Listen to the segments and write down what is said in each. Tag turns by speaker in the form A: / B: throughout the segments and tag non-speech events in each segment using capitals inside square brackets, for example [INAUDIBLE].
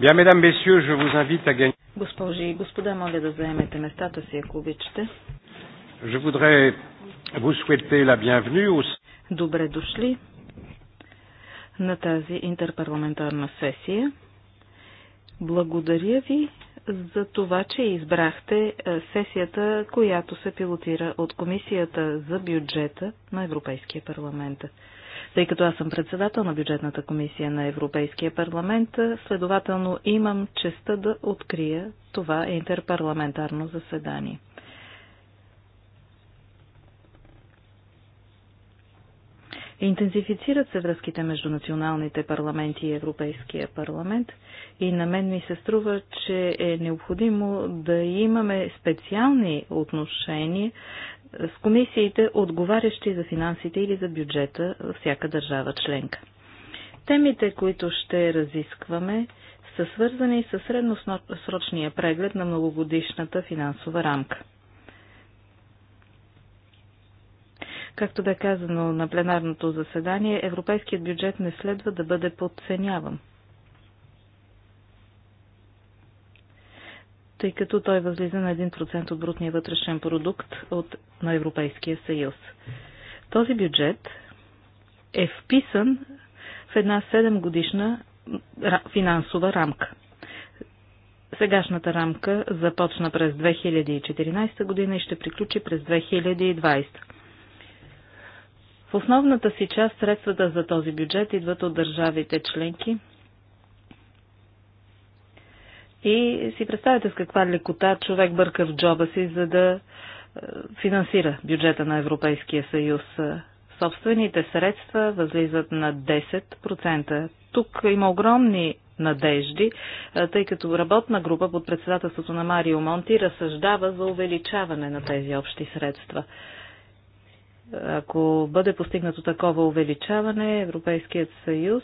A: Bien, mesdames, messieurs, je vous invite à gagner.
B: Госпожи и господа, моля да заемете местата си, ако обичате.
A: Je voudrais vous souhaiter la bienvenue au...
B: Добре дошли на тази интерпарламентарна сесия. Благодаря ви за това, че избрахте е, сесията, която се пилотира от Комисията за бюджета на Европейския парламент. Тъй като аз съм председател на бюджетната комисия на Европейския парламент, следователно имам честа да открия това интерпарламентарно заседание. Интензифицират се връзките между националните парламенти и Европейския парламент и на мен ми се струва, че е необходимо да имаме специални отношения с комисиите, отговарящи за финансите или за бюджета във всяка държава членка. Темите, които ще разискваме, са свързани с средносрочния преглед на многогодишната финансова рамка. Както бе казано на пленарното заседание, европейският бюджет не следва да бъде подценяван – тъй като той възлиза на 1% от брутния вътрешен продукт от, на Европейския съюз. Този бюджет е вписан в една 7 годишна финансова рамка. Сегашната рамка започна през 2014 година и ще приключи през 2020. В основната си част средствата за този бюджет идват от държавите членки – и си представете с каква лекота човек бърка в джоба си, за да е, финансира бюджета на Европейския съюз. Собствените средства възлизат на 10%. Тук има огромни надежди, е, тъй като работна група под председателството на Марио Монти разсъждава за увеличаване на тези общи средства. Ако бъде постигнато такова увеличаване, Европейският съюз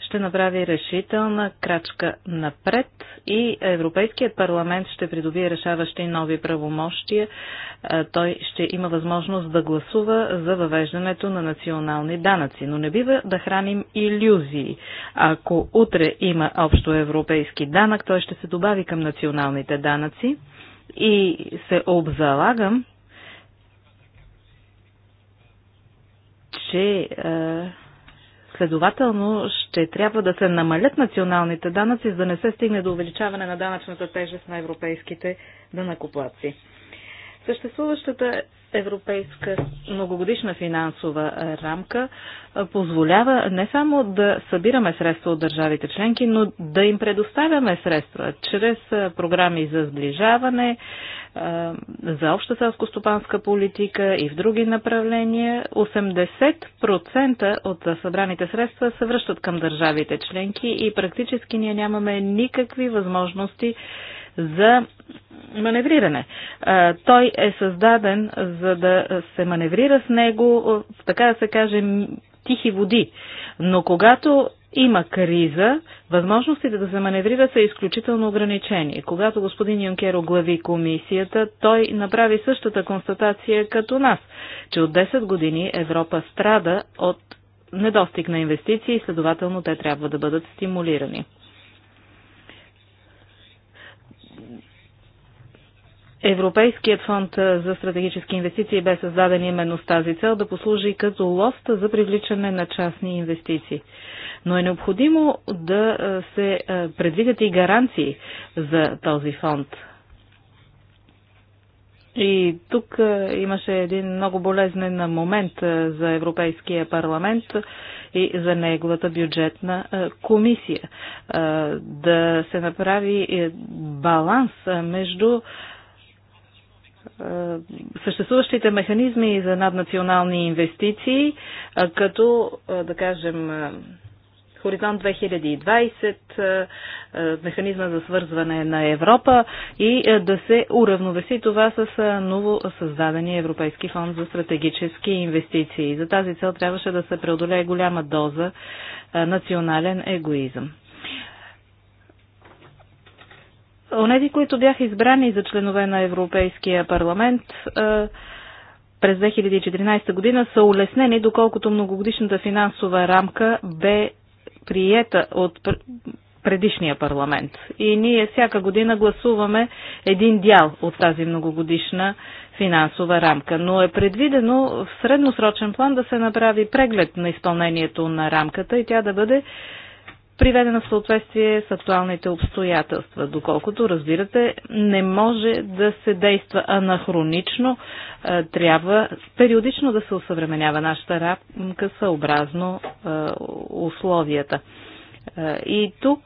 B: ще направи решителна крачка напред и Европейският парламент ще придобие решаващи нови правомощия. Той ще има възможност да гласува за въвеждането на национални данъци. Но не бива да храним иллюзии. Ако утре има общо европейски данък, той ще се добави към националните данъци и се обзалагам, че е, следователно ще трябва да се намалят националните данъци, за да не се стигне до увеличаване на данъчната тежест на европейските данъкоплаци. Съществуващата европейска многогодишна финансова рамка позволява не само да събираме средства от държавите членки, но да им предоставяме средства чрез програми за сближаване, за обща селско-стопанска политика и в други направления. 80% от събраните средства се връщат към държавите членки и практически ние нямаме никакви възможности за маневриране. Той е създаден за да се маневрира с него, така да се каже, тихи води. Но когато има криза, възможностите да се маневрира са изключително ограничени. Когато господин Юнкер оглави комисията, той направи същата констатация като нас, че от 10 години Европа страда от недостиг на инвестиции и следователно те трябва да бъдат стимулирани. Европейският фонд за стратегически инвестиции бе създаден именно с тази цел да послужи като лост за привличане на частни инвестиции. Но е необходимо да се предвидят и гаранции за този фонд. И тук имаше един много болезнен момент за Европейския парламент и за неговата бюджетна комисия. Да се направи баланс между съществуващите механизми за наднационални инвестиции, като, да кажем, Хоризонт 2020, механизма за свързване на Европа и да се уравновеси това с ново създадения Европейски фонд за стратегически инвестиции. За тази цел трябваше да се преодолее голяма доза национален егоизъм. Онези, които бяха избрани за членове на Европейския парламент е, през 2014 година, са улеснени, доколкото многогодишната финансова рамка бе приета от предишния парламент. И ние всяка година гласуваме един дял от тази многогодишна финансова рамка. Но е предвидено в средносрочен план да се направи преглед на изпълнението на рамката и тя да бъде приведена в съответствие с актуалните обстоятелства. Доколкото, разбирате, не може да се действа анахронично, е, трябва периодично да се усъвременява нашата рамка съобразно е, условията. Е, и тук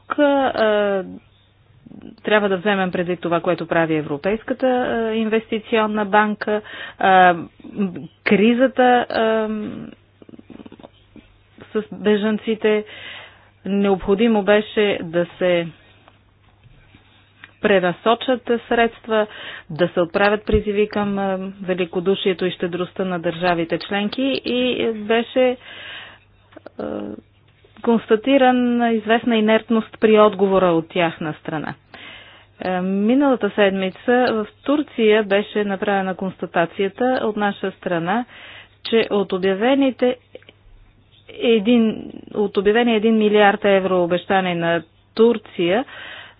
B: трябва да вземем преди това, което прави Европейската инвестиционна банка. Кризата с бежанците, Необходимо беше да се пренасочат средства, да се отправят призиви към великодушието и щедростта на държавите членки и е, беше е, констатиран известна инертност при отговора от тяхна страна. Е, миналата седмица в Турция беше направена констатацията от наша страна, че от обявените един, от обявения 1 милиард евро обещане на Турция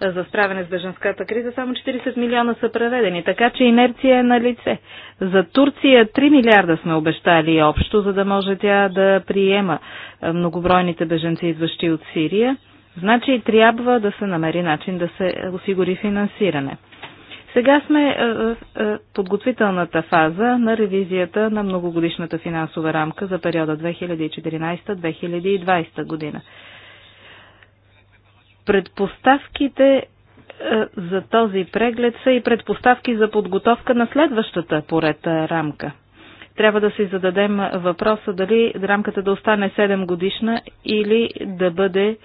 B: за справяне с беженската криза, само 40 милиона са преведени, така че инерция е на лице. За Турция 3 милиарда сме обещали общо, за да може тя да приема многобройните беженци, идващи от Сирия. Значи трябва да се намери начин да се осигури финансиране. Сега сме в е, е, е, подготвителната фаза на ревизията на многогодишната финансова рамка за периода 2014-2020 година. Предпоставките за този преглед са и предпоставки за подготовка на следващата поред рамка. Трябва да си зададем въпроса дали рамката да остане 7 годишна или да бъде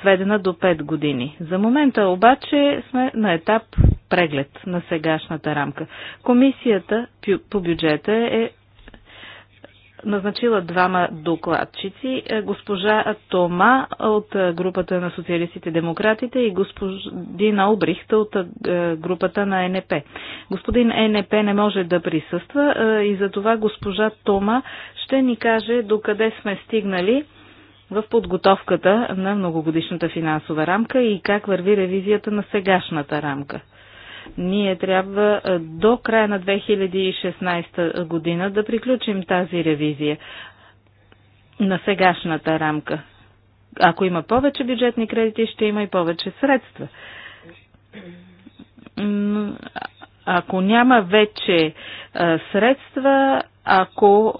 B: сведена до 5 години. За момента обаче сме на етап преглед на сегашната рамка. Комисията по бюджета е назначила двама докладчици, е, госпожа Тома от е, групата на социалистите и демократите и господин Обрихт от е, групата на НП. Господин НП не може да присъства и за това госпожа Тома ще ни каже докъде сме стигнали в подготовката на многогодишната финансова рамка и как върви ревизията на сегашната рамка. Ние трябва до края на 2016 година да приключим тази ревизия на сегашната рамка. Ако има повече бюджетни кредити, ще има и повече средства. Ако няма вече средства, ако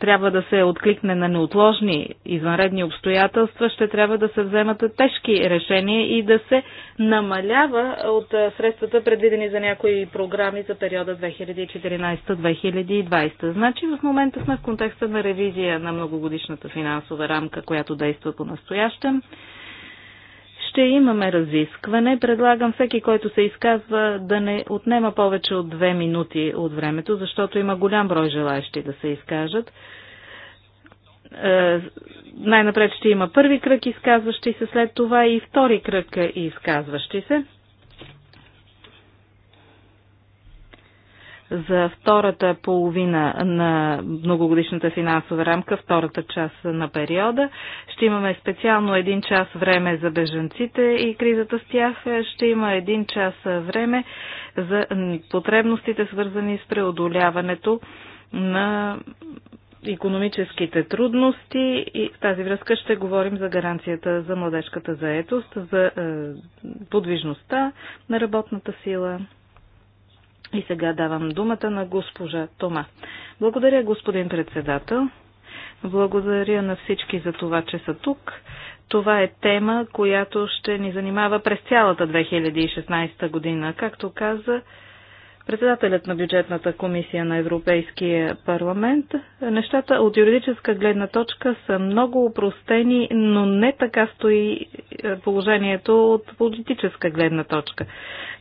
B: трябва да се откликне на неотложни извънредни обстоятелства, ще трябва да се вземат тежки решения и да се намалява от средствата предвидени за някои програми за периода 2014-2020. Значи в момента сме в контекста на ревизия на многогодишната финансова рамка, която действа по настоящем ще имаме разискване. Предлагам всеки, който се изказва, да не отнема повече от две минути от времето, защото има голям брой желаящи да се изкажат. Е, най-напред ще има първи кръг изказващи се, след това и втори кръг е изказващи се. за втората половина на многогодишната финансова рамка, втората част на периода. Ще имаме специално един час време за беженците и кризата с тях. Ще има един час време за потребностите, свързани с преодоляването на економическите трудности и в тази връзка ще говорим за гаранцията за младежката заетост, за е, подвижността на работната сила. И сега давам думата на госпожа Тома. Благодаря, господин председател. Благодаря на всички за това, че са тук. Това е тема, която ще ни занимава през цялата 2016 година. Както каза председателят на бюджетната комисия на Европейския парламент, нещата от юридическа гледна точка са много упростени, но не така стои е, положението от политическа гледна точка.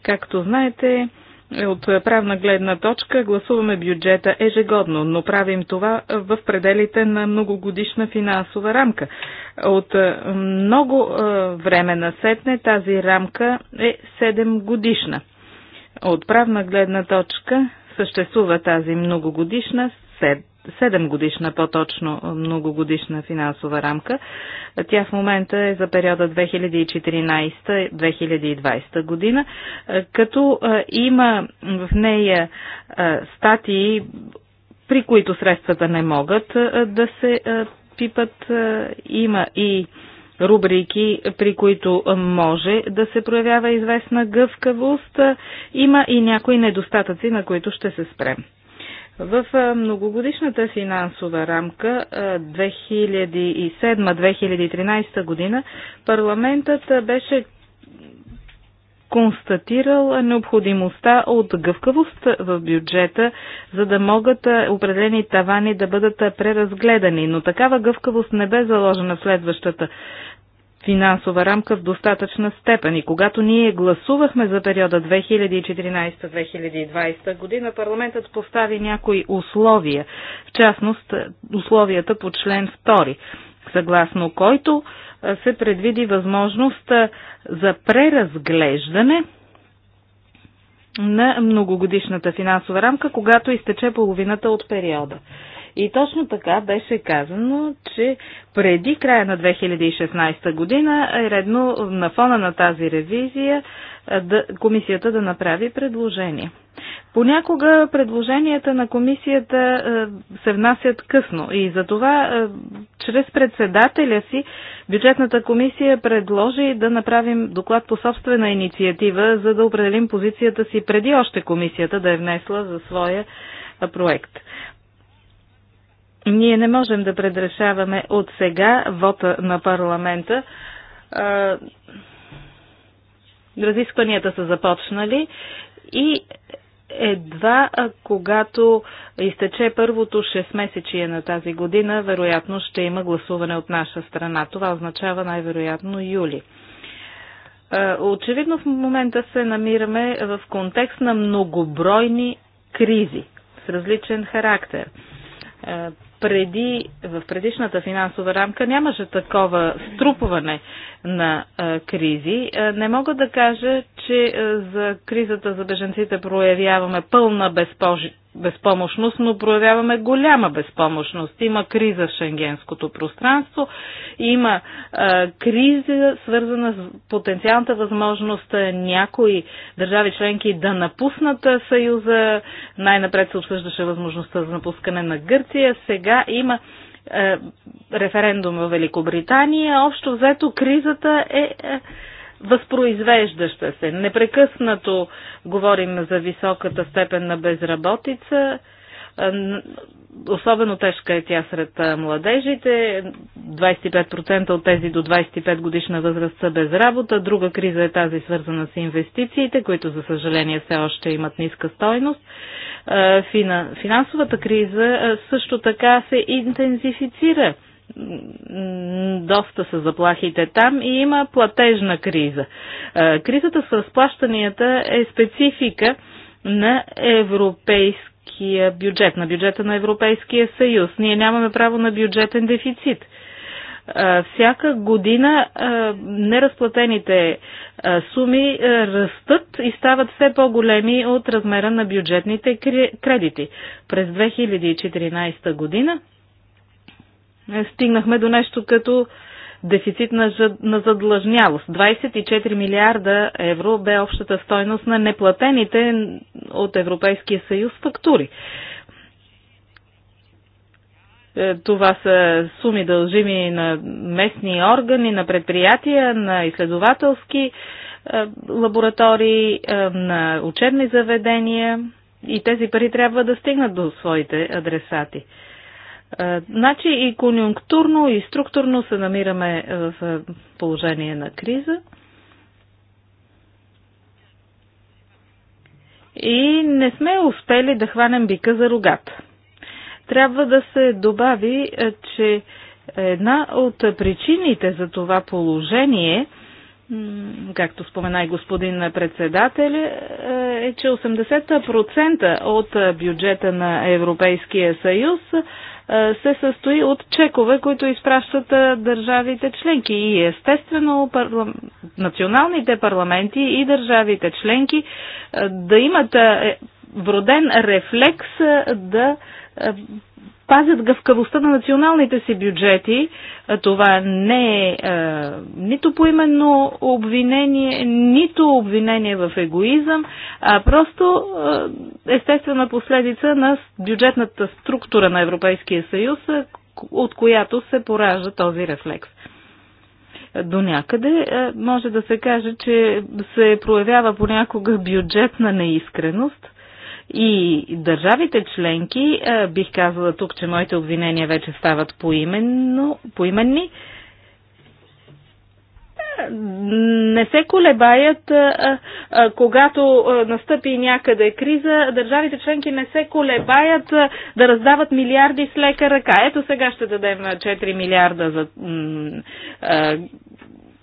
B: Както знаете, е от правна гледна точка гласуваме бюджета ежегодно, но правим това в пределите на многогодишна финансова рамка. От е, много е, време на сетне тази рамка е 7 годишна. От правна гледна точка съществува тази многогодишна 7 годишна, по-точно многогодишна финансова рамка. Тя в момента е за периода 2014-2020 година, като има в нея статии, при които средствата не могат да се пипат. Има и рубрики, при които може да се проявява известна гъвкавост. Има и някои недостатъци, на които ще се спрем. В многогодишната финансова рамка 2007-2013 година парламентът беше констатирал необходимостта от гъвкавост в бюджета, за да могат определени тавани да бъдат преразгледани. Но такава гъвкавост не бе заложена в следващата финансова рамка в достатъчна степен. И когато ние гласувахме за периода 2014-2020 година, парламентът постави някои условия, в частност е, условията по член 2, съгласно който е, се предвиди възможност е, за преразглеждане на многогодишната финансова рамка, когато изтече половината от периода. И точно така беше казано, че преди края на 2016 година е редно на фона на тази ревизия да, комисията да направи предложение. Понякога предложенията на комисията се внасят късно и затова чрез председателя си бюджетната комисия предложи да направим доклад по собствена инициатива, за да определим позицията си преди още комисията да е внесла за своя проект. Ние не можем да предрешаваме от сега вота на парламента. Разискванията са започнали и едва когато изтече първото 6 месечие на тази година, вероятно ще има гласуване от наша страна. Това означава най-вероятно юли. Очевидно в момента се намираме в контекст на многобройни кризи с различен характер преди, в предишната финансова рамка нямаше такова струпване на а, кризи. Не мога да кажа, че а, за кризата за беженците проявяваме пълна безпож безпомощност, но проявяваме голяма безпомощност. Има криза в шенгенското пространство, има а, криза свързана с потенциалната възможност някои държави членки да напуснат Съюза. Най-напред се обсъждаше възможността за напускане на Гърция. Сега има а, референдум в Великобритания. Общо взето кризата е. е възпроизвеждаща се. Непрекъснато говорим за високата степен на безработица. Е, особено тежка е тя сред е, младежите. 25% от тези до 25 годишна възраст са без работа. Друга криза е тази свързана с инвестициите, които за съжаление все още имат ниска стойност. Е, финансовата криза също така се интензифицира доста са заплахите там и има платежна криза. Е, кризата с разплащанията е специфика на европейския бюджет, на бюджета на Европейския съюз. Ние нямаме право на бюджетен дефицит. Е, всяка година е, неразплатените суми растат и стават все по-големи от размера на бюджетните кредити. През 2014 година е, стигнахме до нещо като дефицит на, на задлъжнявост. 24 милиарда евро бе общата стойност на неплатените от Европейския съюз фактури. Е, това са суми дължими на местни органи, на предприятия, на изследователски е, лаборатории, на учебни заведения и тези пари трябва да стигнат до своите адресати. Е, значи и конюнктурно, и структурно се намираме в положение на криза. И не сме успели да хванем бика за рогата. Трябва да се добави, е, че една от причините за това положение, както спомена и господин председател, е, е че 80% от бюджета на Европейския съюз е, се състои от чекове, които изпращат е, държавите членки. И естествено парла... националните парламенти и държавите членки е, да имат вроден рефлекс да пазят гъвкавостта на националните си бюджети. Това не е, е нито поименно обвинение, нито обвинение в егоизъм, а просто е, естествена последица на бюджетната структура на Европейския съюз, от която се поражда този рефлекс до някъде. Може да се каже, че се проявява понякога бюджетна неискреност. И държавите членки, е, бих казала тук, че моите обвинения вече стават поименно, поименни, е, не се колебаят, е, когато настъпи някъде криза, държавите членки не се колебаят да раздават милиарди с лека ръка. Ето сега ще дадем 4 милиарда за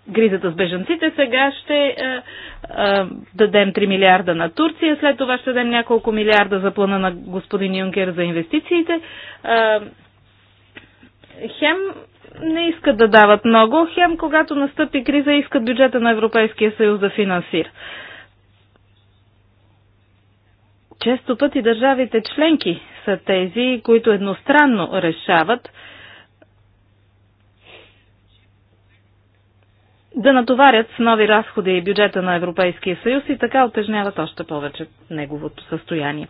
B: Гризата с бежанците, сега ще а, е, а, е, дадем 3 милиарда на Турция, след това ще дадем няколко милиарда за плана на господин Юнкер за инвестициите. А, е, хем не искат да дават много, хем когато настъпи криза искат бюджета на Европейския съюз да финансира. Често пъти държавите членки са тези, които едностранно решават, да натоварят с нови разходи и бюджета на Европейския съюз и така отежняват още повече неговото състояние.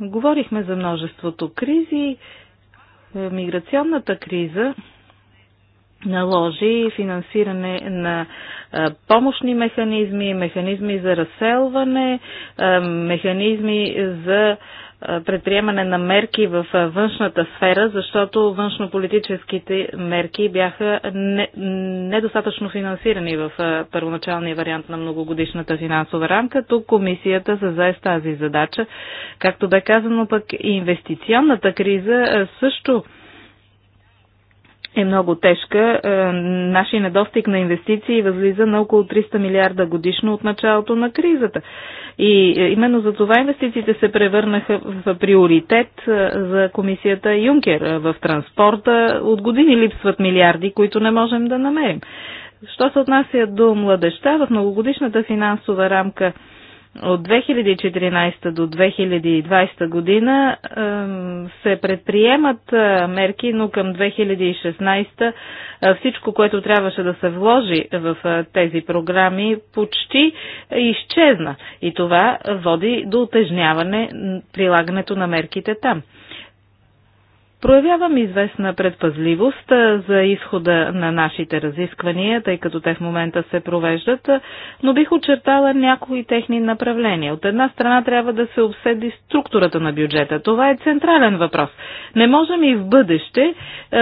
B: Говорихме за множеството кризи. Е, миграционната криза наложи финансиране на е, помощни механизми, механизми за разселване, е, механизми за предприемане на мерки в външната сфера, защото външнополитическите мерки бяха недостатъчно не финансирани в първоначалния вариант на многогодишната финансова рамка. Тук комисията се зае с тази задача. Както бе казано, пък инвестиционната криза също е много тежка. Е, нашия недостиг на инвестиции възлиза на около 300 милиарда годишно от началото на кризата. И е, именно за това инвестициите се превърнаха в приоритет е, за комисията Юнкер. В транспорта от години липсват милиарди, които не можем да намерим. Що се отнася до младеща, в многогодишната финансова рамка от 2014 до 2020 година се предприемат е, мерки, но към 2016 е, всичко, което трябваше да се вложи в е, тези програми, почти изчезна. И това води до отежняване прилагането на мерките там. Проявявам известна предпазливост за изхода на нашите разисквания, тъй като те в момента се провеждат, но бих очертала някои техни направления. От една страна трябва да се обседи структурата на бюджета. Това е централен въпрос. Не можем и в бъдеще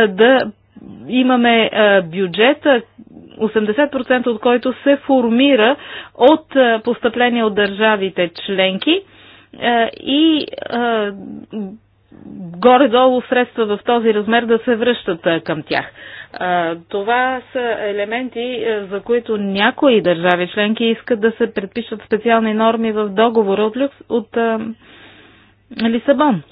B: да имаме бюджета, 80% от който се формира от постъпления от държавите членки и горе-долу средства в този размер да се връщат е, към тях. Това са елементи, е, за които някои държави членки искат да се предпишат специални норми в договора от, Люкс, от Лисабон.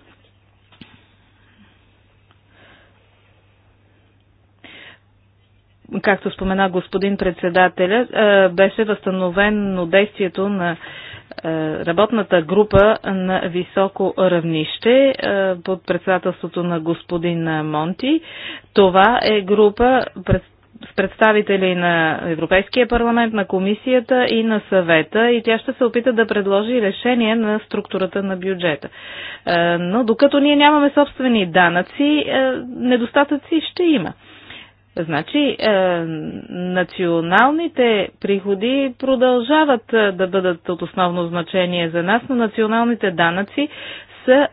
B: Както спомена господин председателя, е, беше възстановено действието на е, работната група на високо равнище е, под председателството на господин Монти. Това е група с представители на Европейския парламент, на комисията и на съвета и тя ще се опита да предложи решение на структурата на бюджета. Е, но докато ние нямаме собствени данъци, недостатъци ще има. Значи, е, националните приходи продължават е, да бъдат от основно значение за нас, но националните данъци са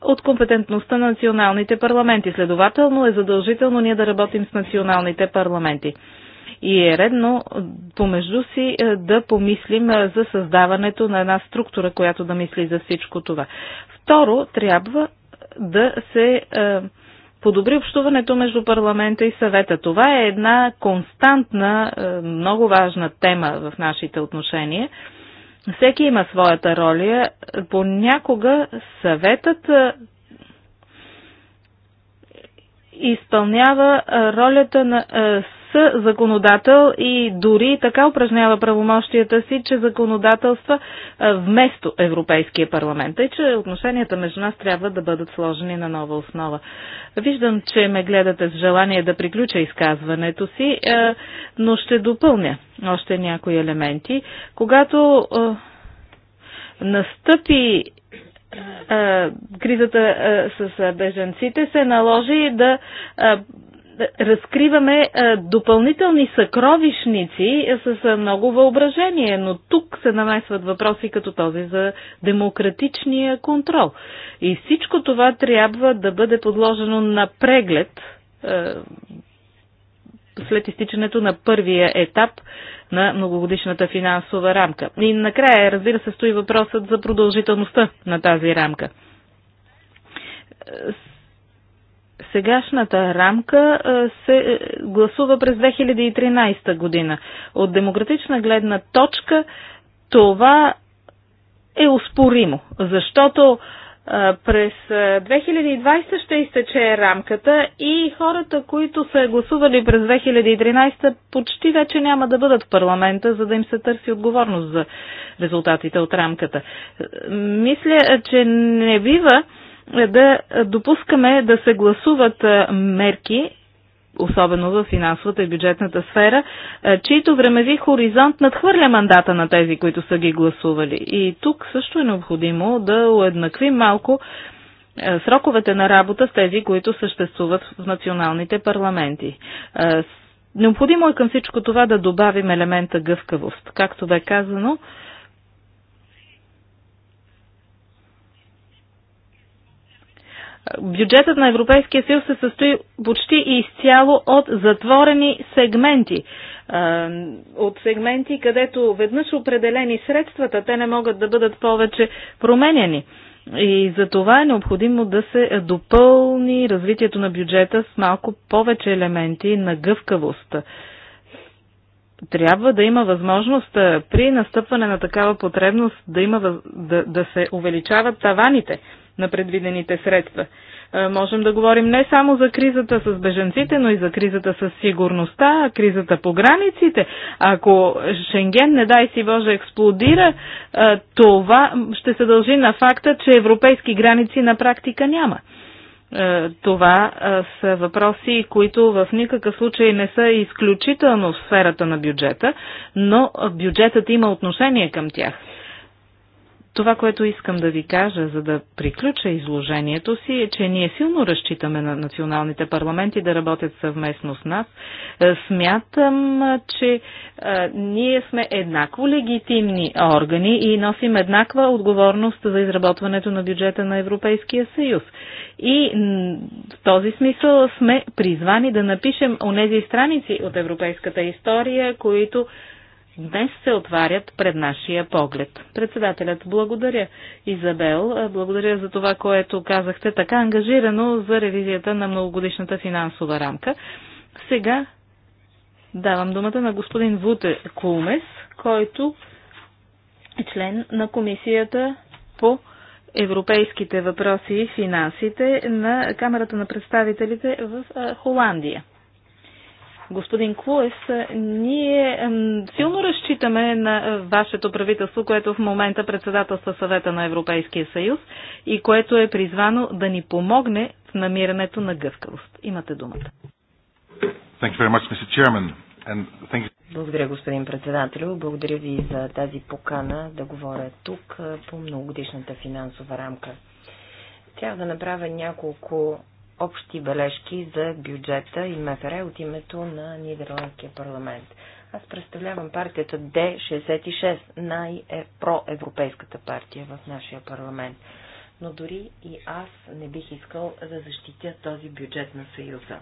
B: от компетентността на националните парламенти. Следователно е задължително ние да работим с националните парламенти. И е редно помежду си е, да помислим е, за създаването на една структура, която да мисли за всичко това. Второ, трябва да се. Е, подобри общуването между парламента и съвета. Това е една константна, е, много важна тема в нашите отношения. Всеки има своята роля. Понякога съветът е, изпълнява ролята на е, са законодател и дори така упражнява правомощията си, че законодателства вместо Европейския парламент. Тъй, че отношенията между нас трябва да бъдат сложени на нова основа. Виждам, че ме гледате с желание да приключа изказването си, но ще допълня още някои елементи. Когато настъпи кризата с беженците, се наложи да разкриваме е, допълнителни съкровищници е, с много въображение, но тук се намесват въпроси като този за демократичния контрол. И всичко това трябва да бъде подложено на преглед е, след изтичането на първия етап на многогодишната финансова рамка. И накрая, разбира се, стои въпросът за продължителността на тази рамка сегашната рамка се е, гласува през 2013 година. От демократична гледна точка това е успоримо, защото през 2020 ще изтече рамката и хората, които са гласували през 2013, почти вече няма да бъдат в парламента, за да им се търси отговорност за резултатите от рамката. Мисля, че не бива да допускаме да се гласуват мерки, особено в финансовата и бюджетната сфера, чието времеви хоризонт надхвърля мандата на тези, които са ги гласували. И тук също е необходимо да уеднаквим малко сроковете на работа с тези, които съществуват в националните парламенти. Необходимо е към всичко това да добавим елемента гъвкавост. Както бе казано, Бюджетът на Европейския съюз се състои почти изцяло от затворени сегменти. Е, от сегменти, където веднъж определени средствата, те не могат да бъдат повече променени. И за това е необходимо да се допълни развитието на бюджета с малко повече елементи на гъвкавост. Трябва да има възможност е, при настъпване на такава потребност да, има, да, да се увеличават таваните на предвидените средства. Е, можем да говорим не само за кризата с беженците, но и за кризата с сигурността, кризата по границите. Ако Шенген, не дай си Боже, експлодира, е, това ще се дължи на факта, че европейски граници на практика няма. Е, това са въпроси, които в никакъв случай не са изключително в сферата на бюджета, но бюджетът има отношение към тях. Това, което искам да ви кажа, за да приключа изложението си, е, че ние силно разчитаме на националните парламенти да работят съвместно с нас. Е, смятам, че а, е, ние сме еднакво легитимни органи и носим еднаква отговорност за изработването на бюджета на Европейския съюз. И в този смисъл сме призвани да напишем онези страници от европейската история, които днес се отварят пред нашия поглед. Председателят, благодаря, Изабел, благодаря за това, което казахте така ангажирано за ревизията на многогодишната финансова рамка. Сега давам думата на господин Вуте Кулмес, който е член на комисията по европейските въпроси и финансите на Камерата на представителите в Холандия господин Клуес, ние силно разчитаме на е, вашето правителство, което в момента председателства съвета на Европейския съюз и което е призвано да ни помогне в намирането на гъвкавост. Имате думата.
C: Благодаря, господин председател, Благодаря ви за тази покана да говоря тук е, по многогодишната финансова рамка. Трябва да направя няколко общи бележки за бюджета и МФР от името на Нидерландския парламент. Аз представлявам партията D66, най-проевропейската партия в нашия парламент. Но дори и аз не бих искал да защитя този бюджет на Съюза.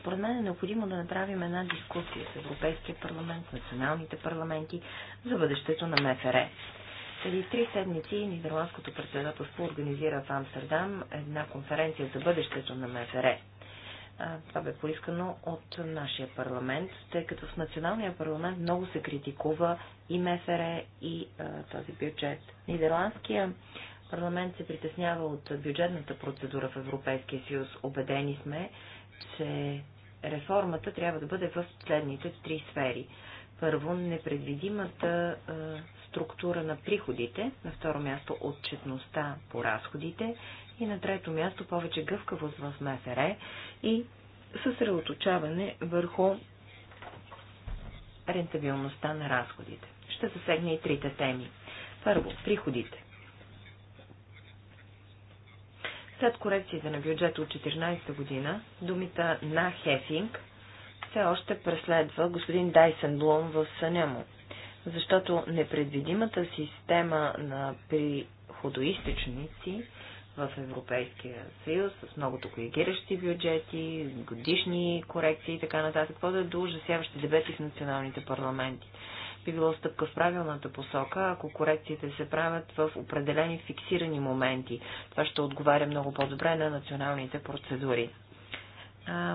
C: Според мен е необходимо да направим една дискусия с Европейския парламент, националните парламенти за бъдещето на МФР. Преди три седмици Нидерландското председателство организира в Амстердам една конференция за бъдещето на МФР. Това бе поискано от нашия парламент, тъй като в националния парламент много се критикува и МФР, и а, този бюджет. Нидерландския парламент се притеснява от бюджетната процедура в Европейския съюз. Обедени сме, че реформата трябва да бъде в следните три сфери. Първо, непредвидимата а, структура на приходите, на второ място отчетността по разходите и на трето място повече гъвкавост в МФР и съсредоточаване върху рентабилността на разходите. Ще засегне и трите теми. Първо, приходите. След корекциите на бюджета от 2014 година, думите на Хефинг все още преследва господин Дайсен Блум в съня му защото непредвидимата система на приходоисточници в Европейския съюз, с многото коригиращи бюджети, годишни корекции и така нататък, е до ужасяващи дебети в националните парламенти. Би било стъпка в правилната посока, ако корекциите се правят в определени фиксирани моменти. Това ще отговаря много по-добре на националните процедури.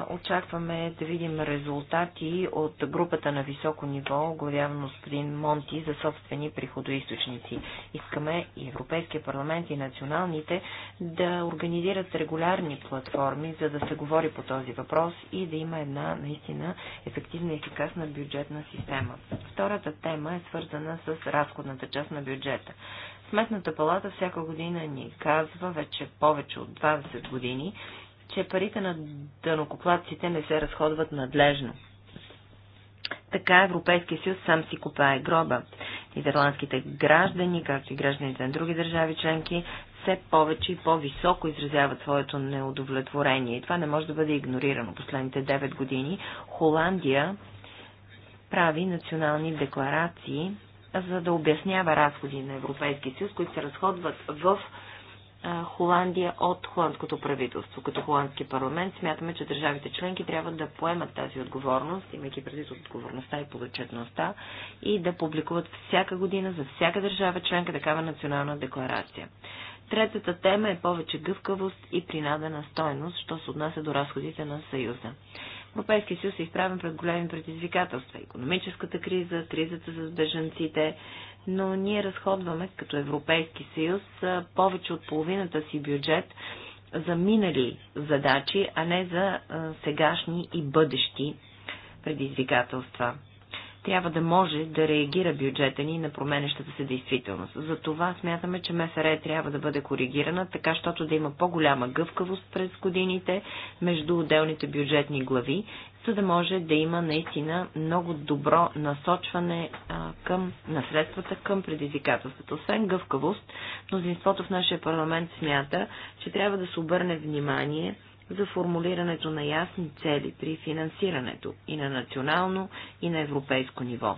C: Очакваме да видим резултати от групата на високо ниво, главявано с господин Монти, за собствени приходоисточници. Искаме и Европейския парламент и националните да организират регулярни платформи, за да се говори по този въпрос и да има една наистина ефективна и ефикасна бюджетна система. Втората тема е свързана с разходната част на бюджета. Сметната палата всяка година ни казва вече повече от 20 години, че парите на дънокоплатците не се разходват надлежно. Така Европейския съюз сам си копае гроба. Нидерландските граждани, както и гражданите на други държави членки, все повече и по-високо изразяват своето неудовлетворение. И това не може да бъде игнорирано. Последните 9 години Холандия прави национални декларации, за да обяснява разходи на Европейския съюз, които се разходват в Холандия от холандското правителство. Като холандски парламент смятаме, че държавите членки трябва да поемат тази отговорност, имайки преди отговорността и подотчетността, и да публикуват всяка година за всяка държава членка такава национална декларация. Третата тема е повече гъвкавост и принадена стойност, що се отнася до разходите на Съюза. Европейския съюз е изправен пред големи предизвикателства. Економическата криза, кризата с бежанците, но ние разходваме като Европейски съюз повече от половината си бюджет за минали задачи, а не за сегашни и бъдещи предизвикателства. Трябва да може да реагира бюджета ни на променещата се действителност. Затова смятаме, че МФР трябва да бъде коригирана, така щото да има по-голяма гъвкавост през годините между отделните бюджетни глави за да може да има наистина много добро насочване а, към, насредствата, към предизвикателствата. Освен гъвкавост, мнозинството в нашия парламент смята, че трябва да се обърне внимание за формулирането на ясни цели при финансирането и на национално, и на европейско ниво.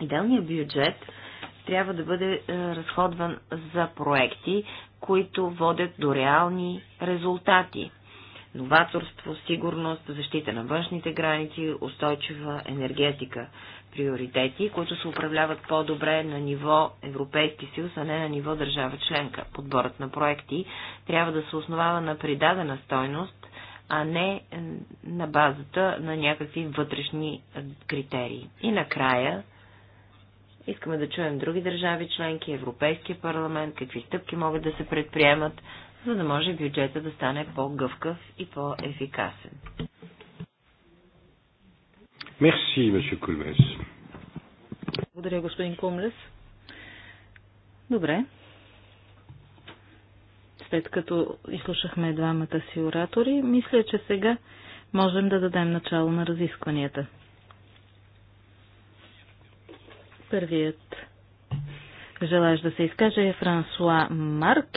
C: Идеалният бюджет трябва да бъде е, разходван за проекти, които водят до реални резултати – новаторство, сигурност, защита на външните граници, устойчива енергетика. Приоритети, които се управляват по-добре на ниво Европейски съюз, а не на ниво държава членка. Подборът на проекти трябва да се основава на придадена стойност, а не на базата на някакви вътрешни критерии. И накрая Искаме да чуем други държави членки, Европейския парламент, какви стъпки могат да се предприемат, за да може бюджета да стане по-гъвкав и по-ефикасен.
A: Мерси, месье Кулмес.
B: Благодаря, господин Кумлес. Добре. След като изслушахме двамата си оратори, мисля, че сега можем да дадем начало на разискванията. Първият желаеш да се изкаже е Франсуа Марк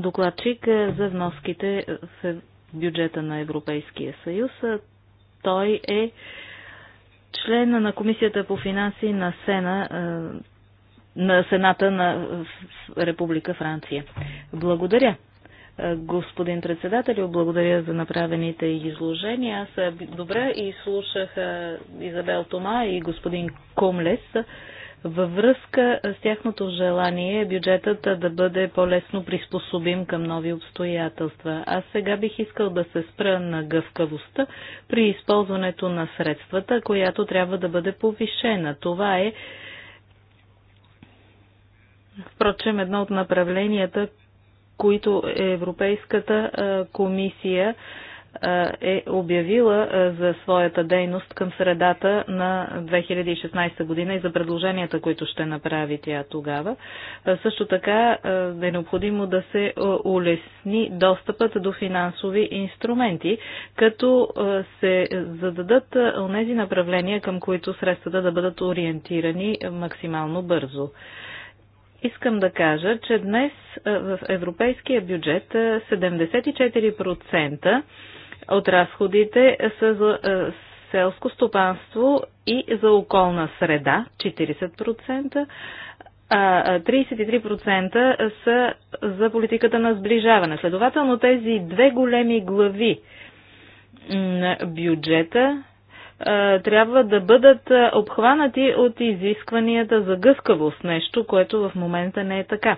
B: докладчик е за вноските в бюджета на Европейския съюз. Той е член на Комисията по финанси на Сена на Сената на Република Франция. Благодаря. Господин председател, благодаря за направените изложения. Аз добре и слушах Изабел Тома и господин Комлес във връзка с тяхното желание бюджетът да бъде по-лесно приспособим към нови обстоятелства. Аз сега бих искал да се спра на гъвкавостта при използването на средствата, която трябва да бъде повишена. Това е Впрочем, едно от направленията, които Европейската комисия е обявила за своята дейност към средата на 2016 година и за предложенията, които ще направи тя тогава. Също така е необходимо да се улесни достъпът до финансови инструменти, като се зададат онези направления, към които средствата да бъдат ориентирани максимално бързо. Искам да кажа, че днес в европейския бюджет 74% от разходите са за е, селско стопанство и за околна среда 40%, а 33% са за политиката на сближаване. Следователно тези две големи глави на бюджета е, трябва да бъдат е, обхванати от изискванията за гъвкавост, нещо, което в момента не е така.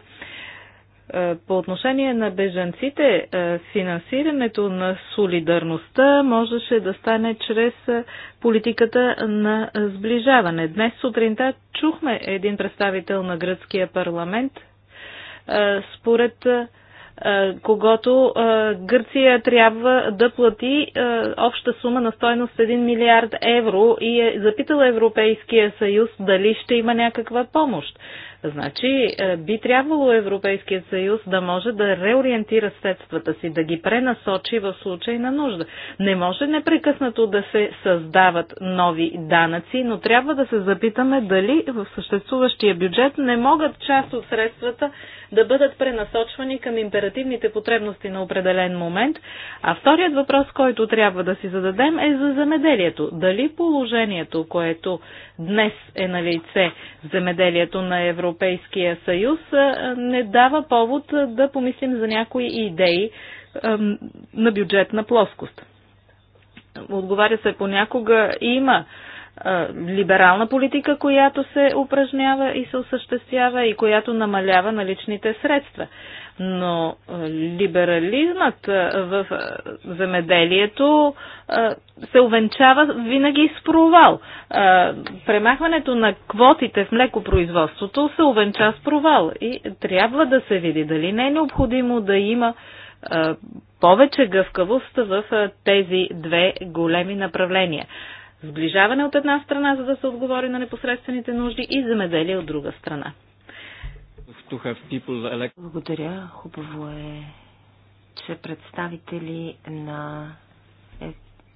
B: Е, по отношение на бежанците, е, финансирането на солидарността можеше да стане чрез е, политиката на сближаване. Днес сутринта чухме един представител на гръцкия парламент, според когато Гърция трябва да плати обща сума на стойност 1 милиард евро и е запитал Европейския съюз дали ще има някаква помощ. Значи е, би трябвало Европейският съюз да може да реориентира средствата си, да ги пренасочи в случай на нужда. Не може непрекъснато да се създават нови данъци, но трябва да се запитаме дали в съществуващия бюджет не могат част от средствата да бъдат пренасочвани към императивните потребности на определен момент. А вторият въпрос, който трябва да си зададем е за земеделието. Дали положението, което днес е на лице земеделието на Европейския съюз, не дава повод да помислим за някои идеи на бюджетна плоскост. Отговаря се понякога има либерална политика, която се упражнява и се осъществява и която намалява наличните средства. Но либерализмът в земеделието се увенчава винаги с провал. Премахването на квотите в млекопроизводството се увенча с провал и трябва да се види дали не е необходимо да има повече гъвкавост в тези две големи направления. Сближаване от една страна, за да се отговори на непосредствените нужди и замеделие от друга страна.
C: Благодаря. Хубаво е, че представители на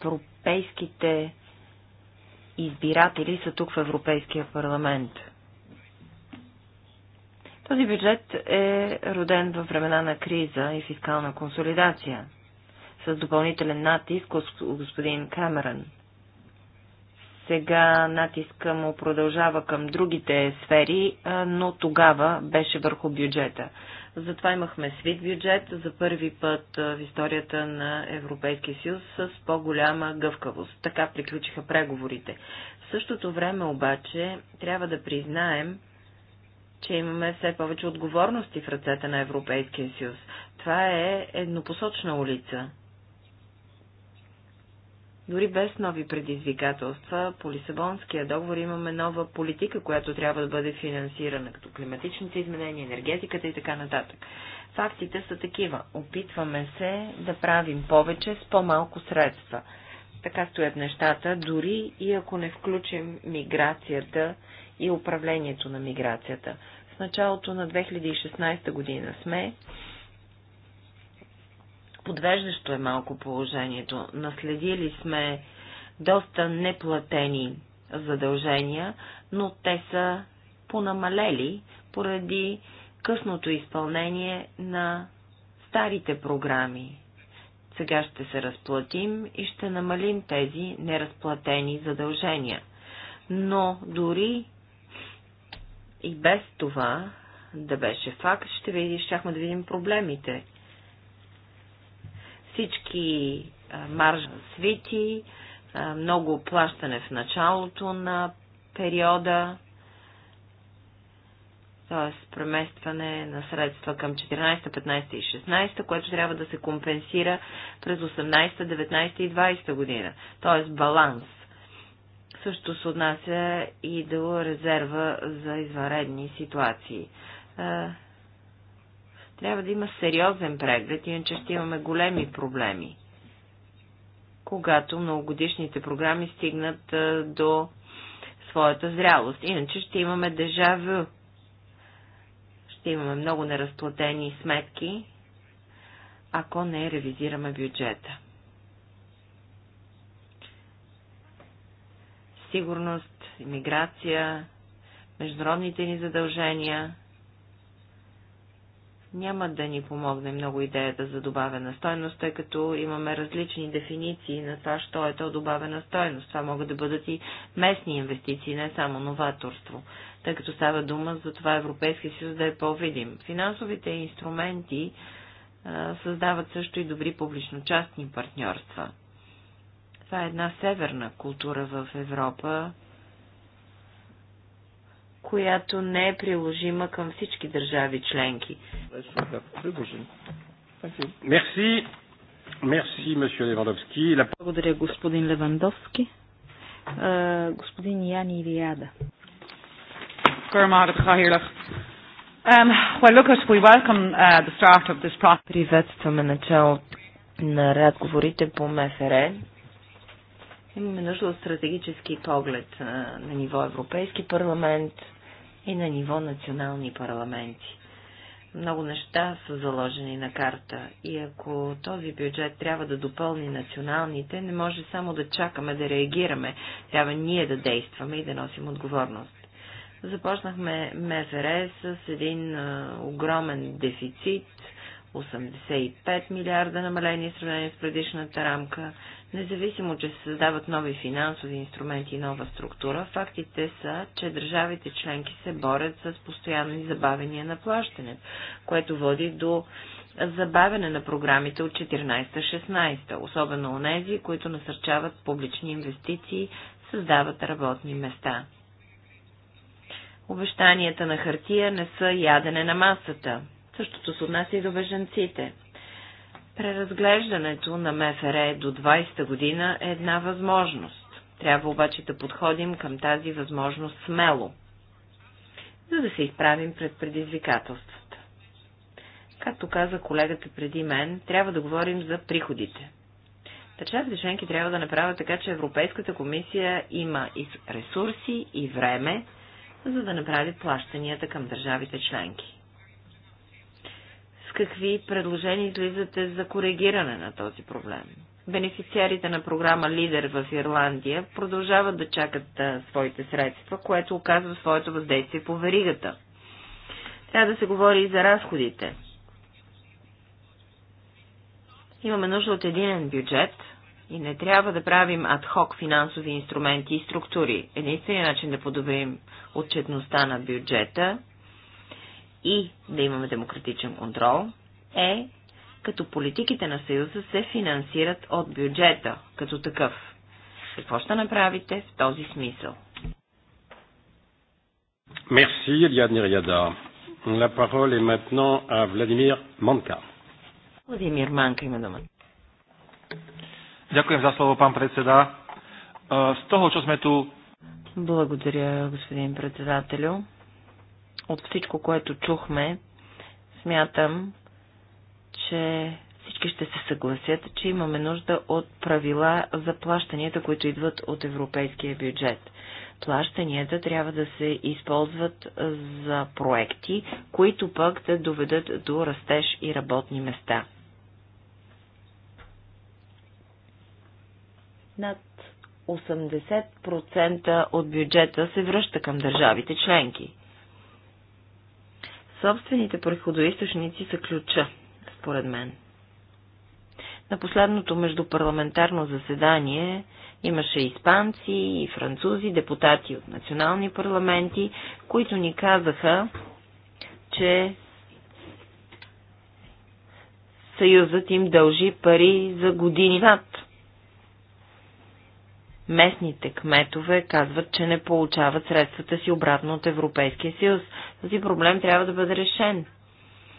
C: европейските избиратели са тук в Европейския парламент. Този бюджет е роден във времена на криза и фискална консолидация, с допълнителен натиск от господин Камерън – сега натиска му продължава към другите сфери, но тогава беше върху бюджета. Затова имахме свит бюджет за първи път в историята на Европейския съюз с по-голяма гъвкавост. Така приключиха преговорите. В същото време обаче трябва да признаем, че имаме все повече отговорности в ръцете на Европейския съюз. Това е еднопосочна улица дори без нови предизвикателства. По Лисабонския договор имаме нова политика, която трябва да бъде финансирана, като климатичните изменения, енергетиката и така нататък. Фактите са такива. Опитваме се да правим повече с по-малко средства. Така стоят нещата, дори и ако не включим миграцията и управлението на миграцията. В началото на 2016 година сме подвеждащо е малко положението. Наследили сме доста неплатени задължения, но те са понамалели поради късното изпълнение на старите програми. Сега ще се разплатим и ще намалим тези неразплатени задължения. Но дори и без това да беше факт, ще видим, щяхме да видим проблемите всички маржа свити, много плащане в началото на периода, т.е. преместване на средства към 14, 15 и 16, което трябва да се компенсира през 18, 19 и 20 година, т.е. баланс. Също се отнася и до резерва за извънредни ситуации. Трябва да има сериозен преглед, иначе ще имаме големи проблеми, когато многогодишните програми стигнат до своята зрялост. Иначе ще имаме дежавю. Ще имаме много неразплатени сметки, ако не ревизираме бюджета. Сигурност, иммиграция, международните ни задължения няма да ни помогне много идеята за добавена стойност, тъй като имаме различни дефиниции на това, що е то добавена стойност. Това могат да бъдат и местни инвестиции, не само новаторство, тъй като става дума за това Европейския съюз да е по-видим. Финансовите инструменти а, създават също и добри публично-частни партньорства. Това е една северна култура в Европа, която не е приложима към всички държави членки.
A: Мерси.
B: Мерси, месье Левандовски. Благодаря, господин Левандовски. Господин Яни Ириада. Um, uh, Приветстваме началото
C: на разговорите по МФР. Имаме нужда от стратегически поглед на ниво Европейски парламент, и на ниво национални парламенти. Много неща са заложени на карта и ако този бюджет трябва да допълни националните, не може само да чакаме да реагираме, трябва ние да действаме и да носим отговорност. Започнахме МФР с един а, огромен дефицит, 85 милиарда намаление в сравнение с предишната рамка. Независимо, че се създават нови финансови инструменти и нова структура, фактите са, че държавите членки се борят с постоянни забавения на плащането, което води до забавяне на програмите от 14-16, особено у нези, които насърчават публични инвестиции, създават работни места. Обещанията на хартия не са ядене на масата. Същото се отнася и до беженците. Преразглеждането на МФР до 20-та година е една възможност. Трябва обаче да подходим към тази възможност смело, за да се изправим пред предизвикателствата. Както каза колегата преди мен, трябва да говорим за приходите. Държавите членки трябва да направят така, че Европейската комисия има и ресурси, и време, за да направи плащанията към държавите членки какви предложения излизате за коригиране на този проблем? Бенефициарите на програма Лидер в Ирландия продължават да чакат а, своите средства, което оказва своето въздействие по веригата. Трябва да се говори и за разходите. Имаме нужда от единен бюджет и не трябва да правим адхок финансови инструменти и структури. Единственият начин да подобрим отчетността на бюджета и да имаме демократичен контрол, е като политиките на Съюза се финансират от бюджета като такъв. Какво ще направите в този смисъл?
A: Merci, Eliane Riada. La parole est maintenant à Vladimir Manka.
C: Vladimir Manka има дума.
A: Ďakujem за слово, пан председа. С того, че сме ту...
C: Благодаря, господин председателю. От всичко, което чухме, смятам, че всички ще се съгласят, че имаме нужда от правила за плащанията, които идват от европейския бюджет. Плащанията трябва да се използват за проекти, които пък да доведат до растеж и работни места. Над 80% от бюджета се връща към държавите членки. Собствените приходоисточници са ключа, според мен. На последното междупарламентарно заседание имаше испанци и французи, депутати от национални парламенти, които ни казаха, че Съюзът им дължи пари за години над Местните кметове казват, че не получават средствата си обратно от Европейския съюз. Този проблем трябва да бъде решен.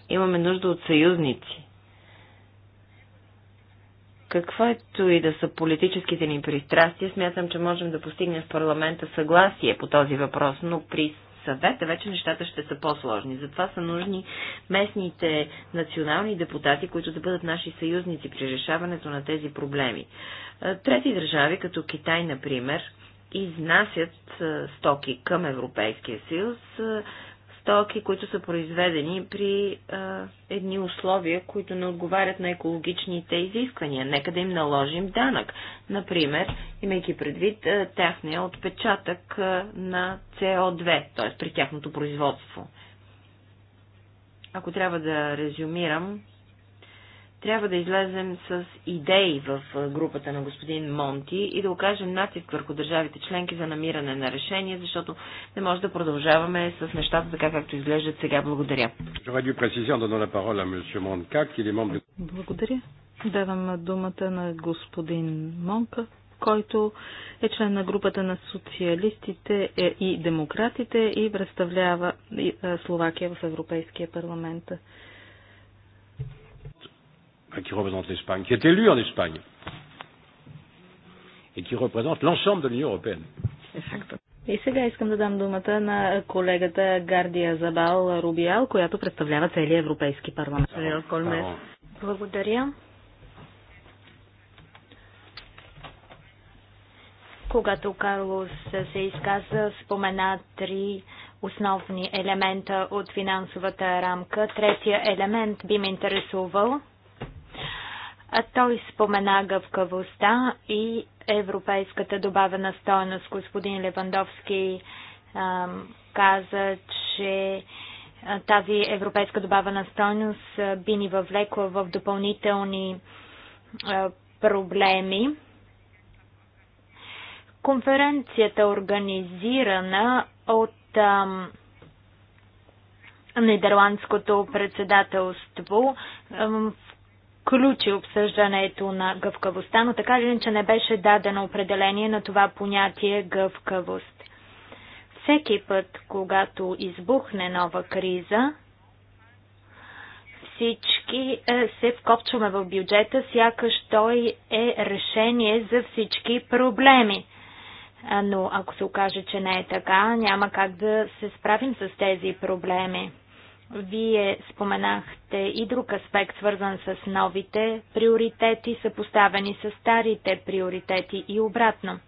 C: Имаме нужда от съюзници. Каквото и да са политическите ни пристрастия, смятам, че можем да постигнем в парламента съгласие по този въпрос, но при съвета, вече нещата ще са по-сложни. Затова са нужни местните национални депутати, които да бъдат наши съюзници при решаването на тези проблеми. Е, трети държави, като Китай, например, изнасят е, стоки към Европейския съюз е, стоки, които са произведени при а, едни условия, които не отговарят на екологичните изисквания. Нека да им наложим данък. Например, имайки предвид а, тяхния отпечатък а, на CO2, т.е. при тяхното производство. Ако трябва да резюмирам, трябва да излезем с идеи в групата на господин Монти и да окажем натиск върху държавите членки за намиране на решение, защото не може да продължаваме с нещата така, както изглеждат сега.
B: Благодаря. Благодаря. Давам думата на господин Монка, който е член на групата на социалистите е, и демократите и представлява Словакия в Европейския парламент
A: qui représente l'Espagne, qui est élu en Espagne et qui représente l'ensemble de l'Union européenne.
D: Exactement.
B: И сега искам да дам думата на колегата Гардия Забал Рубиал, която представлява целият Европейски парламент.
D: Благодаря. Когато Карлос се изказа, спомена три основни елемента от финансовата рамка. Третия елемент би ме интересувал – а той спомена гъвкавостта и европейската добавена стоеност. Господин Левандовски каза, че тази европейска добавена стойност би ни въвлекла в допълнителни проблеми. Конференцията организирана от ам, Нидерландското председателство. Ам, включи обсъждането на гъвкавостта, но така ли, че не беше дадено определение на това понятие гъвкавост. Всеки път, когато избухне нова криза, всички е, се вкопчваме в бюджета, сякаш той е решение за всички проблеми. Е, но ако се окаже, че не е така, няма как да се справим с тези проблеми. Вие споменахте и друг аспект, свързан с новите приоритети, съпоставени с старите приоритети и обратно.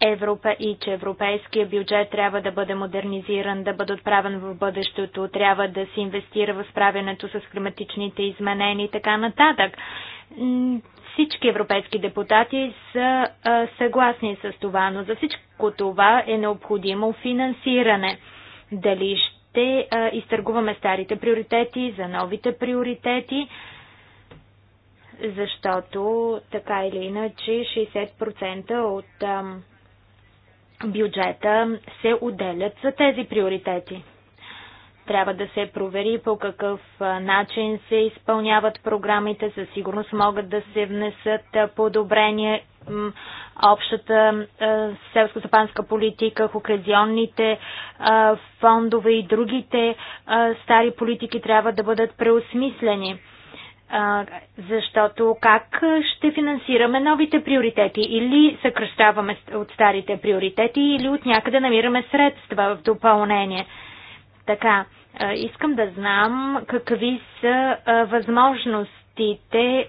D: Европа и че европейския бюджет трябва да бъде модернизиран, да бъде отправен в бъдещето, трябва да се инвестира в справянето с климатичните изменения и така нататък. Всички европейски депутати са а, съгласни с това, но за всичко това е необходимо финансиране. Дали ще ще изтъргуваме старите приоритети за новите приоритети, защото така или иначе 60% от бюджета се отделят за тези приоритети. Трябва да се провери по какъв начин се изпълняват програмите. Със сигурност могат да се внесат подобрения общата селско-стопанска политика, кохезионните фондове и другите стари политики трябва да бъдат преосмислени защото как ще финансираме новите приоритети? Или съкръщаваме от старите приоритети, или от някъде намираме средства в допълнение. Така, Искам да знам какви са възможностите,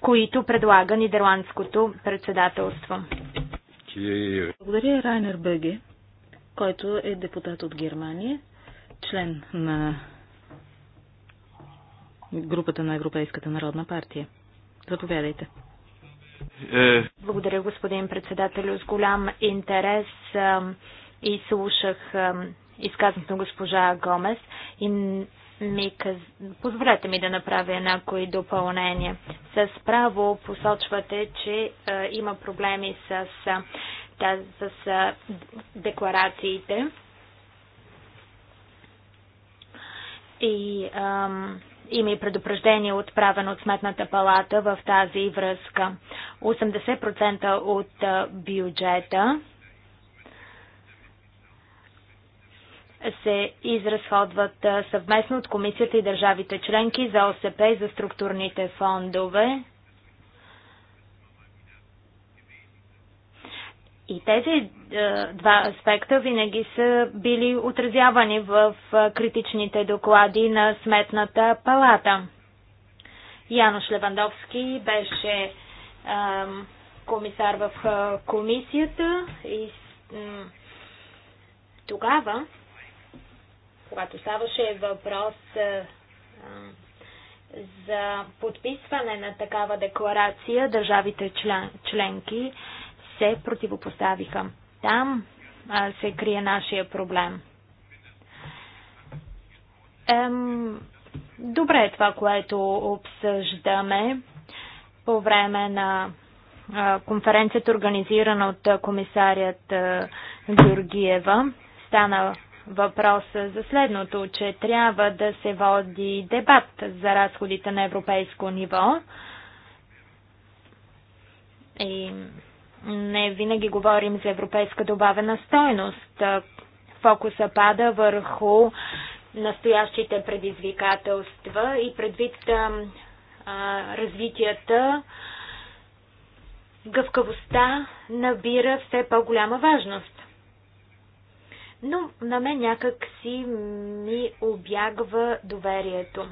D: които предлага нидерландското председателство. Благодаря Райнер Беге, който е депутат от Германия, член на групата на Европейската народна партия. Заповядайте. Е. Благодаря, господин председател. С голям интерес и слушах изказването на госпожа Гомес и ми каз... позволете ми да направя някои допълнения. С право посочвате, че а, има проблеми с, с, с, с декларациите и е, има и предупреждение отправено от Сметната палата в тази връзка. 80% от бюджета се изразходват съвместно от комисията и държавите членки за ОСП и за структурните фондове. И тези е, два аспекта винаги са били отразявани в критичните доклади на Сметната палата. Янош Левандовски беше е, комисар в комисията и е, тогава когато ставаше въпрос е, е, за подписване на такава декларация, държавите член, членки се противопоставиха. Там а, е, се крие нашия проблем. Ем, добре е това, което обсъждаме по време на а, конференцията, организирана от комисарият а, Георгиева. Стана въпроса за следното, че трябва да се води дебат за разходите на европейско ниво. И не винаги говорим за европейска добавена стойност. Фокуса пада върху настоящите предизвикателства и предвид а, развитията гъвкавостта набира все по-голяма важност но на мен някак си ми обягва доверието.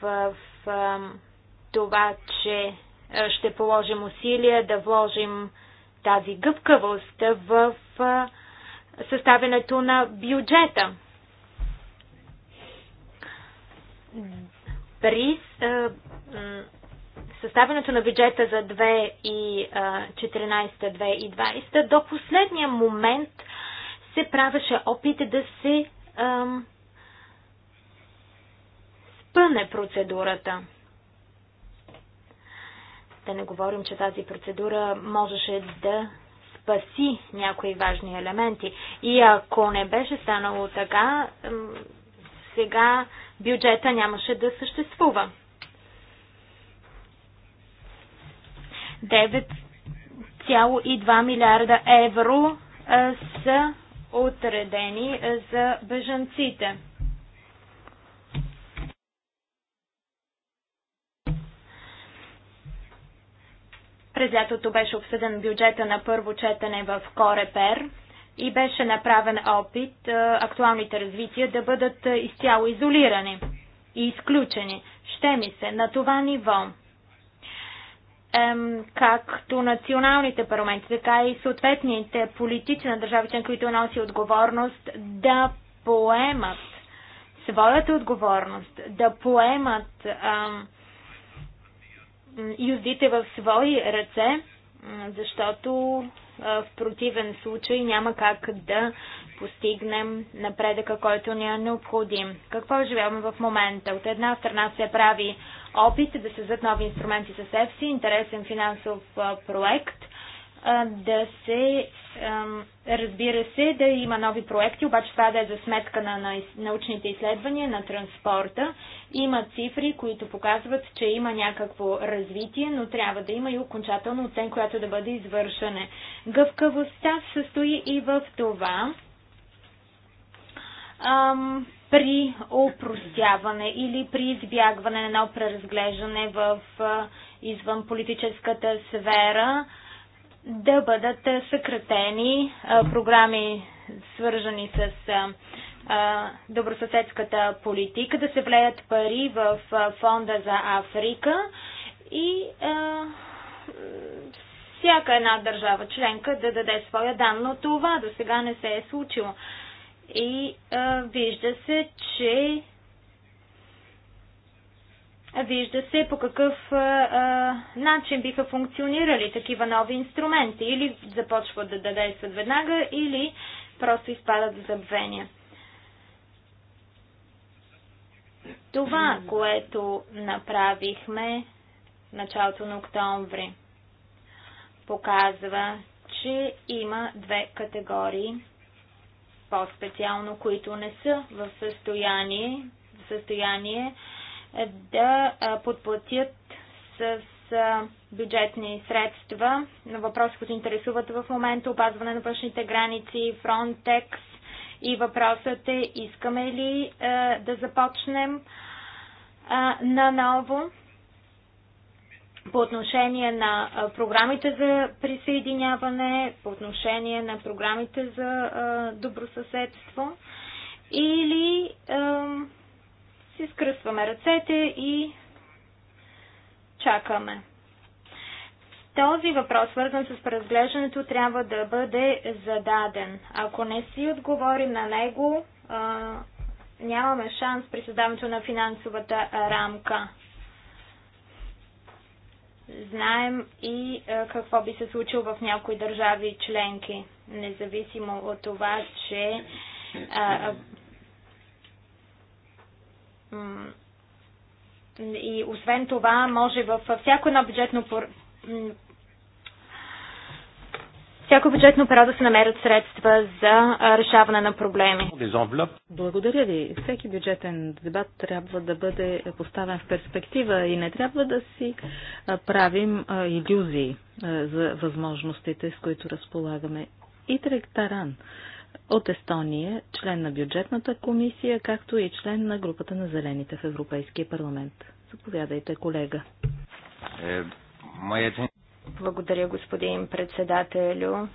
D: В, в това, че ще положим усилия да вложим тази гъвкавост в съставянето на бюджета. При съставянето на бюджета за 2014-2020 до последния момент се правеше опит да се ам, спъне процедурата. Да не говорим, че тази процедура можеше да спаси някои важни елементи. И ако не беше станало така, сега бюджета нямаше да съществува. 9,2 милиарда евро са отредени за бежанците. През лятото беше обсъден бюджета на първо четене в Корепер и беше направен опит актуалните развития да бъдат изцяло изолирани и изключени. Ще ми се на това ниво както националните парламенти, така и съответните политици на държавите, които носи отговорност, да поемат своята отговорност, да поемат ам, юздите в свои ръце, защото в противен случай няма как да постигнем напредъка, който ни е необходим. Какво живеем в момента? От една страна се прави опит е да се създадат нови инструменти с ЕФСИ, интересен финансов проект, да се, разбира се, да има нови проекти, обаче това да е за сметка на научните изследвания, на транспорта. Има цифри, които показват, че има някакво развитие, но трябва да има и окончателно оценка, която да бъде извършена. Гъвкавостта състои и в това. Ам, при опростяване или при избягване на едно преразглеждане в извън политическата сфера да бъдат съкратени програми, свържени с добросъседската политика, да се влеят пари в фонда за Африка и всяка една държава членка да даде своя дан, но това до сега не се е случило. И а, вижда се, че вижда се по какъв а, а, начин биха функционирали такива нови инструменти. Или започват да действат веднага, или просто изпадат в забвение. Това, което направихме в началото на октомври, показва, че има две категории по-специално, които не са в състояние, в състояние е да подплатят с бюджетни средства на въпроси, които интересуват в момента, опазване на външните граници, Фронтекс и въпросът е искаме ли да започнем наново по отношение на програмите за присъединяване, по отношение на програмите за добросъседство или си скръсваме ръцете и чакаме. Този въпрос, свързан с преразглеждането, трябва да бъде зададен. Ако не си отговорим на него, нямаме шанс при създаването на финансовата рамка. Знаем и е, какво би се случило в някои държави членки, независимо от това, че е, и освен това, може във всяко едно бюджетно всяко бюджетно право да се намерят средства за решаване на проблеми. Благодаря ви. Всеки бюджетен дебат
B: трябва да бъде поставен в перспектива и не трябва да си правим иллюзии за възможностите, с които разполагаме. Итрек Таран от Естония, член на бюджетната комисия, както и член на групата на
D: зелените в Европейския парламент. Заповядайте, колега. Е, Моята благодаря, господин председателю.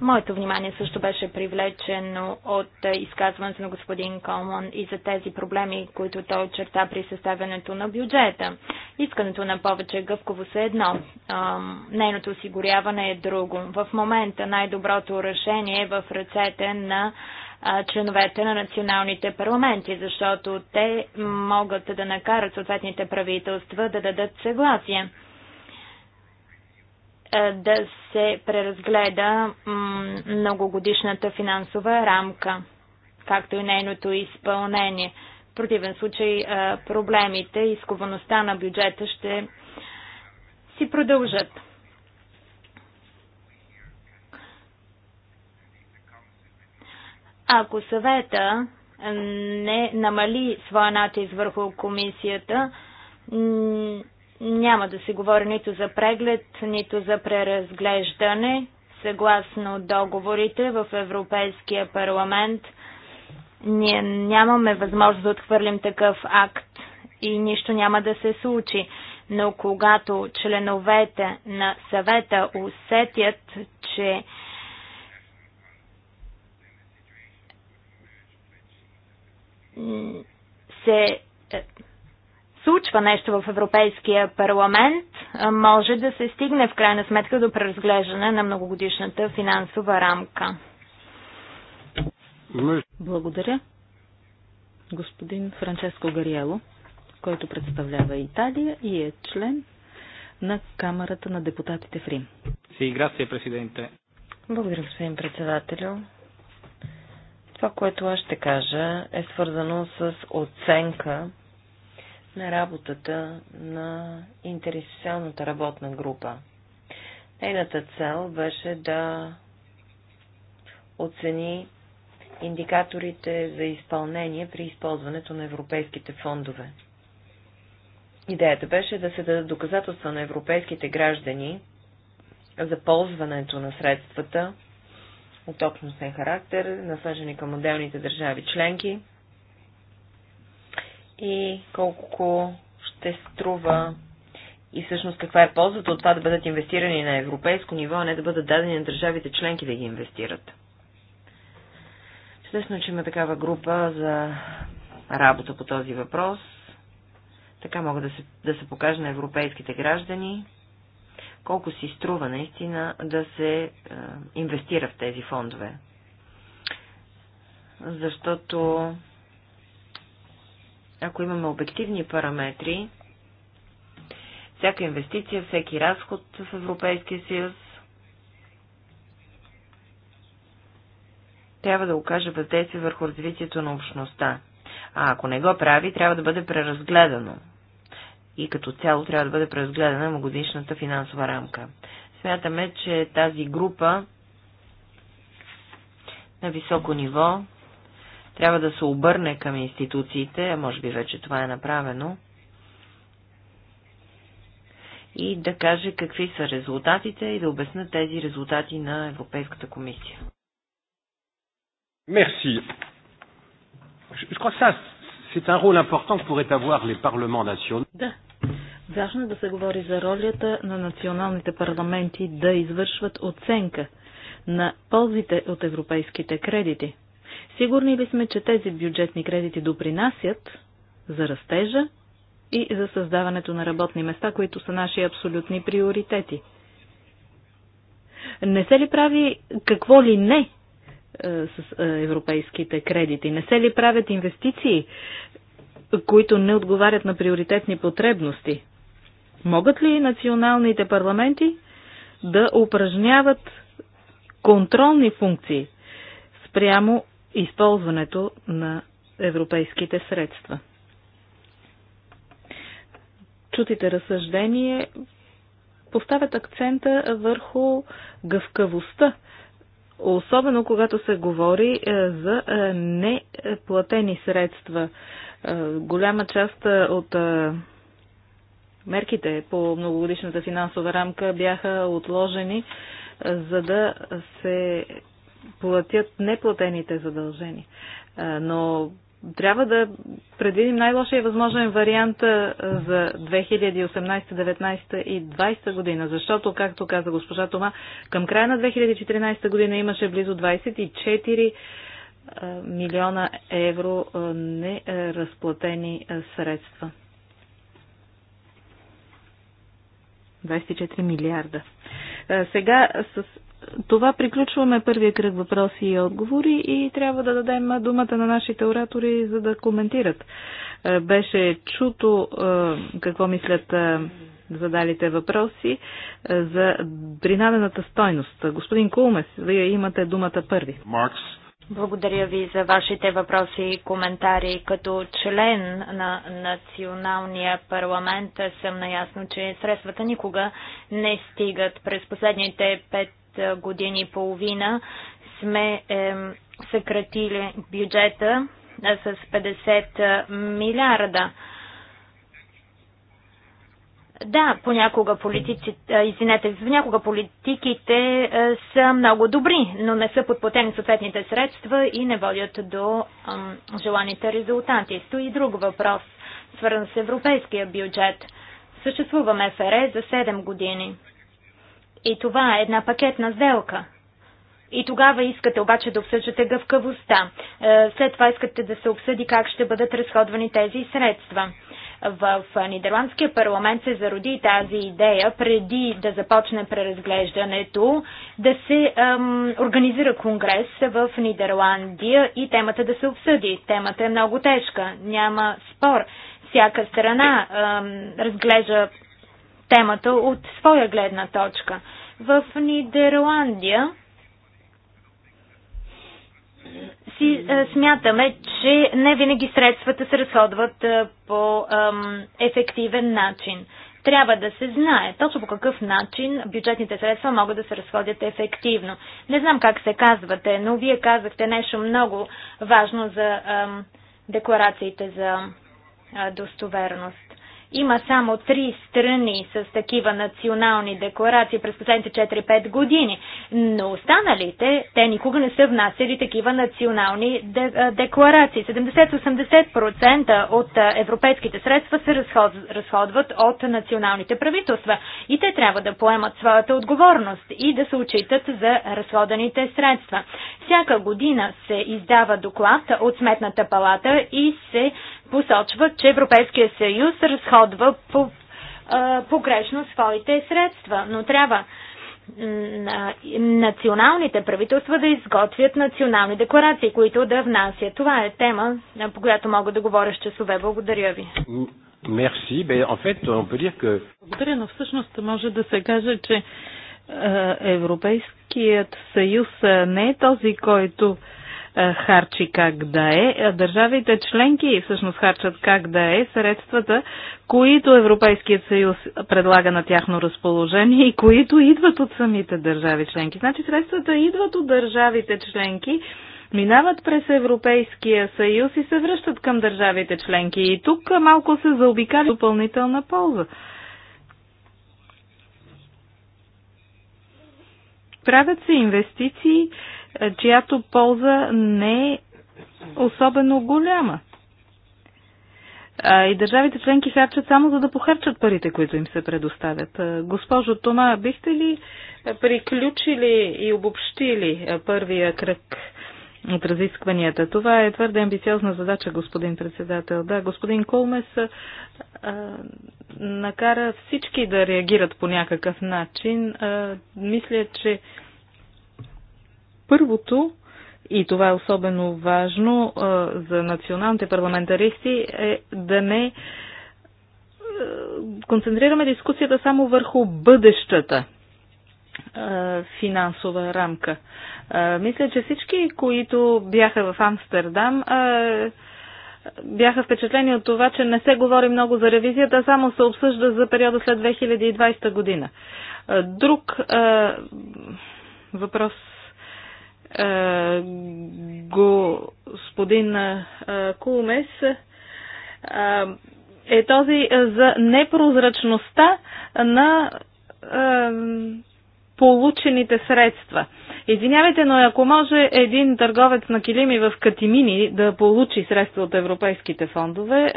D: Моето внимание също беше привлечено от изказването на господин Колман и за тези проблеми, които той очерта при съставянето на бюджета. Искането на повече гъвковост е едно, нейното осигуряване е друго. В момента най-доброто решение е в ръцете на членовете на националните парламенти, защото те могат да накарат съответните правителства да дадат съгласие е, да се преразгледа многогодишната финансова рамка, както и нейното изпълнение. В противен случай е, проблемите и сковаността на бюджета ще си продължат. Ако съвета не намали своя натиск върху комисията, няма да се говори нито за преглед, нито за преразглеждане. Съгласно договорите в Европейския парламент, ние нямаме възможност да отхвърлим такъв акт и нищо няма да се случи. Но когато членовете на съвета усетят, че се случва нещо в Европейския парламент, може да се стигне в крайна сметка до преразглеждане на многогодишната финансова рамка.
B: Благодаря. Господин Франческо Гариело, който представлява Италия и е член на Камерата на депутатите в Рим. президенте. Благодаря, господин
C: председателю. Това, което аз ще кажа, е свързано с оценка на работата на интересационната работна група. Нейната цел беше да оцени индикаторите за изпълнение при използването на европейските фондове. Идеята беше да се дадат доказателства на европейските граждани за ползването на средствата от общностен характер, насъжени към отделните държави членки, и колко ще струва и всъщност каква е ползата от това да бъдат инвестирани на европейско ниво, а не да бъдат дадени на държавите членки да ги инвестират. Чудесно, че има такава група за работа по този въпрос. Така могат да се, да се покажа на европейските граждани колко си струва наистина да се е, инвестира в тези фондове. Защото ако имаме обективни параметри, всяка инвестиция, всеки разход в Европейския съюз трябва да окаже въздействие върху развитието на общността. А ако не го прави, трябва да бъде преразгледано. И като цяло трябва да бъде преразгледана годишната финансова рамка. Смятаме, че тази група на високо ниво трябва да се обърне към институциите, а може би вече това е направено, и да каже какви са резултатите и да обясна тези резултати на Европейската комисия.
A: Merci. Je crois ça, c'est un rôle important que pourraient avoir les parlements nationaux.
B: Да. Важно е да се говори за ролята на националните парламенти да извършват оценка на ползите от европейските кредити. Сигурни ли сме, че тези бюджетни кредити допринасят за растежа и за създаването на работни места, които са наши абсолютни приоритети? Не се ли прави какво ли не е, с е, европейските кредити? Не се ли правят инвестиции, които не отговарят на приоритетни потребности? Могат ли националните парламенти да упражняват контролни функции спрямо използването на европейските средства. Чутите разсъждение поставят акцента върху гъвкавостта, особено когато се говори е, за е, неплатени средства. Е, голяма част от мерките по многогодишната финансова рамка бяха отложени, за да се платят неплатените задължения. Но трябва да предвидим най-лошия възможен вариант за 2018, 2019 и 2020 година, защото, както каза госпожа Тома, към края на 2014 година имаше близо 24 милиона евро неразплатени средства. 24 милиарда. Сега с това приключваме първия кръг въпроси и отговори и трябва да дадем думата на нашите оратори, за да коментират. Е, беше чуто е, какво мислят е, задалите въпроси за принадената стойност. Господин Кулмес, вие имате думата първи. Маркс.
D: Благодаря ви за вашите въпроси и коментари. Като член на националния парламент съм наясно, че средствата никога не стигат. През последните пет години и половина сме е, съкратили бюджета е, с 50 е, милиарда. Да, понякога политиците, извинете, понякога политиките е, са много добри, но не са подплатени съответните средства и не водят до желаните резултати. Стои друг въпрос, свързан с европейския бюджет. Съществува МФР за 7 години. И това е една пакетна сделка. И тогава искате обаче да обсъждате гъвкавостта. Е, след това искате да се обсъди как ще бъдат разходвани тези средства. В Нидерландския парламент се зароди тази идея преди да започне преразглеждането да се ем, организира конгрес в Нидерландия и темата да се обсъди. Темата е много тежка, няма спор. Всяка страна ем, разглежда темата от своя гледна точка. В Нидерландия си е, смятаме, че не винаги средствата се разходват е, по ем, ефективен начин. Трябва да се знае точно по какъв начин бюджетните средства могат да се разходят ефективно. Не знам как се казвате, но вие казахте нещо много важно за ем, декларациите за е, достоверност. Има само три страни с такива национални декларации през последните 4-5 години, но останалите, те никога не са внасяли такива национални декларации. 70-80% от европейските средства се разходват от националните правителства и те трябва да поемат своята отговорност и да се очитат за разходените средства. Всяка година се издава доклад от Сметната палата и се посочва, че Европейския съюз разходва разходва по, а, погрешно своите средства. Но трябва националните правителства да изготвят национални декларации, които да внасят. Това е тема, по която мога да говоря с часове. Благодаря ви.
A: Мерси. en fait, que...
D: Благодаря, но всъщност може
B: да се каже, че Европейският съюз не е този, който е, харчи как да е. е. Държавите членки всъщност харчат как да е средствата, които Европейският съюз предлага на тяхно разположение и които идват от самите държави членки. Значи средствата идват от държавите членки, минават през Европейския съюз и се връщат към държавите членки. И тук малко се заобикаля допълнителна полза. Правят се инвестиции чиято полза не е особено голяма. А, и държавите членки харчат само за да похарчат парите, които им се предоставят. Госпожо Тома, бихте ли приключили и обобщили първия кръг от разискванията? Това е твърде амбициозна задача, господин председател. Да, господин Колмес а, накара всички да реагират по някакъв начин. А, мисля, че Първото, и това е особено важно за националните парламентаристи, е да не концентрираме дискусията само върху бъдещата финансова рамка. Мисля, че всички, които бяха в Амстердам, бяха впечатлени от това, че не се говори много за ревизията, а само се обсъжда за периода след 2020 година. Друг въпрос е, господин е, Кулмес е, е този за непрозрачността на получените средства. Извинявайте, но ако може един търговец на килими в Катимини да получи средства от европейските фондове,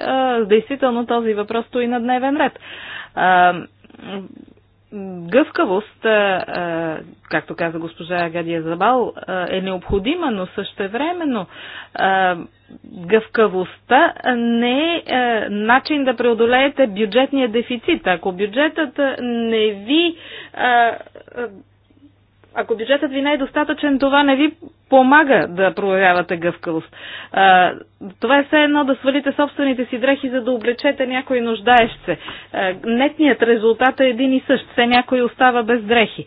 B: действително този въпрос стои на дневен ред гъвкавост, както каза госпожа Гадия Забал, е необходима, но същевременно гъвкавостта не е начин да преодолеете бюджетния дефицит. Ако бюджетът не ви ако бюджетът ви не е достатъчен, това не ви помага да проявявате гъвкавост. това е все едно да свалите собствените си дрехи, за да облечете някой нуждаещ се. нетният резултат е един и същ. Все някой остава без дрехи.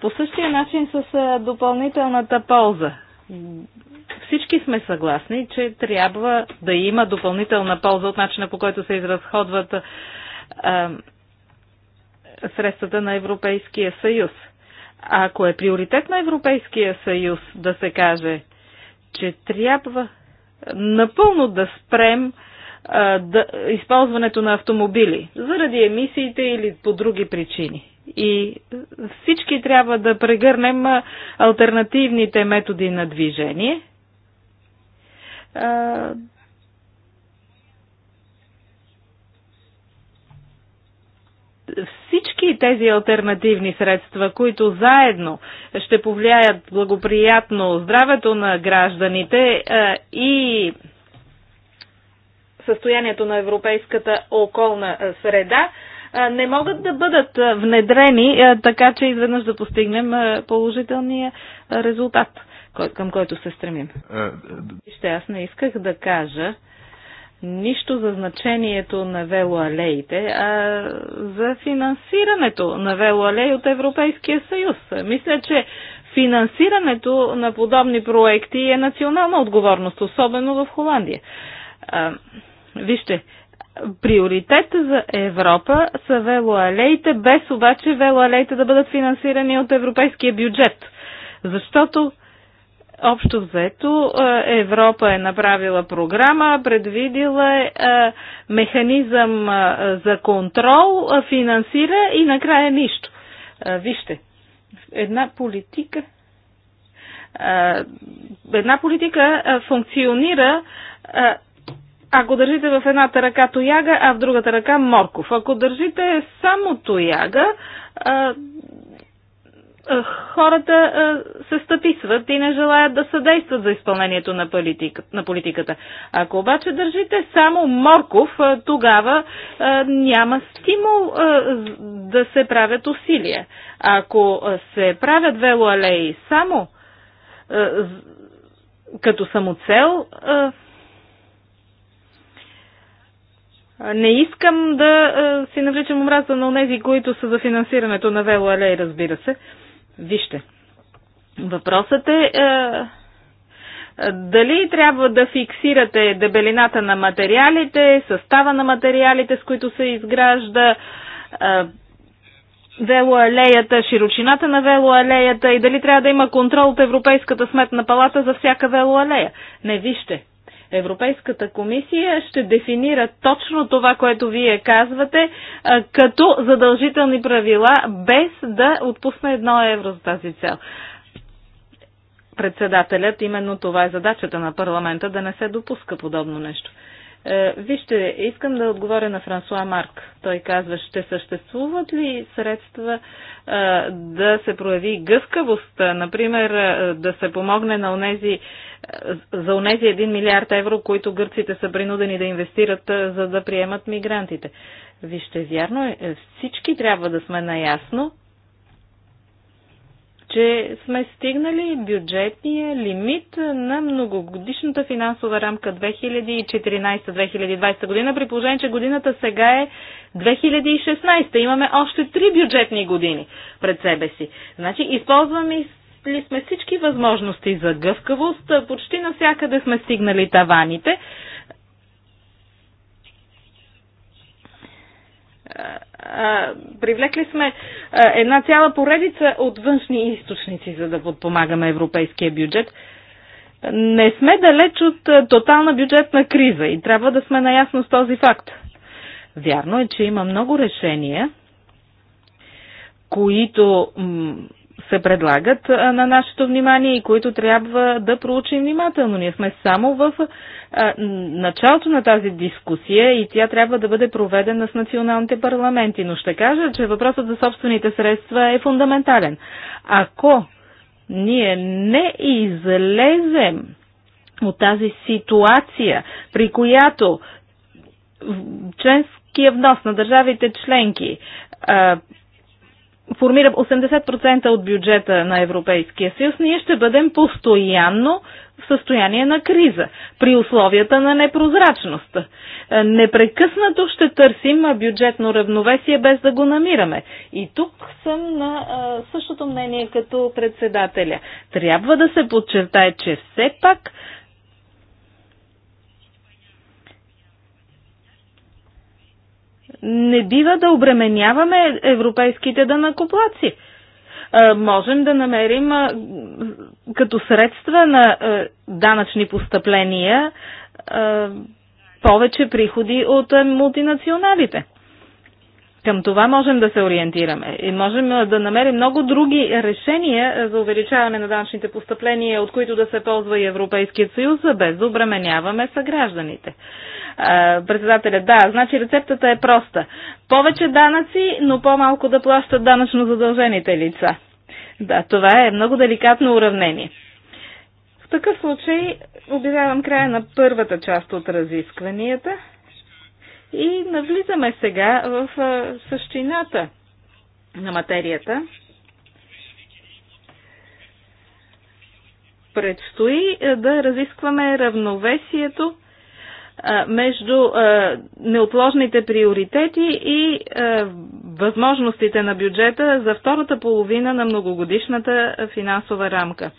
B: по същия начин с допълнителната полза всички сме съгласни, че трябва да има допълнителна полза от начина по който се изразходват средствата на Европейския съюз. Ако е приоритет на Европейския съюз да се каже, че трябва напълно да спрем а, да, използването на автомобили заради емисиите или по други причини. И всички трябва да прегърнем альтернативните методи на движение. А, всички тези альтернативни средства, които заедно ще повлияят благоприятно здравето на гражданите е, и състоянието на европейската околна среда, е, не могат да бъдат внедрени, е, така че изведнъж да постигнем положителния резултат, към който се стремим. Ще аз не исках да кажа, нищо за значението на велоалеите, а за финансирането на велоалеи от Европейския съюз. Мисля, че финансирането на подобни проекти е национална отговорност, особено в Холандия. А, вижте, приоритет за Европа са велоалеите, без обаче велоалеите да бъдат финансирани от европейския бюджет. Защото Общо взето е, Европа е направила програма, предвидила е, е механизъм е, за контрол, финансира и накрая нищо. Вижте, една политика една политика функционира ако държите в едната ръка тояга, а в другата ръка морков. Ако държите само тояга, е, хората е, се стъписват и не желаят да съдействат за изпълнението на, политика, на политиката. Ако обаче държите само Морков, е, тогава няма стимул да се правят усилия. Ако се правят велоалеи само като самоцел, не искам да си навличам омраза на тези, които са за финансирането на велоалеи, разбира се. Вижте, въпросът е, е, е дали трябва да фиксирате дебелината на материалите, състава на материалите, с които се изгражда е, велоалеята, широчината на велоалеята и дали трябва да има контрол от Европейската сметна палата за всяка велоалея. Не, вижте, Европейската комисия ще дефинира точно това, което вие казвате, като задължителни правила, без да отпусне едно евро за тази цел. Председателят, именно това е задачата на парламента, да не се допуска подобно нещо. Е, вижте, искам да отговоря на Франсуа Марк. Той казва, ще съществуват ли средства е, да се прояви гъвкавост, е, например да се помогне на унези, за онези 1 милиард евро, които гърците са принудени да инвестират, за да приемат мигрантите. Вижте, вярно е, всички трябва да сме наясно, че сме стигнали бюджетния лимит на многогодишната финансова рамка 2014-2020 година, при положение, че годината сега е 2016. Имаме още три бюджетни години пред себе си. Значи, използваме ли сме всички възможности за гъвкавост, почти навсякъде сме стигнали таваните привлекли сме една цяла поредица от външни източници, за да подпомагаме европейския бюджет. Не сме далеч от тотална бюджетна криза и трябва да сме наясно с този факт. Вярно е, че има много решения, които се предлагат на нашето внимание и които трябва да проучим внимателно. Ние сме само в началото на тази дискусия и тя трябва да бъде проведена с националните парламенти. Но ще кажа, че въпросът за собствените средства е фундаментален. Ако ние не излезем от тази ситуация, при която членския внос на държавите членки формира 80% от бюджета на Европейския съюз, ние ще бъдем постоянно в състояние на криза, при условията на непрозрачност. Е, непрекъснато ще търсим бюджетно равновесие, без да го намираме. И тук съм на е, същото мнение като председателя. Трябва да се подчертае, че все пак не бива да обременяваме европейските данакоплаци. Е, можем да намерим е, като средства на е, данъчни постъпления повече приходи от мултинационалите. Към това можем да се ориентираме и можем да намерим много други решения за увеличаване на данъчните постъпления, от които да се ползва и Европейският съюз, без да обременяваме съгражданите. Председателя, да, значи рецептата е проста. Повече данъци, но по-малко да плащат данъчно задължените лица. Да, това е много деликатно уравнение. В такъв случай обявявам края на първата част от разискванията и навлизаме сега в същината на материята. Предстои да разискваме равновесието между неотложните приоритети и възможностите на бюджета за втората половина на многогодишната финансова рамка.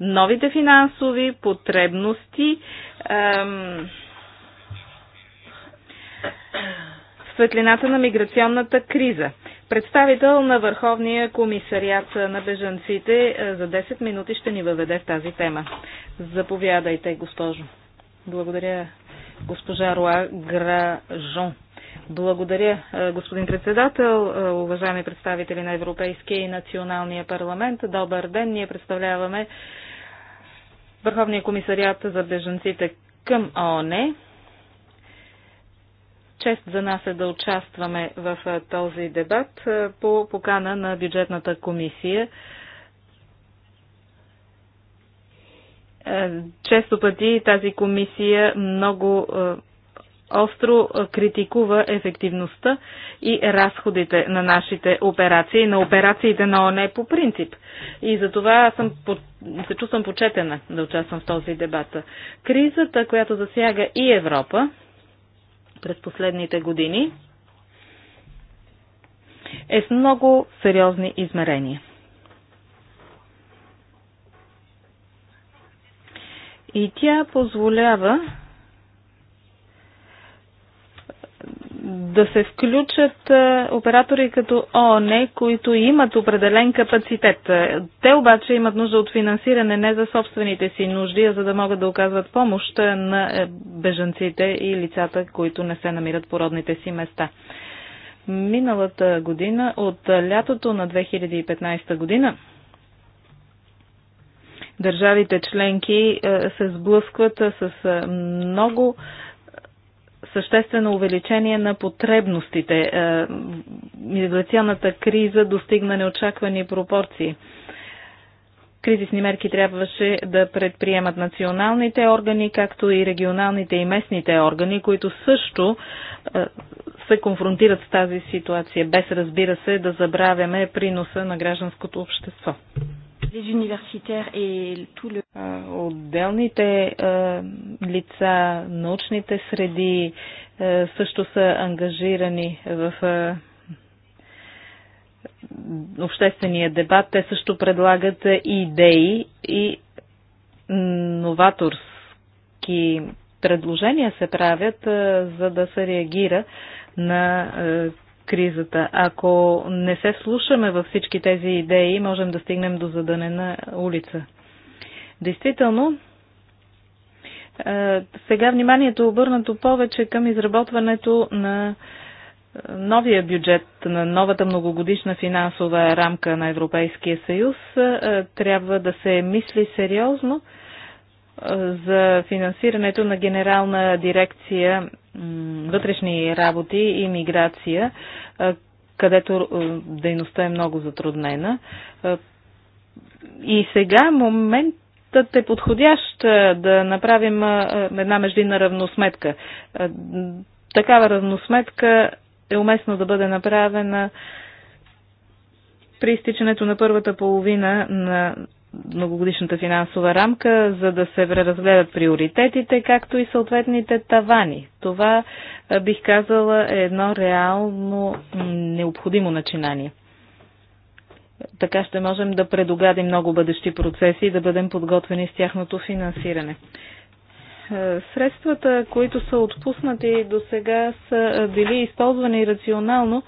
B: Новите финансови потребности в светлината на миграционната криза. Представител на Върховния комисариат на бежанците за 10 минути ще ни въведе в тази тема. Заповядайте, госпожо. Благодаря, Госпожа Руа Гражон. Благодаря, е, господин председател, е, уважаеми представители на Европейския и Националния парламент. Добър ден, ние представляваме Върховния комисариат за беженците към ООН. Чест за нас е да участваме в е, този дебат по покана на бюджетната комисия Е, често пъти тази комисия много е, остро е, критикува ефективността и разходите на нашите операции, на операциите на ОНЕ по принцип. И за това аз съм, се чувствам почетена да участвам в този дебат. Кризата, която засяга и Европа през последните години, е с много сериозни измерения. И тя позволява да се включат е, оператори като ООН, които имат определен капацитет. Те обаче имат нужда от финансиране не за собствените си нужди, а за да могат да оказват помощ на е, бежанците и лицата, които не се намират по родните си места. Миналата година, от лятото на 2015 година, държавите членки е, се сблъскват е, с е, много съществено увеличение на потребностите. Миграционната криза достигна неочаквани пропорции. Кризисни мерки трябваше да предприемат националните органи, както и регионалните и местните органи, които също се конфронтират с тази ситуация, без разбира се да забравяме приноса на гражданското общество. Отделните лица, научните среди също са ангажирани в обществения дебат. Те също предлагат идеи и новаторски предложения се правят, за да се реагира на кризата. Ако не се слушаме във всички тези идеи, можем да стигнем до задънена улица. Действително, сега вниманието е обърнато повече към изработването на новия бюджет на новата многогодишна финансова рамка на Европейския съюз. Трябва да се мисли сериозно за финансирането на Генерална дирекция вътрешни работи и миграция, където дейността е много затруднена. И сега момент е подходящ да направим една междинна равносметка. Такава равносметка е уместно да бъде направена при изтичането на първата половина на многогодишната финансова рамка, за да се преразгледат приоритетите, както и съответните тавани. Това, бих казала, е едно реално необходимо начинание. Така ще можем да предогадим много бъдещи процеси и да бъдем подготвени с тяхното финансиране. Средствата, които са отпуснати до сега, са били използвани рационално,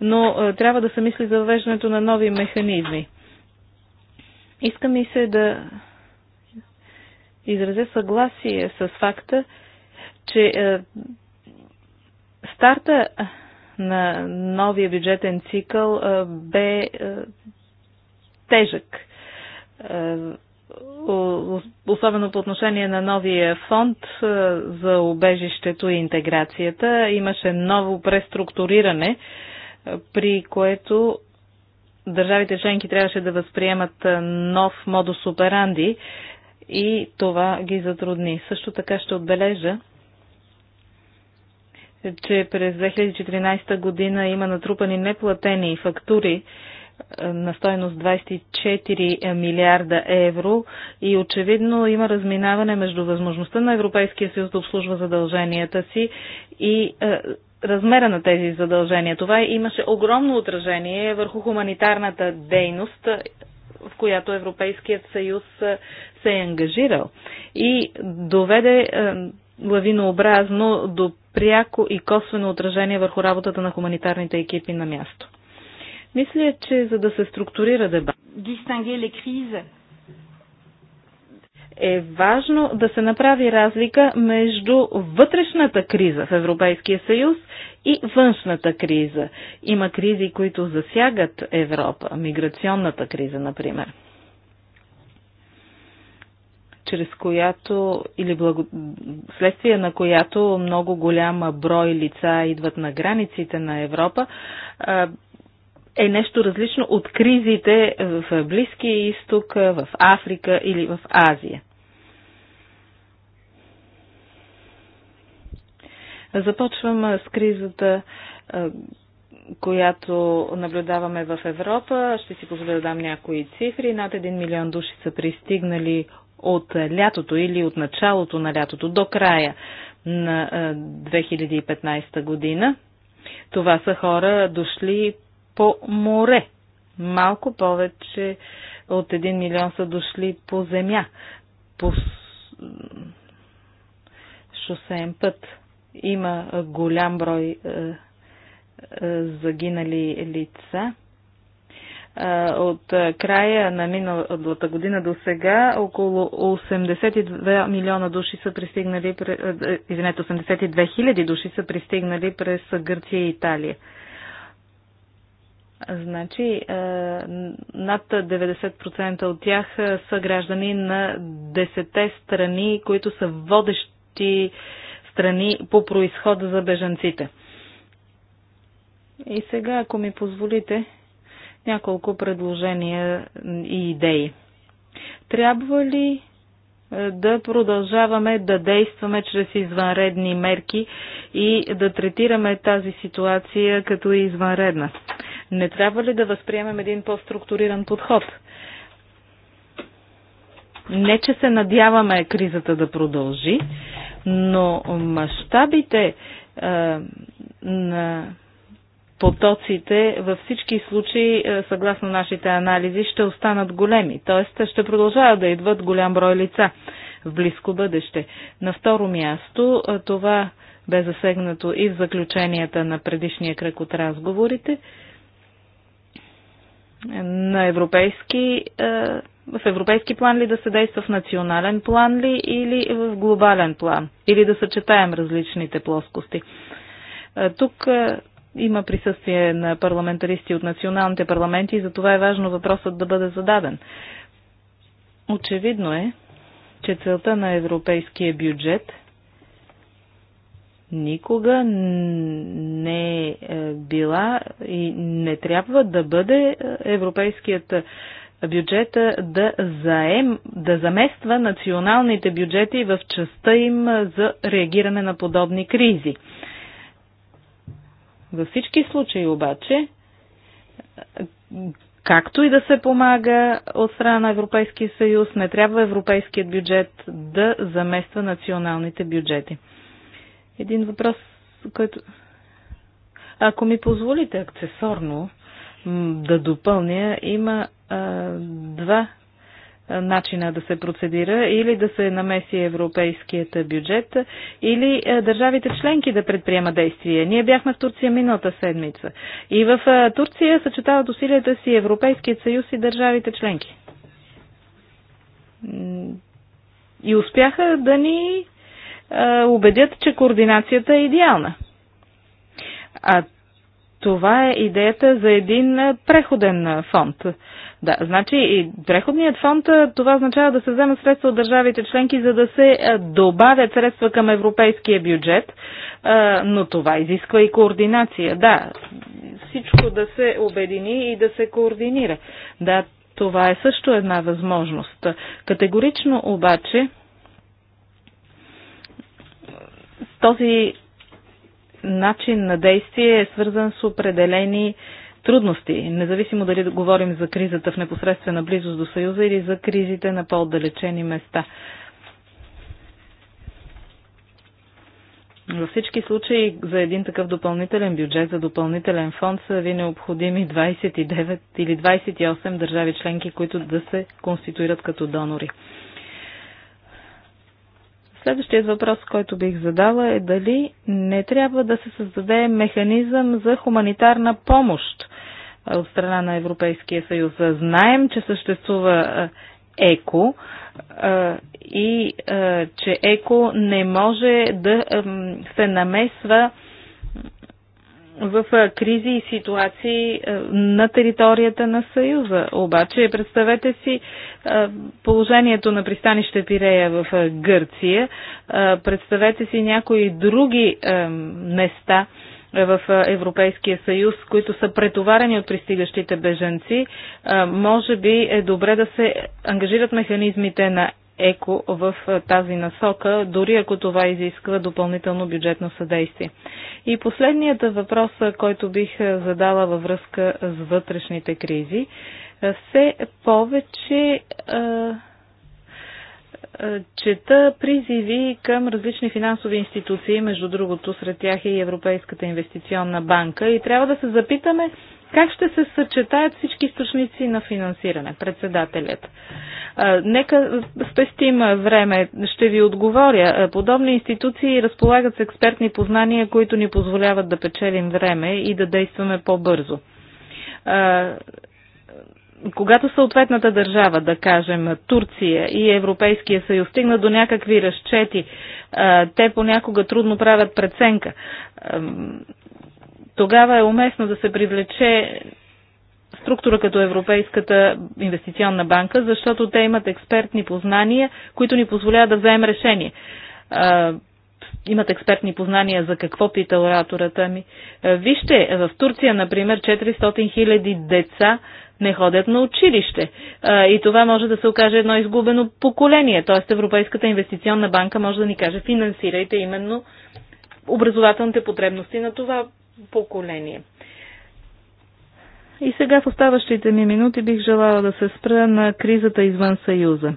B: но трябва да се мисли за въвеждането на нови механизми иска ми се да изразя съгласие с факта, че е, старта на новия бюджетен цикъл е, бе е, тежък. Особено по отношение на новия фонд за обежището и интеграцията. Имаше ново преструктуриране, при което държавите членки трябваше да възприемат нов модус операнди и това ги затрудни. Също така ще отбележа, че през 2014 година има натрупани неплатени фактури на стойност 24 милиарда евро и очевидно има разминаване между възможността на Европейския съюз да обслужва задълженията си и размера на тези задължения. Това имаше огромно отражение върху хуманитарната дейност, в която Европейският съюз се е ангажирал и доведе лавинообразно до пряко и косвено отражение върху работата на хуманитарните екипи на място. Мисля, че за да се структурира дебат, е важно да се направи разлика между вътрешната криза в Европейския съюз и външната криза. Има кризи, които засягат Европа, миграционната криза, например чрез която или благо... следствие на която много голяма брой лица идват на границите на Европа, е нещо различно от кризите в Близкия изток, в Африка или в Азия. Започвам с кризата, която наблюдаваме в Европа. Ще си позволя да дам някои цифри. Над 1 милион души са пристигнали от лятото или от началото на лятото до края на 2015 година. Това са хора дошли по море. Малко повече от 1 милион са дошли по земя, по шосеен път. Има голям брой е, е, загинали лица. Е, от края на миналата година до сега около 82 милиона души са пристигнали, извинете, 82 хиляди души са пристигнали през Гърция и Италия. Значи е, над 90% от тях е, са граждани на 10 страни, които са водещи страни по происход за бежанците. И сега, ако ми позволите, няколко предложения и идеи. Трябва ли е, да продължаваме да действаме чрез извънредни мерки и да третираме тази ситуация като извънредна? Не трябва ли да възприемем един по-структуриран подход? Не, че се надяваме кризата да продължи, но мащабите е, на потоците във всички случаи, е, съгласно нашите анализи, ще останат големи, т.е. ще продължават да идват голям брой лица в близко бъдеще. На второ място, е, това бе засегнато и в заключенията на предишния кръг от разговорите, на европейски, е, в европейски план ли да се действа, в национален план ли или в глобален план, или да съчетаем различните плоскости. Е, тук е, има присъствие на парламентаристи от националните парламенти и за това е важно въпросът да бъде зададен. Очевидно е, че целта на европейския бюджет никога не е била и не трябва да бъде е, европейският бюджет е, да, заем, да замества националните бюджети в частта им е, за реагиране на подобни кризи. Във всички случаи обаче, както и да се помага от страна на Европейския съюз, не трябва европейският бюджет да замества националните бюджети. Един въпрос, който... Ако ми позволите акцесорно да допълня, има а, два начина да се процедира или да се намеси европейският бюджет, или държавите членки да предприемат действия. Ние бяхме в Турция миналата седмица. И в Турция съчетават усилията си Европейският съюз и държавите членки. И успяха да ни е, убедят, че координацията е идеална. А това е идеята за един е, преходен е, фонд. Да, значи и преходният фонд, това означава да се вземат средства от държавите членки, за да се добавят средства към европейския бюджет, но това изисква и координация. Да, всичко да се обедини и да се координира. Да, това е също една възможност. Категорично обаче Този начин на действие е свързан с определени трудности, независимо дали да говорим за кризата в непосредствена близост до Съюза или за кризите на по-отдалечени места. Във всички случаи за един такъв допълнителен бюджет, за допълнителен фонд са ви необходими 29 или 28 държави членки, които да се конституират като донори. Следващият въпрос, който бих задала е дали не трябва да се създаде механизъм за хуманитарна помощ от страна на Европейския съюз. Знаем, че съществува ЕКО и че ЕКО не може да се намесва в кризи и ситуации на територията на Съюза. Обаче, представете си положението на пристанище Пирея в Гърция, представете си някои други места в Европейския съюз, които са претоварени от пристигащите беженци, може би е добре да се ангажират механизмите на ЕКО в тази насока, дори ако това изисква допълнително бюджетно съдействие. И последният въпрос, който бих задала във връзка с вътрешните кризи, все повече чета призиви към различни финансови институции, между другото сред тях и Европейската инвестиционна банка. И трябва да се запитаме как ще се съчетаят всички източници на финансиране, председателят? Нека спестим време. Ще ви отговоря. Подобни институции разполагат с експертни познания, които ни позволяват да печелим време и да действаме по-бързо когато съответната държава, да кажем Турция и Европейския съюз, стигна до някакви разчети, те понякога трудно правят преценка тогава е уместно да се привлече структура като Европейската инвестиционна банка, защото те имат експертни познания, които ни позволяват да вземем решение. А, имат експертни познания за какво пита оратората ми. А, вижте, в Турция, например, 400 000 деца не ходят на училище. А, и това може да се окаже едно изгубено поколение. Тоест Европейската инвестиционна банка може да ни каже финансирайте именно образователните потребности на това поколение. И сега в оставащите ми минути бих желала да се спра на кризата извън Съюза.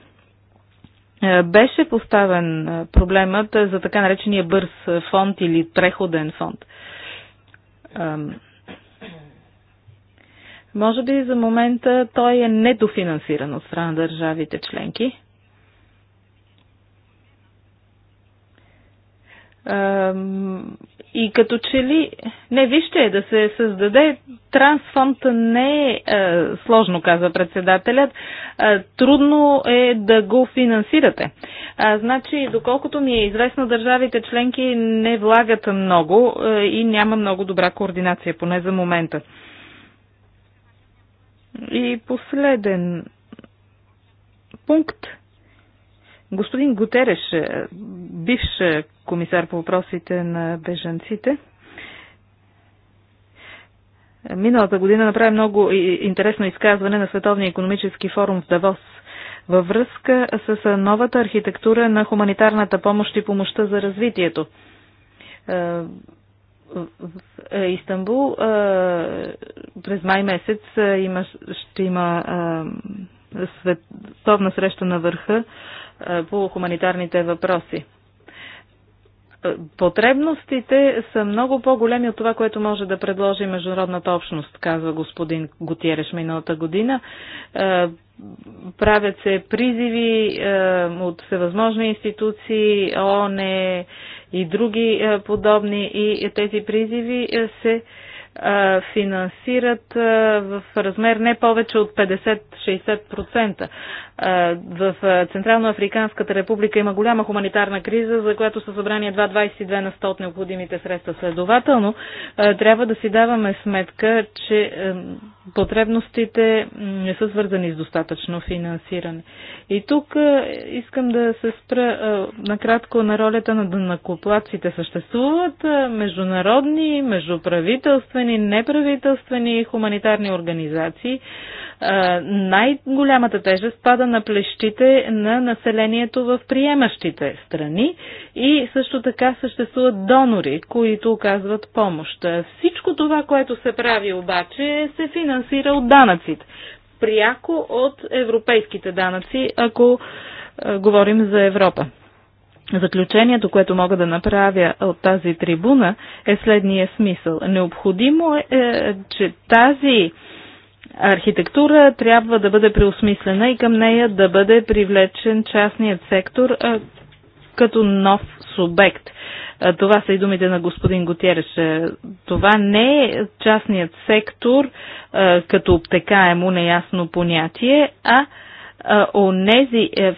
B: Е, беше поставен е, проблемът за така наречения бърз фонд или преходен фонд. Може би за момента той е недофинансиран от страна на държавите членки. И като че ли, не вижте, да се създаде трансфонд не е, е сложно, казва председателят. Е, трудно е да го финансирате. А, е, значи, доколкото ми е известно, държавите членки не влагат много е, и няма много добра координация, поне за момента. И последен пункт – Господин Гутереш, е, бивш е, комисар по въпросите на бежанците, е, миналата година направи много интересно изказване на Световния економически форум в Давос във връзка с новата архитектура на хуманитарната помощ и помощта за развитието. В Истанбул през май месец има, ще има световна среща на върха по хуманитарните въпроси. Потребностите са много по-големи от това, което може да предложи международната общност, казва господин Готиереш миналата година. Правят се призиви от всевъзможни институции, ООН и други подобни и тези призиви се финансират в размер не повече от 50-60%. В Централно-Африканската република има голяма хуманитарна криза, за която са събрани едва 22 на 100 от необходимите средства. Следователно, трябва да си даваме сметка, че потребностите не са свързани с достатъчно финансиране. И тук искам да се спра накратко на ролята на накоплаците. Съществуват международни, междуправителствени правителствени, неправителствени и хуманитарни организации. Най-голямата тежест пада на плещите на населението в приемащите страни и също така съществуват донори, които оказват помощ. Всичко това, което се прави обаче, се финансира от данъците. Пряко от европейските данъци, ако говорим за Европа. Заключението, което мога да направя от тази трибуна е следния смисъл. Необходимо е, е, че тази архитектура трябва да бъде преосмислена и към нея да бъде привлечен частният сектор е, като нов субект. Е, това са и думите на господин Готиереш. Това не е частният сектор като обтекаемо неясно понятие, а онези е,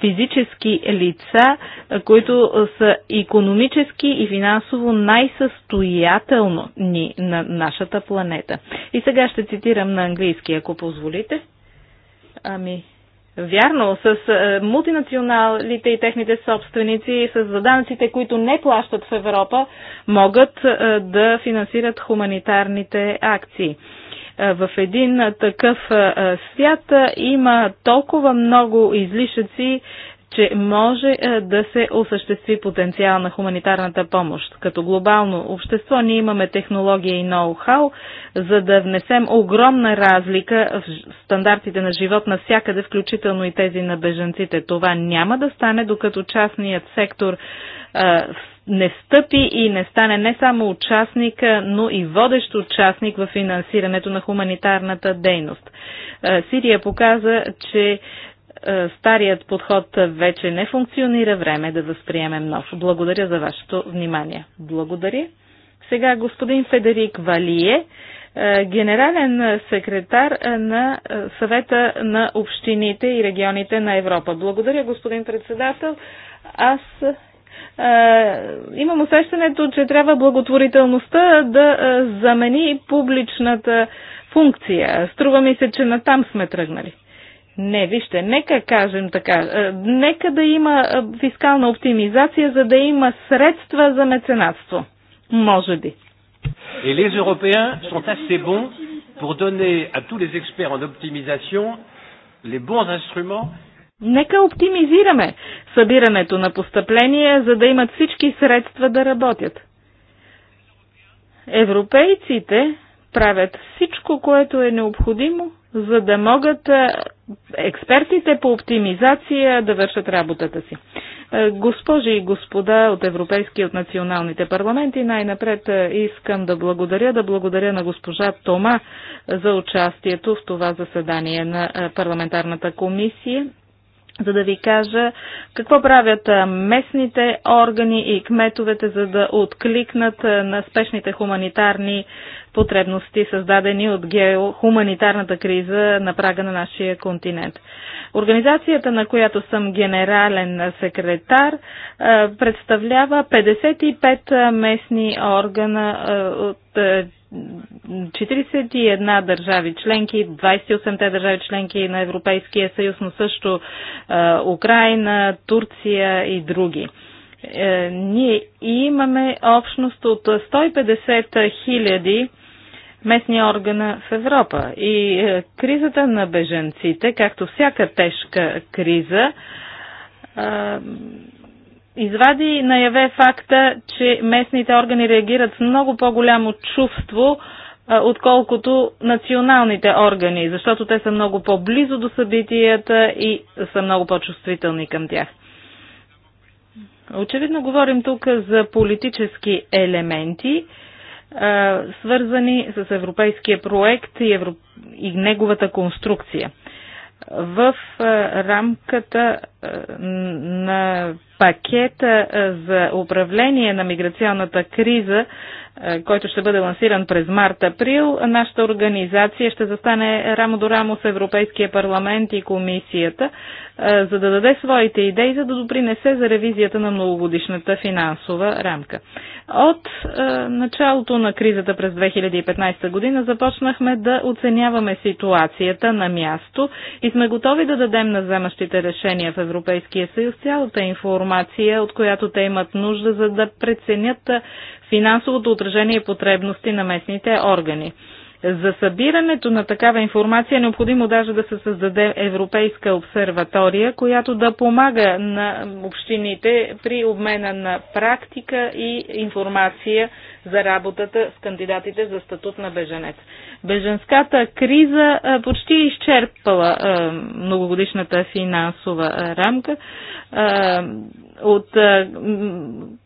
B: физически лица, е, които е, са економически и финансово най-състоятелни на нашата планета. И сега ще цитирам на английски, ако позволите. Ами, Вярно, с мултинационалите и техните собственици, с заданците, които не плащат в Европа, могат да финансират хуманитарните акции. В един такъв свят има толкова много излишъци, че може да се осъществи потенциал на хуманитарната помощ. Като глобално общество ние имаме технология и ноу-хау, за да внесем огромна разлика в стандартите на живот навсякъде, включително и тези на бежанците. Това няма да стане, докато частният сектор не встъпи и не стане не само участник, но и водещ участник в финансирането на хуманитарната дейност. Е, Сирия показа, че е, старият подход вече не функционира. Време е да възприемем нов. Благодаря за вашето внимание. Благодаря. Сега господин Федерик Валие, генерален секретар на съвета на общините и регионите на Европа. Благодаря, господин председател. Аз е, имам усещането, че трябва благотворителността да е, замени публичната функция. Струва ми се, че натам сме тръгнали. Не, вижте, нека кажем така. Е, нека да има фискална оптимизация, за да има средства за меценатство. Може би.
A: Et les Européens sont assez bons pour donner à tous les experts en
B: optimisation les bons instruments Нека оптимизираме събирането на постъпления, за да имат всички средства да работят. Европейците правят всичко, което е необходимо, за да могат експертите по оптимизация да вършат работата си. Госпожи и господа от Европейски и от националните парламенти, най-напред искам да благодаря, да благодаря на госпожа Тома за участието в това заседание на парламентарната комисия за да ви кажа какво правят местните органи и кметовете, за да откликнат на спешните хуманитарни потребности, създадени от геохуманитарната криза на прага на нашия континент. Организацията, на която съм генерален секретар, е, представлява 55 местни органа е, от 41 е, държави членки, 28-те държави членки на Европейския съюз, но също Украина, Турция и други. Е, ние имаме общност от 150 хиляди местни органа в Европа. И е, кризата на беженците, както всяка тежка криза, е, извади наяве факта, че местните органи реагират с много по-голямо чувство, отколкото националните органи, защото те са много по-близо до събитията и са много по-чувствителни към тях. Очевидно говорим тук за политически елементи, свързани с европейския проект и, евро... и неговата конструкция. В рамката на пакета за управление на миграционната криза, който ще бъде лансиран през март-април, нашата организация ще застане рамо до рамо с Европейския парламент и комисията е, за да даде своите идеи, за да допринесе за ревизията на многогодишната финансова рамка. От е, началото на кризата през 2015 година започнахме да оценяваме ситуацията на място и сме готови да дадем на вземащите решения в Европейския съюз цялата информация, от която те имат нужда, за да преценят е, финансовото отражение и потребности на местните органи. За събирането на такава информация е необходимо даже да се създаде Европейска обсерватория, която да помага на общините при обмена на практика и информация за работата с кандидатите за статут на беженец. Беженската криза почти изчерпала многогодишната финансова рамка. От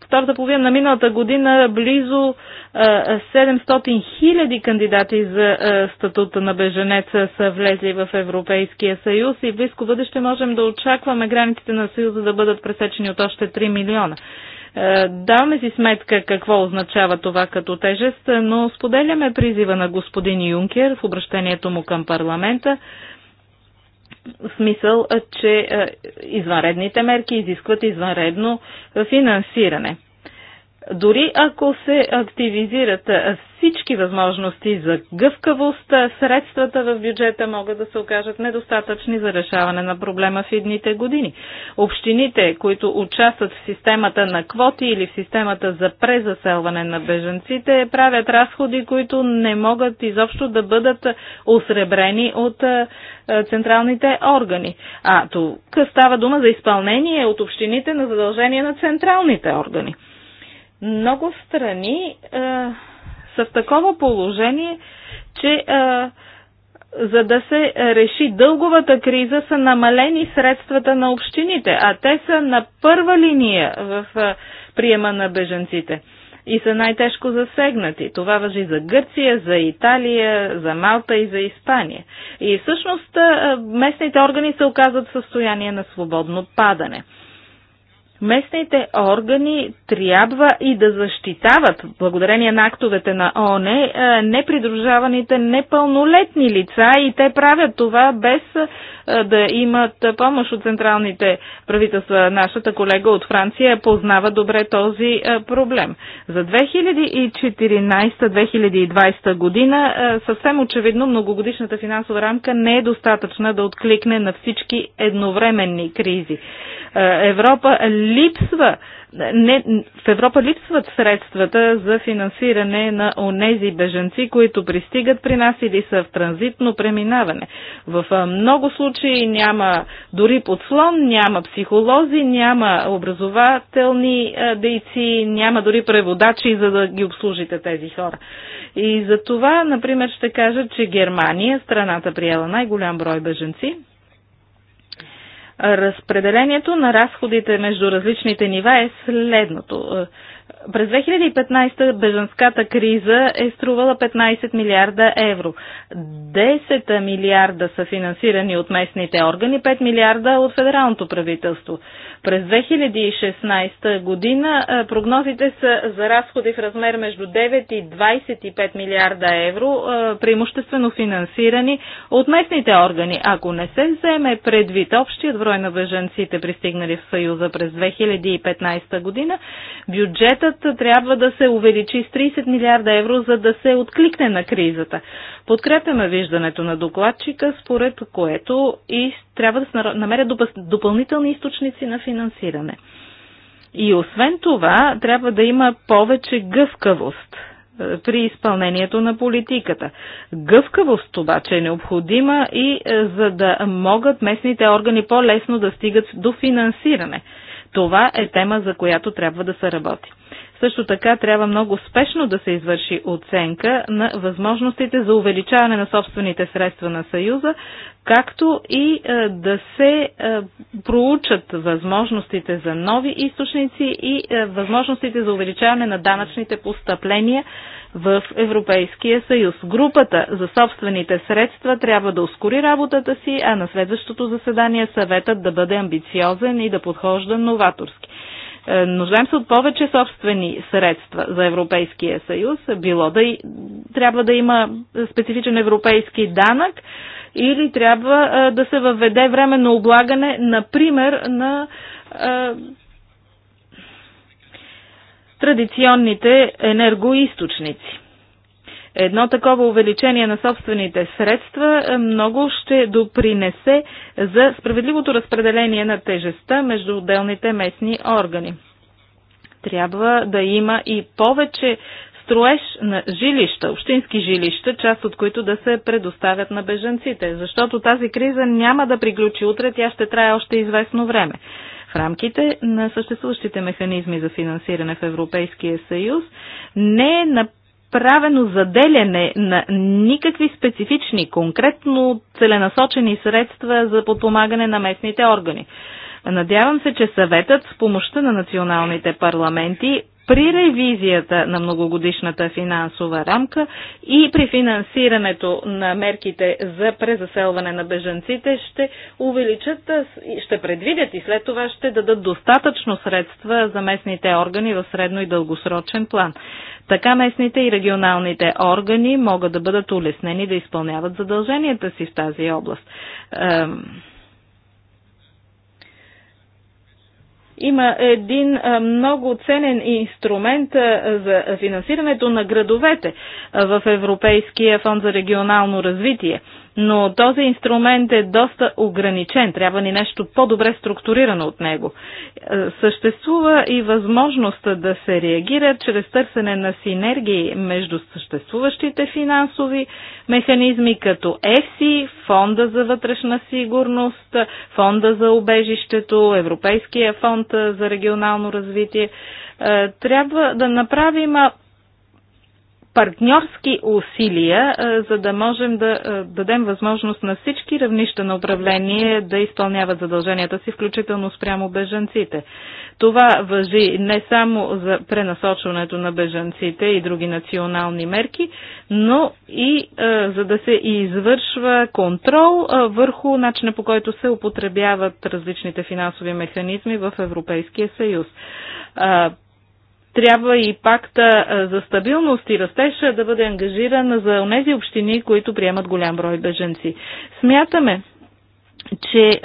B: втората половина на миналата година близо 700 хиляди кандидати за статута на беженеца са влезли в Европейския съюз и в близко бъдеще можем да очакваме границите на съюза да бъдат пресечени от още 3 милиона. Е, Даваме си сметка какво означава това като тежест, но споделяме призива на господин Юнкер в обращението му към парламента, в смисъл, е, че е, извънредните мерки изискват извънредно финансиране. Дори ако се активизират всички възможности за гъвкавост, средствата в бюджета могат да се окажат недостатъчни за решаване на проблема в едните години. Общините, които участват в системата на квоти или в системата за презаселване на беженците, правят разходи, които не могат изобщо да бъдат осребрени от централните органи. А тук става дума за изпълнение от общините на задължения на централните органи. Много страни а, са в такова положение, че а, за да се реши дълговата криза са намалени средствата на общините, а те са на първа линия в а, приема на беженците и са най-тежко засегнати. Това въжи за Гърция, за Италия, за Малта и за Испания. И всъщност местните органи се оказват в състояние на свободно падане местните органи трябва и да защитават, благодарение на актовете на ООН, е, непридружаваните непълнолетни лица и те правят това без е, е, да имат помощ от централните правителства. Нашата колега от Франция познава добре този е, проблем. За 2014-2020 година е, съвсем очевидно многогодишната финансова рамка не е достатъчна да откликне на всички едновременни кризи. Европа липсва не, в Европа липсват средствата за финансиране на онези беженци, които пристигат при нас или са в транзитно преминаване. В много случаи няма дори подслон, няма психолози, няма образователни дейци, няма дори преводачи, за да ги обслужите тези хора. И за това, например, ще кажа, че Германия, страната приела най-голям брой беженци, Разпределението на разходите между различните нива е следното. Е, през 2015 беженската криза е струвала 15 милиарда евро. 10 милиарда са финансирани от местните органи, 5 милиарда от федералното правителство. През 2016 година е, прогнозите са за разходи в размер между 9 и 25 милиарда евро, е, преимуществено финансирани от местните органи. Ако не се вземе предвид общият брой на беженците, пристигнали в Съюза през 2015 година, бюджетът трябва да се увеличи с 30 милиарда евро, за да се откликне на кризата. Подкрепяме виждането на докладчика, според което и трябва да се намерят допълнителни източници на финансиране финансиране. И освен това, трябва да има повече гъвкавост е, при изпълнението на политиката. Гъвкавост обаче е необходима и е, за да могат местните органи по-лесно да стигат до финансиране. Това е тема, за която трябва да се работи. Също така трябва много спешно да се извърши оценка на възможностите за увеличаване на собствените средства на Съюза, както и е, да се е, проучат възможностите за нови източници и е, възможностите за увеличаване на данъчните постъпления в Европейския съюз. Групата за собствените средства трябва да ускори работата си, а на следващото заседание съветът да бъде амбициозен и да подхожда новаторски. Е, нуждаем се от повече собствени средства за Европейския съюз, било да трябва да има специфичен европейски данък или трябва е, да се въведе временно облагане, например, на е, традиционните енергоисточници. Едно такова увеличение на собствените средства е, много ще допринесе за справедливото разпределение на тежестта между отделните местни органи. Трябва да има и повече строеж на жилища, общински жилища, част от които да се предоставят на беженците, защото тази криза няма да приключи утре, тя ще трае още известно време. В рамките на съществуващите механизми за финансиране в Европейския съюз не е на правено заделяне на никакви специфични, конкретно целенасочени средства за подпомагане на местните органи. Надявам се, че съветът с помощта на националните парламенти при ревизията на многогодишната финансова рамка и при финансирането на мерките за презаселване на бежанците ще увеличат, ще предвидят и след това ще дадат достатъчно средства за местните органи в средно и дългосрочен план. Така местните и регионалните органи могат да бъдат улеснени да изпълняват задълженията си в тази област. Има един много ценен инструмент за финансирането на градовете в Европейския фонд за регионално развитие но този инструмент е доста ограничен. Трябва ни нещо по-добре структурирано от него. Е, съществува и възможност да се реагира чрез търсене на синергии между съществуващите финансови механизми, като ЕСИ, Фонда за вътрешна сигурност, Фонда за убежището, Европейския фонд за регионално развитие е, трябва да направим партньорски усилия, е, за да можем да е, дадем възможност на всички равнища на управление да изпълняват задълженията си, включително спрямо бежанците. Това въжи не само за пренасочването на бежанците и други национални мерки, но и е, за да се извършва контрол върху начина по който се употребяват различните финансови механизми в Европейския съюз трябва и пакта за стабилност и растеж да бъде ангажиран за тези общини, които приемат голям брой беженци. Смятаме, че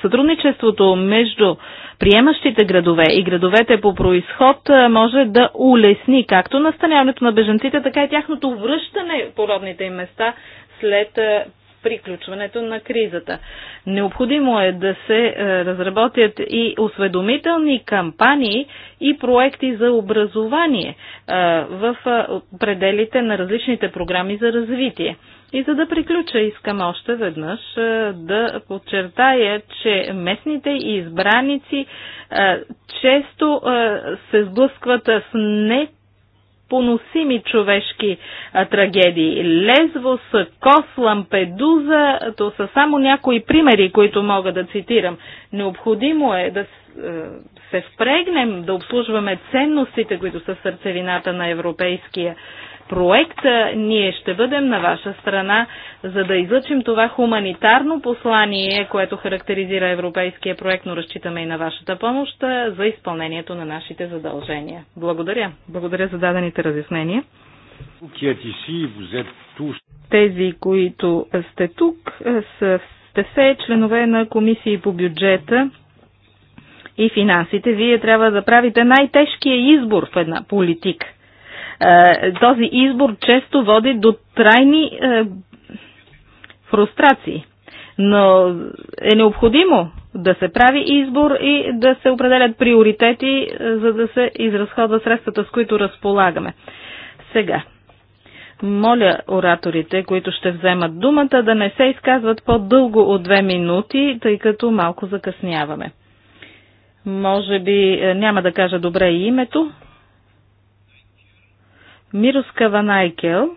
B: сътрудничеството между приемащите градове и градовете по происход може да улесни както настаняването на беженците, така и тяхното връщане по родните им места след приключването на кризата. Необходимо е да се е, разработят и осведомителни кампании и проекти за образование е, в е, пределите на различните програми за развитие. И за да приключа, искам още веднъж да подчертая, че местните избраници често се сблъскват с не поносими човешки а, трагедии. Лезвос, Кос, Лампедуза, то са само някои примери, които мога да цитирам. Необходимо е да се впрегнем, да обслужваме ценностите, които са сърцевината на европейския Проекта, ние ще бъдем на ваша страна, за да излъчим това хуманитарно послание, което характеризира европейския проект, но разчитаме и на вашата помощ за изпълнението на нашите задължения. Благодаря. Благодаря за дадените разяснения. Тези, които сте тук, са, сте се членове на комисии по бюджета и финансите. Вие трябва да правите най-тежкия избор в една политика – е, този избор често води до трайни е, фрустрации. Но е необходимо да се прави избор и да се определят приоритети, е, за да се изразходва средствата, с които разполагаме. Сега, моля ораторите, които ще вземат думата, да не се изказват по-дълго от две минути, тъй като малко закъсняваме. Може би няма да кажа добре и името, Мироскава Найкел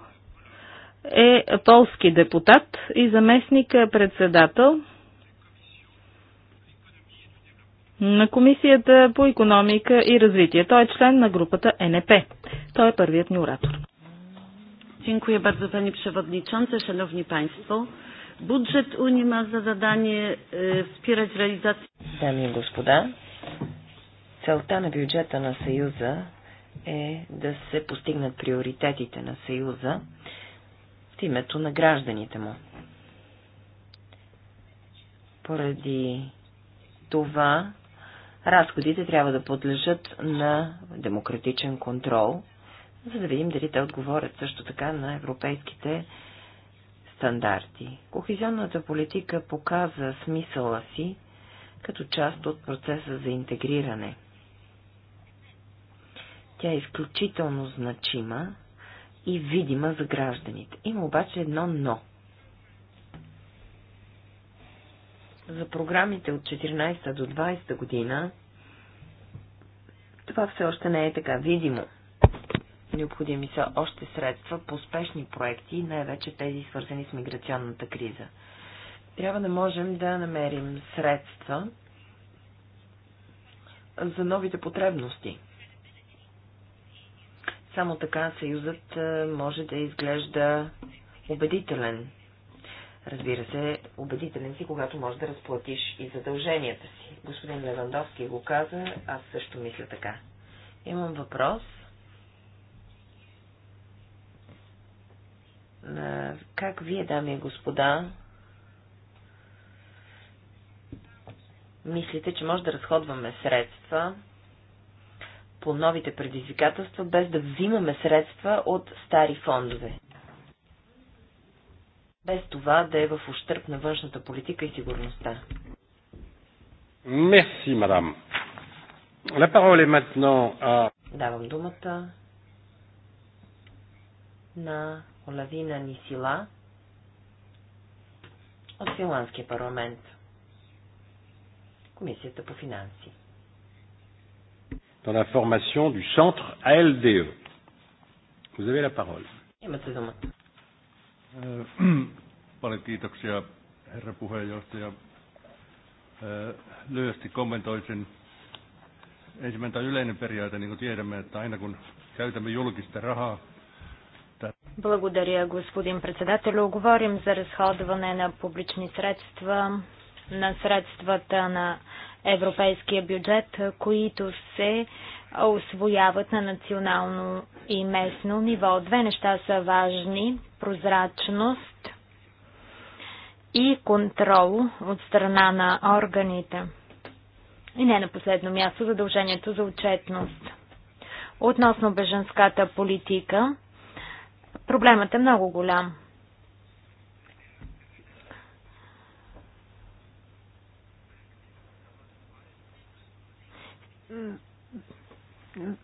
B: е полски депутат и заместник председател на Комисията по економика и развитие. Той е член на групата НП. Той е първият ни оратор.
C: Dziękuję bardzo Panie Przewodniczący, Szanowni Państwo. Budżet Unii ma za zadanie wspierać realizację... Dami i господа, целта на бюджета на Съюза е да се постигнат приоритетите на Съюза в името на гражданите му. Поради това разходите трябва да подлежат на демократичен контрол, за да видим дали те отговорят също така на европейските стандарти. Кохезионната политика показа смисъла си като част от процеса за интегриране – тя е изключително значима и видима за гражданите. Има обаче едно но. За програмите от 14 до 20 година това все още не е така видимо. Необходими са още средства по успешни проекти, най-вече тези свързани с миграционната криза. Трябва да можем да намерим средства за новите потребности. Само така съюзът е, може да изглежда убедителен. Разбира се, убедителен си, когато може да разплатиш и задълженията си. Господин Левандовски го каза, аз също мисля така. Имам въпрос. Е, как вие, дами и господа, мислите, че може да разходваме средства по новите предизвикателства, без да взимаме средства от стари фондове. Без това да е в ущърп на външната политика и сигурността.
A: Мерси, мадам. La parole est maintenant à... Давам думата
C: на Олавина Нисила от Финландския парламент. Комисията по финанси
A: dans la formation du centre ALDE. Vous avez la parole. Paljon kiitoksia, herra puheenjohtaja. Lyhyesti kommentoisin. Ensimmäinen yleinen periaate, niin kuin tiedämme, että aina kun käytämme julkista rahaa,
D: Благодаря, господин председател. Говорим за разходване на публични средства, на средствата на европейския бюджет, които се освояват на национално и местно ниво. Две неща са важни – прозрачност и контрол от страна на органите. И не на последно място задължението за отчетност. Относно беженската политика, проблемът е много голям.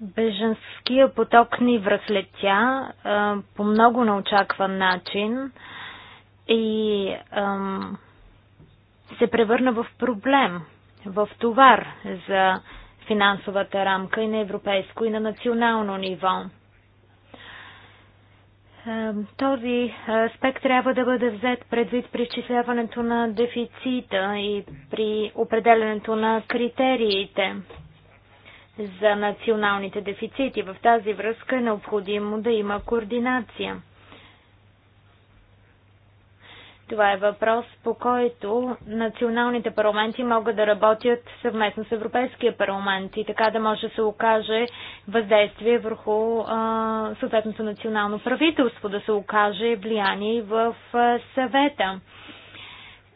D: Беженския поток ни връхлетя по много неочакван начин и ам, се превърна в проблем, в товар за финансовата рамка и на европейско и на национално ниво. Този аспект трябва да бъде взет предвид при изчисляването на дефицита и при определенето на критериите за националните дефицити. В тази връзка е необходимо да има координация. Това е въпрос, по който националните парламенти могат да работят съвместно с Европейския парламент и така да може да се окаже въздействие върху а, съответното национално правителство, да се окаже влияние в а, съвета.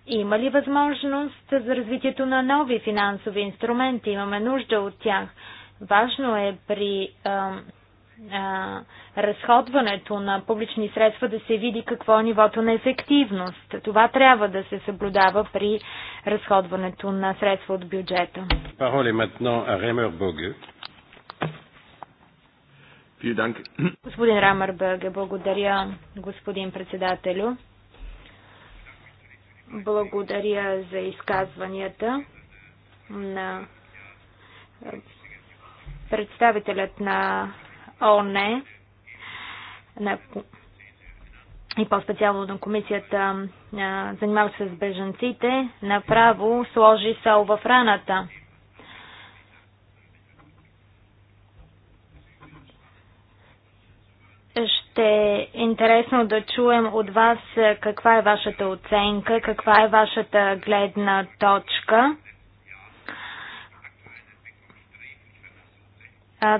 D: Има ли възможност за развитието на нови финансови инструменти? Имаме нужда от тях. Важно е при а, а, разходването на публични средства да се види какво е нивото на ефективност. Това трябва да се съблюдава при разходването на средства от бюджета. Е господин Рамър Бъге, благодаря, господин председателю. Благодаря за изказванията на е, представителят на ОНЕ на, и по-специално на комисията, е, занимава се с бежанците, направо сложи сол в раната. ще е интересно да чуем от вас е, каква е вашата оценка, каква е вашата гледна точка.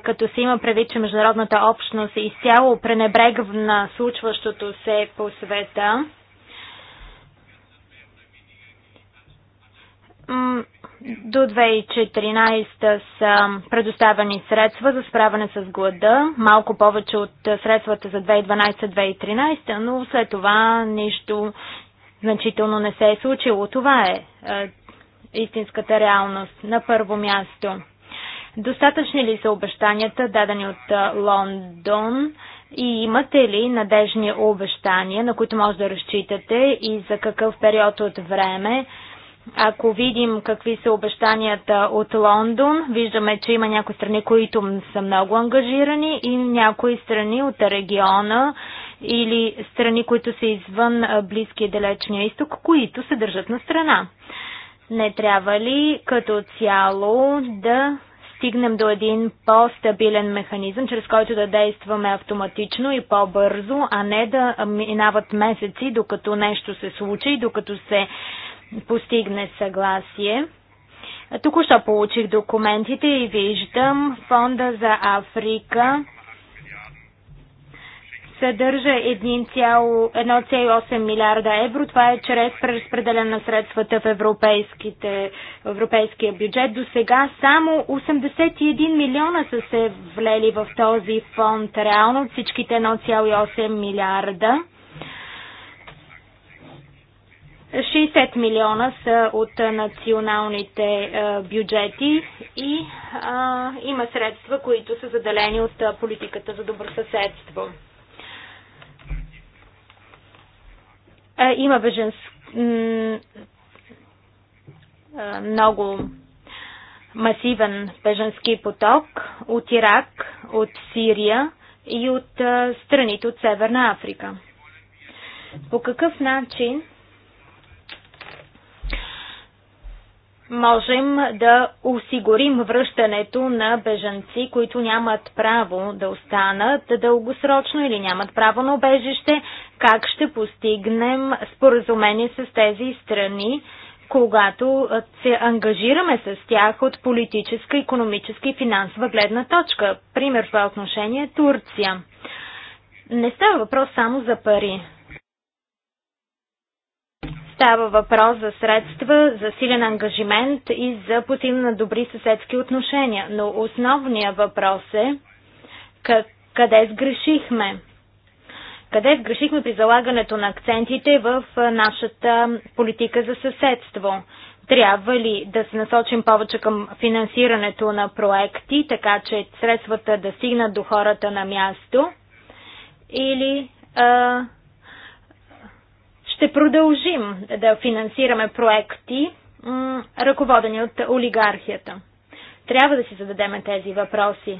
D: като се има предвид, че международната общност е изцяло пренебрегвана случващото се по света. До 2014 са предоставени средства за справяне с глада, малко повече от средствата за 2012-2013, но след това нищо значително не се е случило. Това е, е истинската реалност на първо място. Достатъчни ли са обещанията, дадени от Лондон? И имате ли надежни обещания, на които може да разчитате и за какъв период от време? Ако видим какви са обещанията от Лондон, виждаме, че има някои страни, които са много ангажирани и някои страни от региона или страни, които са извън близкия далечния изток, които се държат на страна. Не трябва ли като цяло да стигнем до един по-стабилен механизъм, чрез който да действаме автоматично и по-бързо, а не да минават месеци, докато нещо се случи и докато се постигне съгласие. Току-що получих документите и виждам фонда за Африка съдържа 1,8 милиарда евро. Това е чрез преразпределен на средствата в европейските, европейския бюджет. До сега само 81 милиона са се влели в този фонд. Реално всичките 1,8 милиарда. 60 милиона са от националните е, бюджети и а, има средства, които са заделени от политиката за добросъседство. Е, има беженс... Е, много масивен беженски поток от Ирак, от Сирия и от страните от Северна Африка. По какъв начин можем да осигурим връщането на бежанци, които нямат право да останат дългосрочно или нямат право на обежище, как ще постигнем споразумение с тези страни, когато се ангажираме с тях от политическа, економическа и финансова гледна точка. Пример в това отношение е Турция. Не става въпрос само за пари. Става въпрос за средства, за силен ангажимент и за посилна на добри съседски отношения. Но основният въпрос е къде сгрешихме? Къде сгрешихме при залагането на акцентите в нашата политика за съседство? Трябва ли да се насочим повече към финансирането на проекти, така че средствата да стигнат до хората на място? Или а, ще продължим да финансираме проекти, ръководени от олигархията. Трябва да си зададем тези въпроси.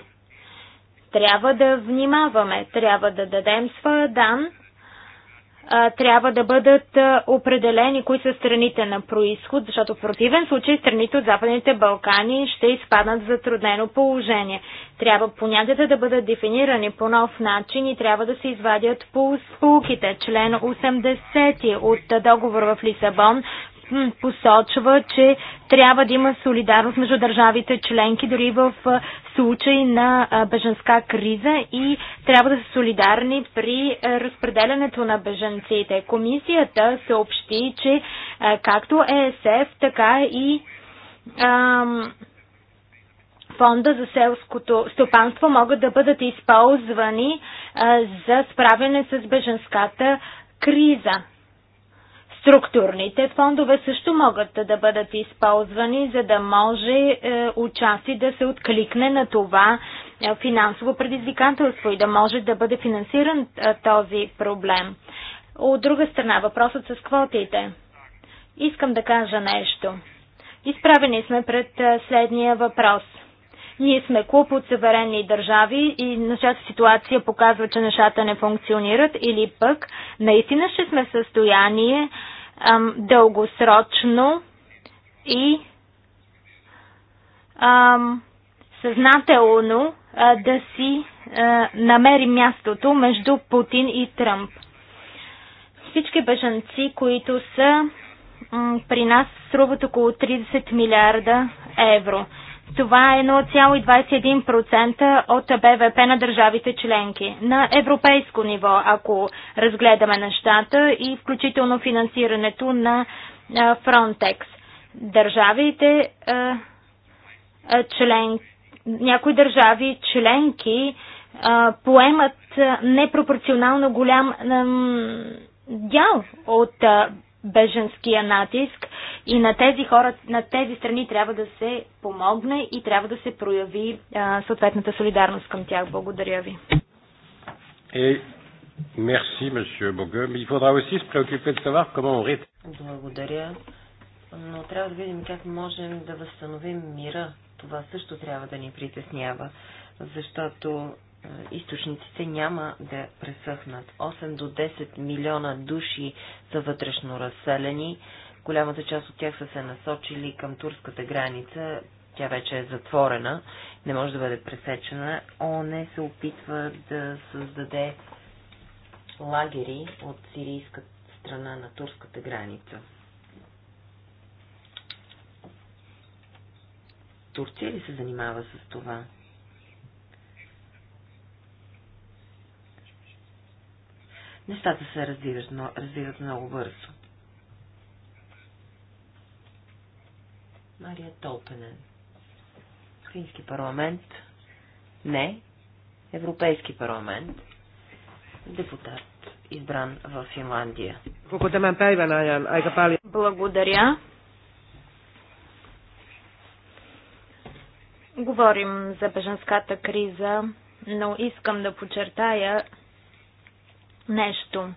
D: Трябва да внимаваме, трябва да дадем своя дан трябва да бъдат определени кои са страните на происход, защото в противен случай страните от Западните Балкани ще изпаднат в затруднено положение. Трябва понятията да бъдат дефинирани по нов начин и трябва да се извадят по спулките. Член 80 от договор в Лисабон посочва, че трябва да има солидарност между държавите членки, дори в случай на беженска криза и трябва да са солидарни при разпределянето на беженците. Комисията съобщи, че както ЕСФ, така и ам, фонда за селското стопанство могат да бъдат използвани а, за справяне с беженската криза. Структурните фондове също могат да бъдат използвани, за да може е, участие да се откликне на това е, финансово предизвикателство и да може да бъде финансиран е, този проблем. От друга страна, въпросът с квотите. Искам да кажа нещо. Изправени сме пред следния въпрос. Ние сме клуб от суверенни държави и нашата ситуация показва, че нещата не функционират или пък наистина ще сме в състояние ам, дългосрочно и ам, съзнателно а, да си а, намери мястото между Путин и Тръмп. Всички бежанци, които са при нас, струват около 30 милиарда евро. Това е 0,21% от БВП на държавите членки. На европейско ниво, ако разгледаме нещата и включително финансирането на Frontex. Държавите член, някои държави членки поемат непропорционално голям дял от беженския натиск и на тези хора, на тези страни трябва да се помогне и трябва да се прояви а, съответната солидарност към тях. Благодаря ви.
A: Е, мерси, месье Бога. ми faudra aussi se préoccuper
D: Благодаря.
C: Но трябва да видим как можем да възстановим мира. Това също трябва да ни притеснява, защото източниците няма да пресъхнат. 8 до 10 милиона души са вътрешно разселени. Голямата част от тях са се насочили към турската граница. Тя вече е затворена, не може да бъде пресечена. ООН се опитва да създаде лагери от сирийска страна на турската граница. Турция ли се занимава с това? Нещата се развиват, но развиват много бързо. Мария Толпенен. Фински парламент. Не. Европейски парламент. Депутат, избран в Финландия.
D: Благодаря. Говорим за беженската криза, но искам да подчертая, нещо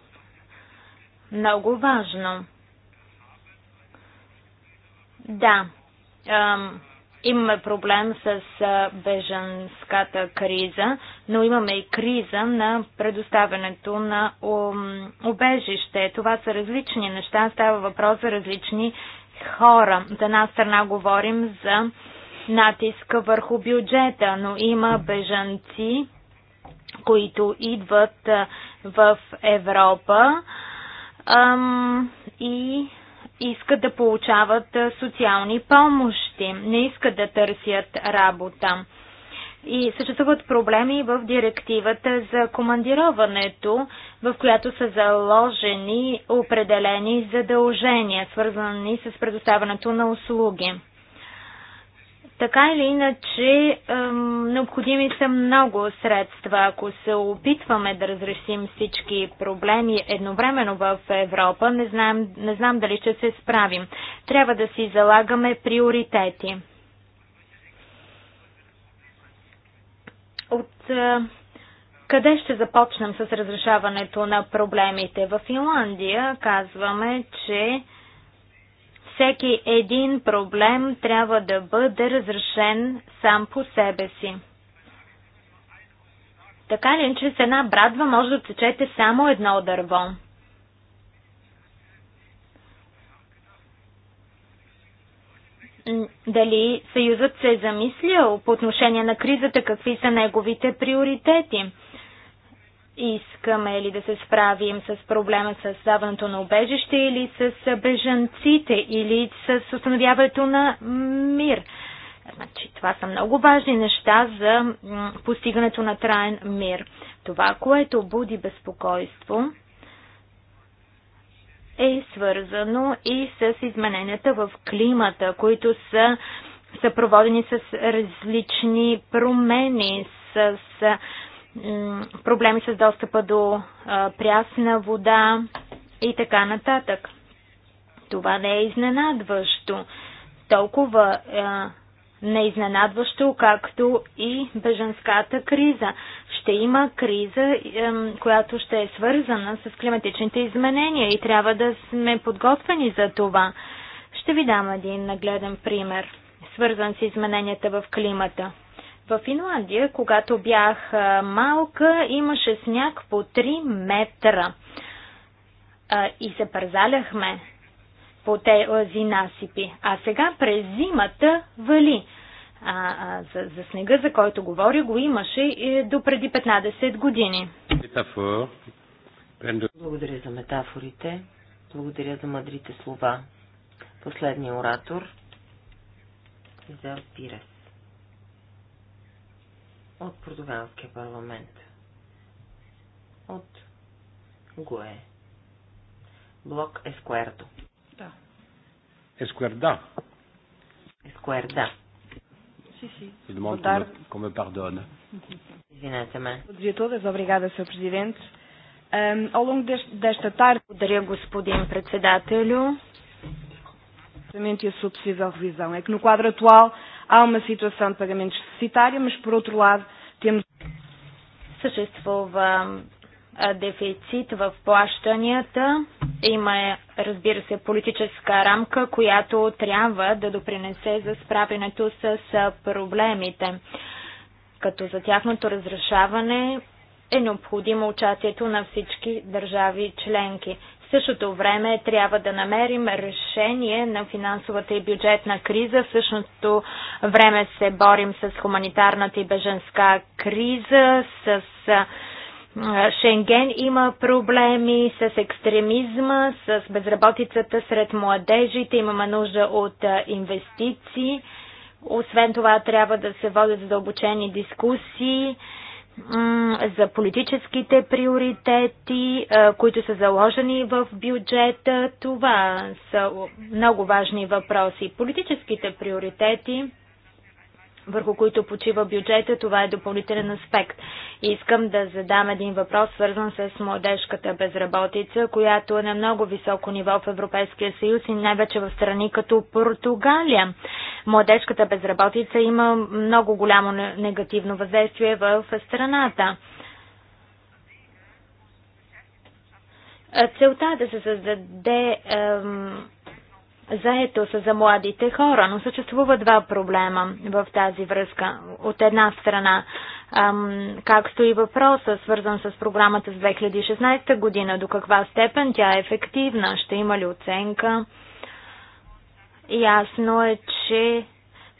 D: много важно. Да, имаме проблем с беженската криза, но имаме и криза на предоставянето на обежище. Това са различни неща, става въпрос за различни хора. От една страна говорим за натиска върху бюджета, но има бежанци, които идват в Европа и искат да получават социални помощи, не искат да търсят работа. И съществуват проблеми в директивата за командироването, в която са заложени определени задължения, свързани с предоставянето на услуги. Така или иначе, необходими са много средства. Ако се опитваме да разрешим всички проблеми едновременно в Европа, не, знам, не знам дали ще се справим. Трябва да си залагаме приоритети. От къде ще започнем с разрешаването на проблемите? В Финландия казваме, че всеки един проблем трябва да бъде разрешен сам по себе си. Така ли, че с една брадва може да отсечете само едно дърво? Дали Съюзът се е замислил по отношение на кризата, какви са неговите приоритети? искаме ли да се справим с проблема с даването на убежище или с бежанците или с установяването на мир. Значи, това са много важни неща за постигането на траен мир. Това, което буди безпокойство, е свързано и с измененията в климата, които са съпроводени с различни промени, с проблеми с достъпа до прясна вода и така нататък. Това не е изненадващо. Толкова изненадващо, както и беженската криза. Ще има криза, която ще е свързана с климатичните изменения и трябва да сме подготвени за това. Ще ви дам един нагледен пример, свързан с измененията в климата. В Финландия, когато бях малка, имаше сняг по 3 метра и се пързаляхме по тези насипи. А сега през зимата вали. А, а, за, за снега, за който говоря, го имаше и е, до преди 15 години.
C: Благодаря за метафорите. Благодаря за мъдрите слова. Последният оратор за Пирес от португалския парламент. От ГУЕ. Блок Ескуердо. Да.
A: Ескуерда. Ескуерда.
B: Sim, sim. Eu demoro Boa tarde.
A: Como eu perdone.
B: Dia todas, obrigada, Sr. Presidente. Um, ao longo deste, desta tarde, poderia, господин председателю, e a sua possível revisão é que no quadro atual há uma situação de pagamento necessitária,
D: mas por outro lado temos. Съществува дефицит в плащанията. Има, разбира се, политическа рамка, която трябва да допринесе за справянето с проблемите. Като за тяхното разрешаване е необходимо участието на всички държави членки същото време трябва да намерим решение на финансовата и бюджетна криза. В същото време се борим с хуманитарната и беженска криза, с Шенген има проблеми с екстремизма, с безработицата сред младежите, имаме нужда от инвестиции. Освен това трябва да се водят задълбочени дискусии за политическите приоритети, които са заложени в бюджета. Това са много важни въпроси. Политическите приоритети върху които почива бюджета, това е допълнителен аспект. Искам да задам един въпрос, свързан с младежката безработица, която е на много високо ниво в Европейския съюз и най-вече в страни като Португалия. Младежката безработица има много голямо негативно въздействие в страната. Целта е да се създаде ем, заетост за младите хора, но съществува два проблема в тази връзка. От една страна, както и въпроса, свързан с програмата с 2016 година, до каква степен тя е ефективна, ще има ли оценка. Ясно е, че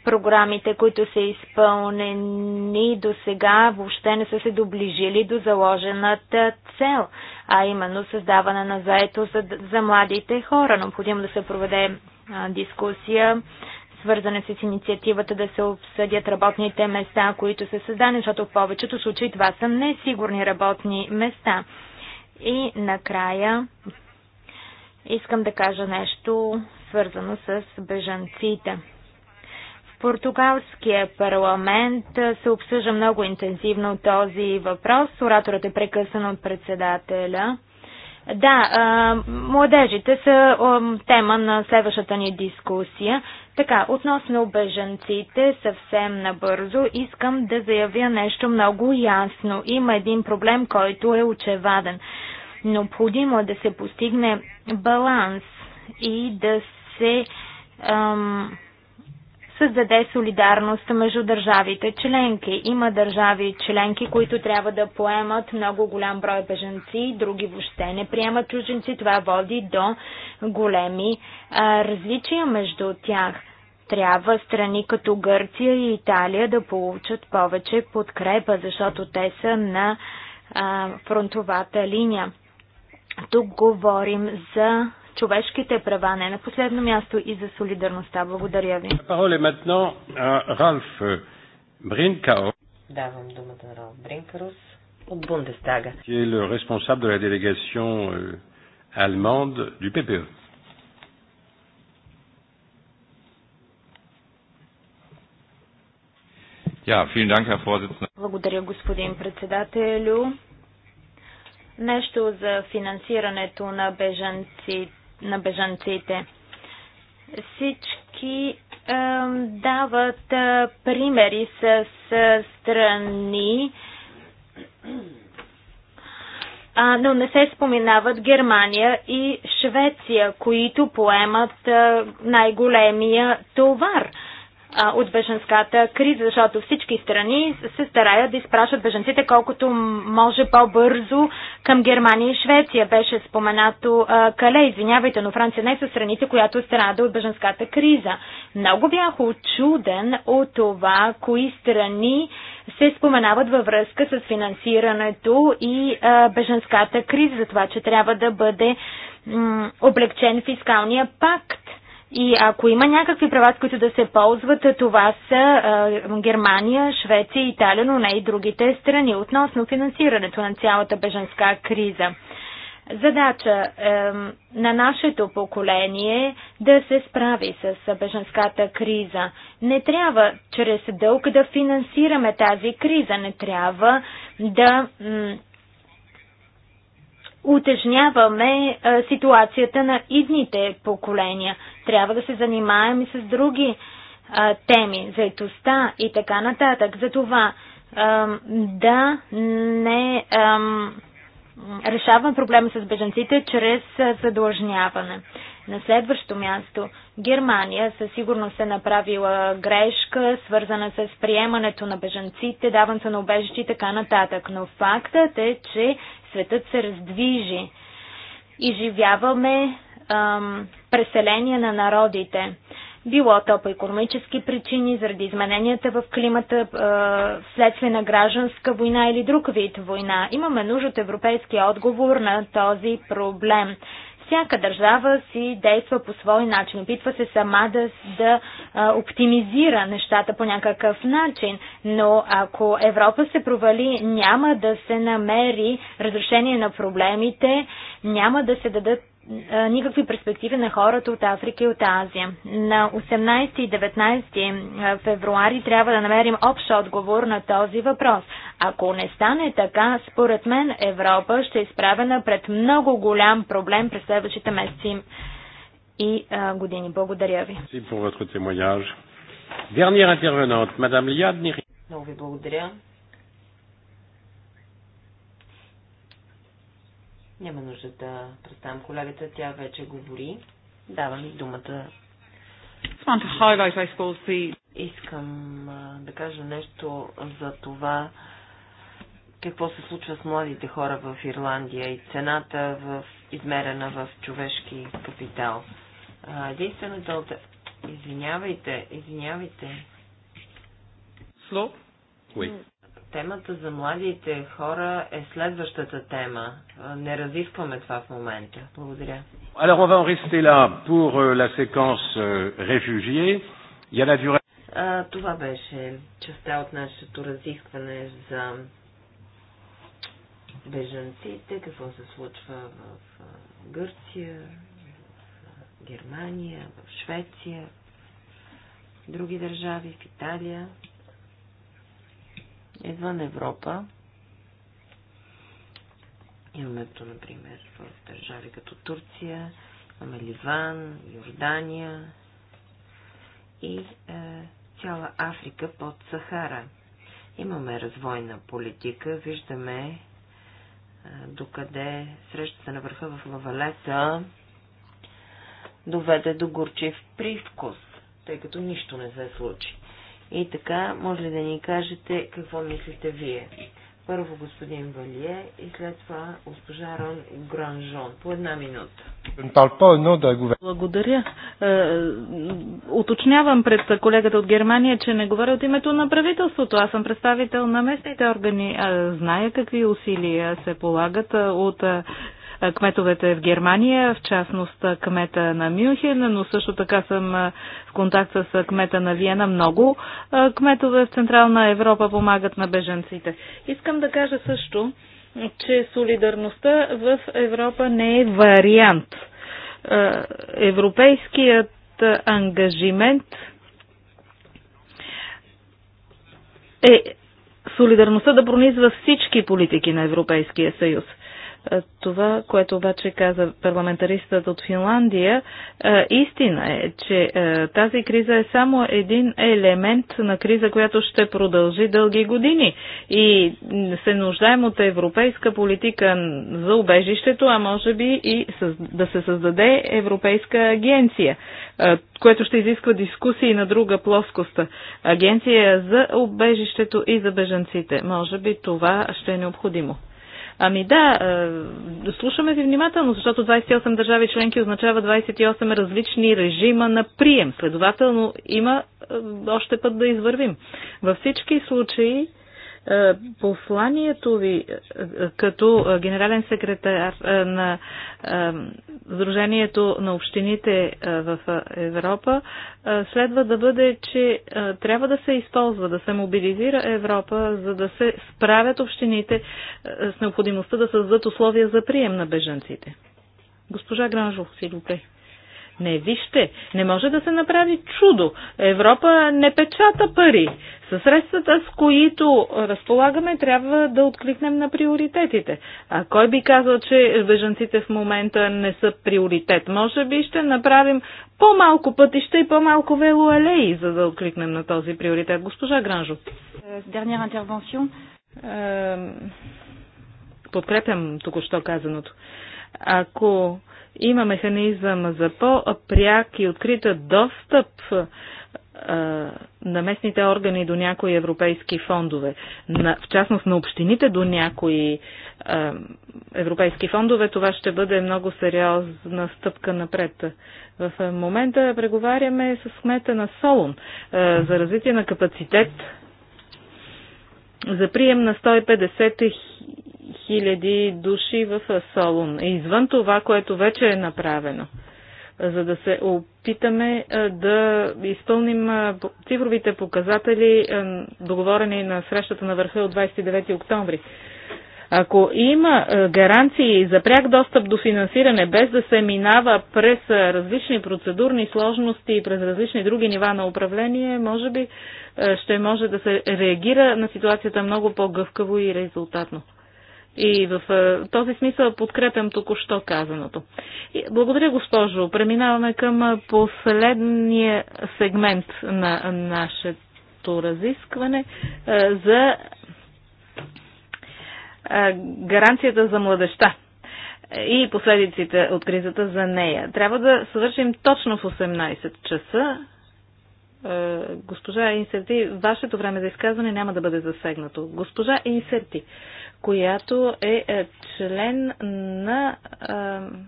D: програмите, които са изпълнени до сега, въобще не са се доближили до заложената цел, а именно създаване на заето за, за младите хора. Необходимо да се проведе а, дискусия, свързана с инициативата да се обсъдят работните места, които са създани, защото в повечето случаи това са несигурни работни места. И накрая искам да кажа нещо свързано с бежанците португалския парламент се обсъжда много интензивно този въпрос. Ораторът е прекъсан от председателя. Да, младежите са тема на следващата ни дискусия. Така, относно бежанците, съвсем набързо искам да заявя нещо много ясно. Има един проблем, който е очеваден. Необходимо е да се постигне баланс и да се ам, създаде солидарност между държавите членки. Има държави членки, които трябва да поемат много голям брой беженци, други въобще не приемат чуженци. Това води до големи а, различия между тях. Трябва страни като Гърция и Италия да получат повече подкрепа, защото те са на а, фронтовата линия. Тук говорим за човешките права, не на последно място и за солидарността. Благодаря ви.
A: Давам
C: думата на Ралф Бринкарус от Бундестага.
A: Qui est responsable de la délégation euh, e. Ja, vielen Dank, Herr Vorsitzender.
D: Благодаря, господин председателю. Нещо за финансирането на бежанците на бежанците. Всички е, дават е, примери с, с страни, а, но не се споменават Германия и Швеция, които поемат е, най-големия товар а, от беженската криза, защото всички страни се стараят да изпращат беженците колкото може по-бързо към Германия и Швеция. Беше споменато а, Кале, извинявайте, но Франция не е със страните, която страда от беженската криза. Много бях очуден от това, кои страни се споменават във връзка с финансирането и а, беженската криза, за това, че трябва да бъде м- облегчен фискалния пакт. И ако има някакви права, с които да се ползват, това са а, Германия, Швеция, Италия, но не и другите страни относно финансирането на цялата беженска криза. Задача е, на нашето поколение е да се справи с беженската криза. Не трябва чрез дълг да финансираме тази криза, не трябва да утежняваме ситуацията на идните поколения. Трябва да се занимаем и с други а, теми, заетостта и така нататък. За това а, да не а, решаваме проблема с бежанците чрез задлъжняване. На следващо място Германия със сигурност е направила грешка, свързана с приемането на бежанците, даването на убежище и така нататък. Но фактът е, че светът се раздвижи. Изживяваме ам, преселение на народите. Било то по економически причини, заради измененията в климата, е, вследствие на гражданска война или друг вид война. Имаме нужда от европейски отговор на този проблем. Всяка държава си действа по свой начин. Опитва се сама да, да а, оптимизира нещата по някакъв начин. Но ако Европа се провали, няма да се намери разрешение на проблемите, няма да се дадат никакви перспективи на хората от Африка и от Азия. На 18 и 19 февруари трябва да намерим общ отговор на този въпрос. Ако не стане така, според мен Европа ще е изправена пред много голям проблем през следващите месеци и а, години. Благодаря ви. Много
C: ви благодаря. Няма нужда да представям колегата, тя вече говори. Давам ви думата. Искам да кажа нещо за това, какво се случва с младите хора в Ирландия и цената в, измерена в човешки капитал. Единственото... Извинявайте, извинявайте. Сло? Oui. Mm. Темата за младите хора е следващата тема. Не разискваме това в момента. Благодаря.
A: Alors on va en rester là pour euh, la séquence euh, réfugiés. Il y a la durée...
C: А, това беше частта от нашето разискване за бежанците, какво се случва в Гърция, в Германия, в Швеция, в други държави, в Италия. Извън Европа имаме, например, в държави като Турция, имаме Ливан, Йордания и е, цяла Африка под Сахара. Имаме развойна политика, виждаме е, докъде срещата на върха в Лавалета доведе до горчив привкус, тъй като нищо не се случи. И така, може ли да ни кажете какво мислите вие? Първо господин Валие и след това госпожа Рон
B: Гранжон. По една минута. Е Благодаря. Е, уточнявам пред колегата от Германия, че не говоря от името на правителството. Аз съм представител на местните органи. Е, зная какви усилия се полагат от кметовете в Германия, в частност кмета на Мюнхен, но също така съм в контакт с кмета на Виена. Много кметове в Централна Европа помагат на беженците. Искам да кажа също, че солидарността в Европа не е вариант. Европейският ангажимент е солидарността да пронизва всички политики на Европейския съюз – е, това, което обаче каза парламентаристът от Финландия, е, истина е, че е, тази криза е само един елемент на криза, която ще продължи дълги години. И се нуждаем от европейска политика за убежището, а може би и да се създаде европейска агенция, което ще изисква дискусии на друга плоскост. Агенция за убежището и за бежанците. Може би това ще е необходимо. Ами да, е, слушаме ви внимателно, защото 28 държави членки означава 28 различни режима на прием. Следователно има е, още път да извървим. Във всички случаи е, посланието ви е, като генерален секретар е, на Сдружението на общините в Европа следва да бъде, че трябва да се използва, да се мобилизира Европа, за да се справят общините с необходимостта да създадат условия за прием на бежанците. Госпожа Гранжов, си добре. Не, вижте, не може да се направи чудо. Европа не печата пари. Със средствата, с които разполагаме, трябва да откликнем на приоритетите. А кой би казал, че бежанците в момента не са приоритет? Може би ще направим по-малко пътища и по-малко велоалеи, за да откликнем на този приоритет. Госпожа Гранжо.
C: Dernière intervention.
B: Подкрепям току-що казаното. Ако има механизъм за по-пряк и открит достъп на местните органи до някои европейски фондове, на, в частност на общините до някои а, европейски фондове, това ще бъде много сериозна стъпка напред. В момента преговаряме с кмета на Солун а, за развитие на капацитет за прием на 150 хиляди души в Солун, извън това, което вече е направено, за да се опитаме да изпълним цифровите показатели, договорени на срещата на върха от 29 октомври. Ако има гаранции за пряк достъп до финансиране, без да се минава през различни процедурни сложности и през различни други нива на управление, може би ще може да се реагира на ситуацията много по-гъвкаво и резултатно. И в е, този смисъл подкрепям току-що казаното. Благодаря, госпожо. Преминаваме към е, последния сегмент на нашето разискване е, за гаранцията за младеща и последиците от кризата за нея. Трябва да свършим точно в 18 часа. Госпожа Инсерти, вашето време за изказване няма да бъде засегнато. Госпожа Инсерти, която е, е член на е,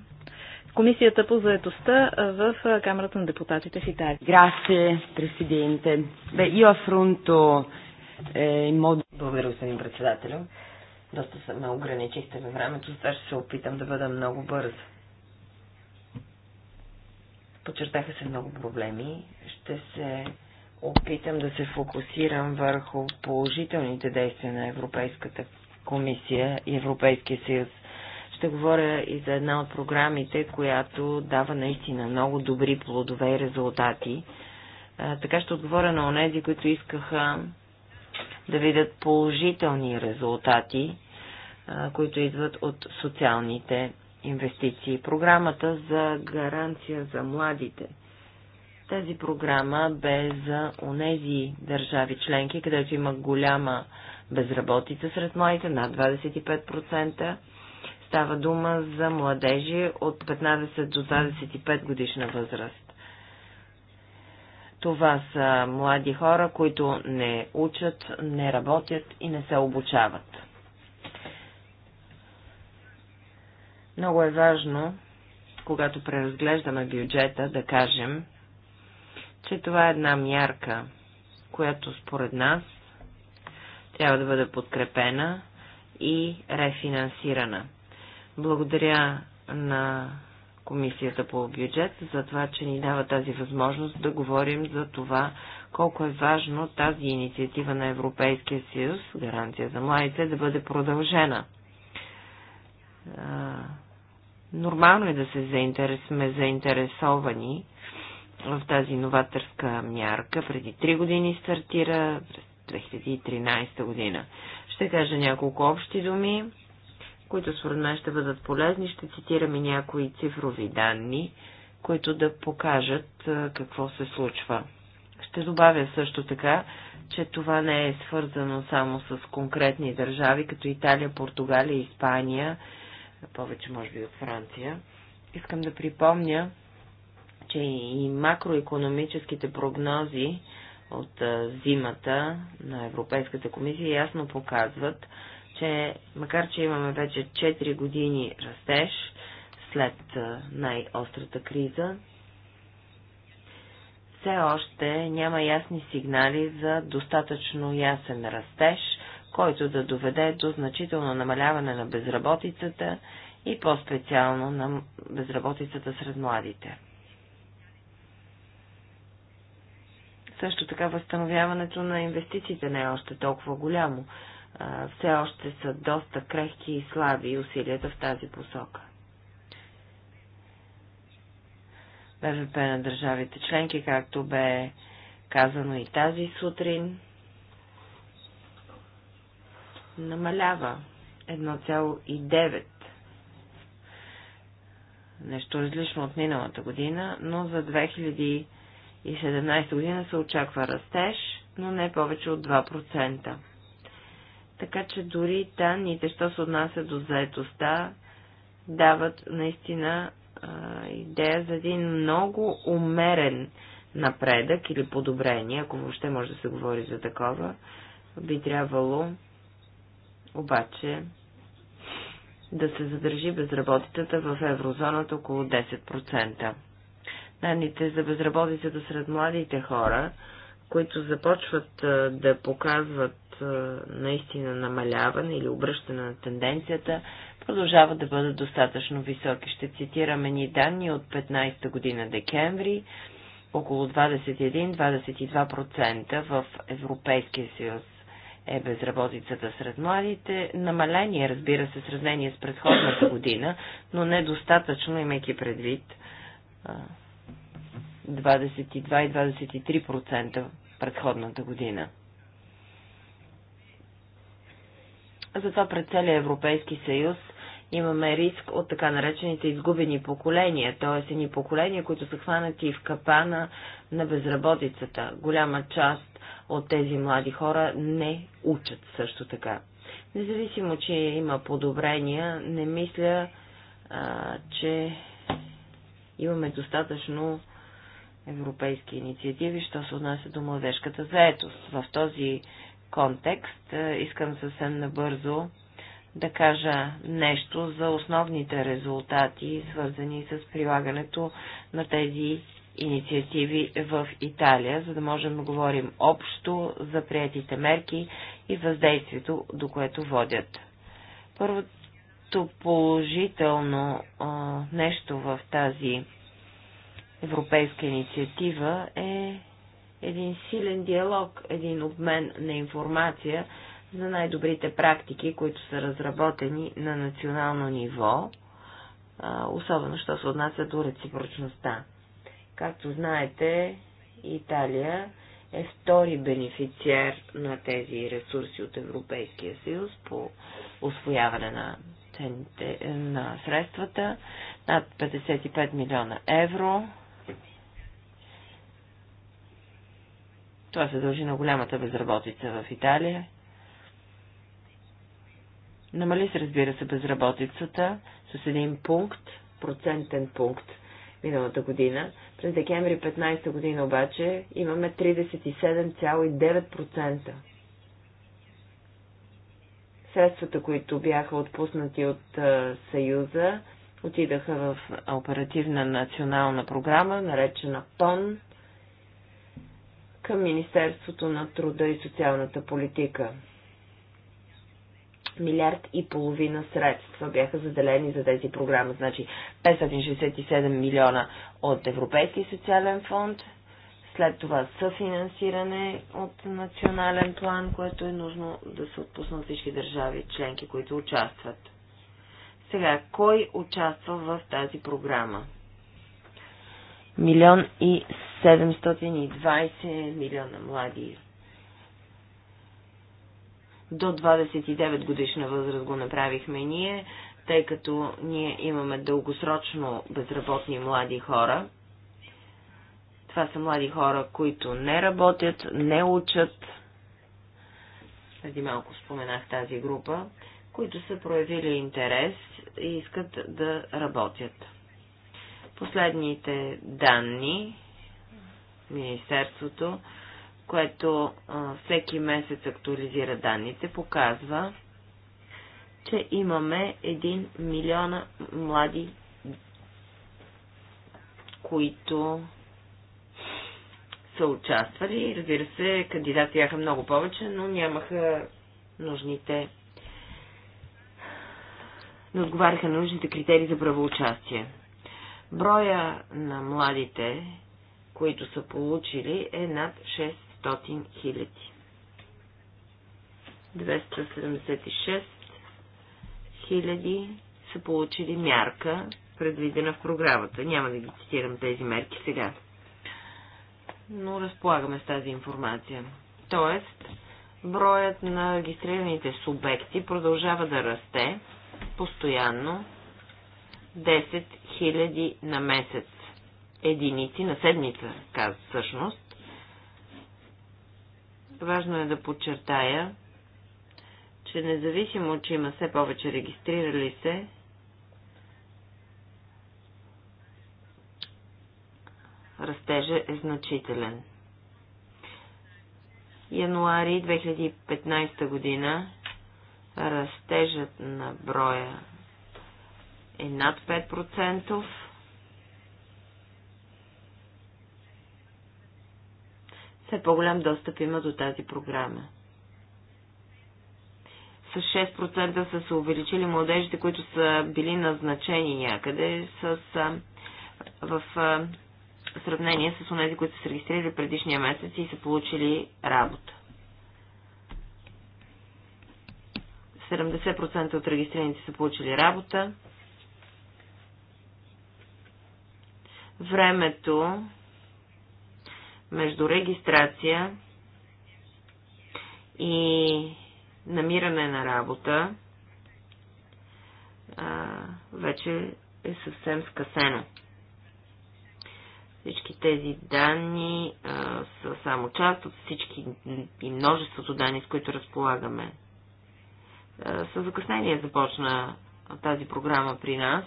B: Комисията по заедостта е, в Камерата на депутатите в Италия. Грасие, президенте. Бе, и афрунто
C: мод... Благодаря, господин председателю. Доста се ме ограничихте във времето, сега ще се опитам да бъда много бърз. Почертаха се много проблеми. Ще се опитам да се фокусирам върху положителните действия на Европейската комисия и Европейския съюз. Ще говоря и за една от програмите, която дава наистина много добри плодове и резултати. Така ще отговоря на онези, които искаха да видят положителни резултати, които идват от социалните инвестиции. Програмата за гаранция за младите. Тази програма бе за онези държави членки, където има голяма безработица сред младите, над 25%. Става дума за младежи от 15 до 25 годишна възраст. Това са млади хора, които не учат, не работят и не се обучават. Много е важно, когато преразглеждаме бюджета, да кажем, че това е една мярка, която според нас трябва да бъде подкрепена и рефинансирана. Благодаря на Комисията по бюджет за това, че ни дава тази възможност да говорим за това, колко е важно тази инициатива на Европейския съюз, гаранция за младите, да бъде продължена. Нормално е да се заинтерес, сме заинтересовани в тази новаторска мярка. Преди три години стартира, през 2013 година. Ще кажа няколко общи думи, които според мен ще бъдат полезни. Ще цитирам и някои цифрови данни, които да покажат какво се случва. Ще добавя също така, че това не е свързано само с конкретни държави, като Италия, Португалия, Испания, повече може би от Франция. Искам да припомня, че и макроекономическите прогнози от зимата на Европейската комисия ясно показват, че макар, че имаме вече 4 години растеж след най-острата криза, все още няма ясни сигнали за достатъчно ясен растеж, който да доведе до значително намаляване на безработицата и по-специално на безработицата сред младите. Също така възстановяването на инвестициите не е още толкова голямо. Все още са доста крехки и слаби усилията в тази посока. БВП на държавите членки, както бе казано и тази сутрин, намалява 1,9. Нещо различно от миналата година, но за 2017 година се очаква растеж, но не повече от 2%. Така че дори данните, що се отнася до заетостта, дават наистина а, идея за един много умерен напредък или подобрение, ако въобще може да се говори за такова, би трябвало обаче да се задържи безработицата в еврозоната около 10% данните за безработицата сред младите хора, които започват да показват наистина намаляване или обръщане на тенденцията, продължават да бъдат достатъчно високи. Ще цитираме ни данни от 15-та година декември, около 21-22% в Европейския съюз е безработицата сред младите. Намаление, разбира се, сравнение с предходната [COUGHS] година, но недостатъчно, имайки предвид 22 и 23% предходната година. Затова пред целия Европейски съюз имаме риск от така наречените изгубени поколения, т.е. едни поколения, които са хванати в капана на безработицата. Голяма част от тези млади хора не учат също така. Независимо, че има подобрения, не мисля, а, че имаме достатъчно европейски инициативи, що се отнася до младежката заетост. В този контекст е, искам съвсем набързо да кажа нещо за основните резултати, свързани с прилагането на тези инициативи в Италия, за да можем да говорим общо за приятите мерки и въздействието, до което водят. Първото положително а, нещо в тази европейска инициатива е един силен диалог, един обмен на информация за най-добрите практики, които са разработени на национално ниво, особено що се отнася до реципрочността. Както знаете, Италия е втори бенефициер на тези ресурси от Европейския съюз по освояване на, цените, на средствата над 55 милиона евро Това се дължи на голямата безработица в Италия. Намали се, разбира се, безработицата с един пункт, процентен пункт миналата година. През декември 15 година обаче имаме 37,9%. Средствата, които бяха отпуснати от Съюза, отидаха в оперативна национална програма, наречена ТОН, към Министерството на труда и социалната политика. Милиард и половина средства бяха заделени за тези програми. Значи 567 милиона от Европейски социален фонд, след това съфинансиране от национален план, което е нужно да се отпуснат всички държави членки, които участват. Сега, кой участва в тази програма? милион и 720 милиона млади. До 29 годишна възраст го направихме ние, тъй като ние имаме дългосрочно безработни млади хора. Това са млади хора, които не работят, не учат. Преди малко споменах тази група, които са проявили интерес и искат да работят. Последните данни, Министерството, което а, всеки месец актуализира данните, показва, че имаме 1 милиона млади, които са участвали. Разбира се, кандидати бяха много повече, но нямаха нужните. Не отговаряха на нужните критерии за правоучастие. Броя на младите, които са получили, е над 600 хиляди. 276 хиляди са получили мярка, предвидена в програмата. Няма да ги цитирам тези мерки сега. Но разполагаме с тази информация. Тоест, броят на регистрираните субекти продължава да расте постоянно. 10 хиляди на месец. Единици на седмица, каза всъщност. Важно е да подчертая, че независимо, че има все повече регистрирали се, растежа е значителен. Януари 2015 година растежът на броя е над 5%. Все по-голям достъп има до тази програма. С 6% са се увеличили младежите, които са били назначени някъде с, в сравнение с тези, които са се регистрирали предишния месец и са получили работа. 70% от регистрираните са получили работа, времето между регистрация и намиране на работа а, вече е съвсем скъсено. Всички тези данни а, са само част от всички и множеството данни, с които разполагаме. А, с закъснение започна тази програма при нас,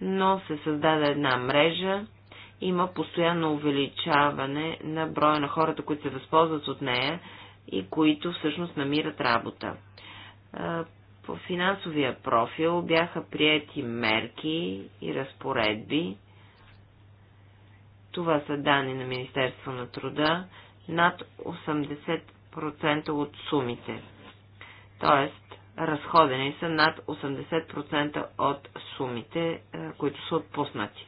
C: но се създаде една мрежа, има постоянно увеличаване на броя на хората, които се възползват от нея и които всъщност намират работа. По финансовия профил бяха приети мерки и разпоредби. Това са данни на Министерство на труда над 80% от сумите. Тоест, разходени са над 80% от сумите, които са отпуснати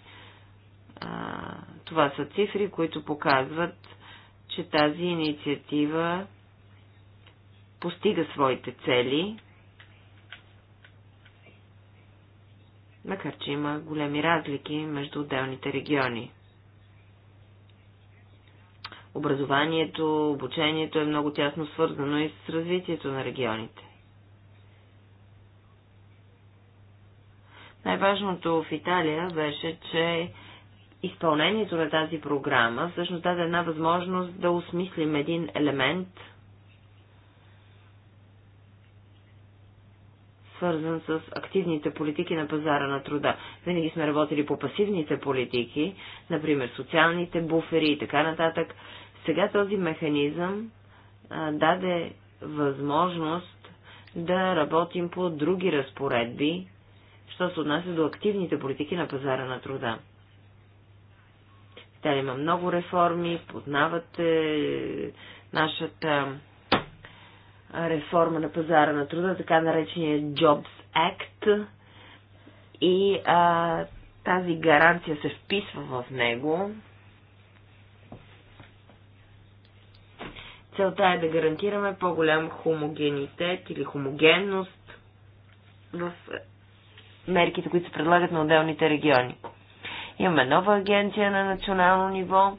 C: това са цифри, които показват, че тази инициатива постига своите цели, макар че има големи разлики между отделните региони. Образованието, обучението е много тясно свързано и с развитието на регионите. Най-важното в Италия беше, че изпълнението на тази програма всъщност даде една възможност да осмислим един елемент, свързан с активните политики на пазара на труда. Винаги сме работили по пасивните политики, например социалните буфери и така нататък. Сега този механизъм а, даде възможност да работим по други разпоредби, що се отнася до активните политики на пазара на труда. Тя има много реформи, познавате нашата реформа на пазара на труда, така наречения Jobs Act. И а, тази гаранция се вписва в него. Целта е да гарантираме по-голям хомогенитет или хомогенност в мерките, които се предлагат на отделните региони. Имаме нова агенция на национално ниво.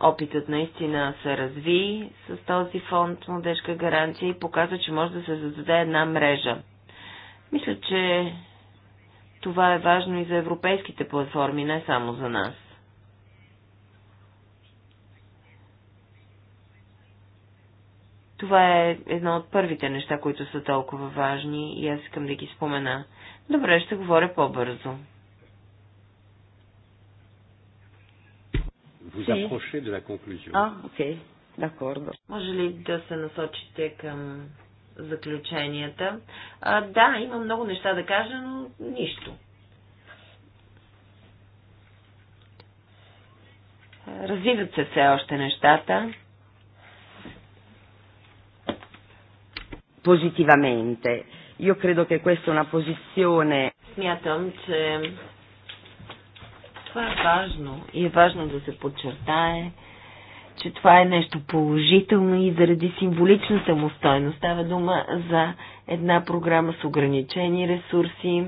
C: Опитът наистина се разви с този фонд Младежка гаранция и показва, че може да се създаде една мрежа. Мисля, че това е важно и за европейските платформи, не само за нас. Това е едно от първите неща, които са толкова важни и аз искам да ги спомена. Добре, ще говоря по-бързо.
A: vous approchez de la conclusion. Ah,
C: Може ли да се насочите към заключенията? А, да, има много неща да кажа, но нищо. Развиват се все още нещата. positivamente. Io credo che questa è una posizione. Смятам, че това е важно и е важно да се подчертае, че това е нещо положително и заради символичната му стойност. Става дума за една програма с ограничени ресурси,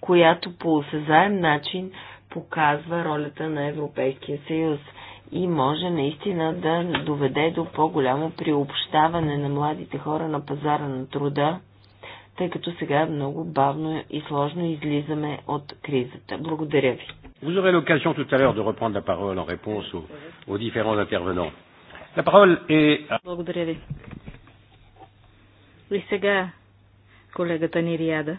C: която по осезаем начин показва ролята на Европейския съюз и може наистина да доведе до по-голямо приобщаване на младите хора на пазара на труда, тъй като сега много бавно и сложно излизаме от кризата. Благодаря ви.
A: Vous aurez l'occasion tout à l'heure de reprendre la parole en réponse aux, aux différents intervenants. La parole est...
B: Благодаря ви. И сега колегата Нириада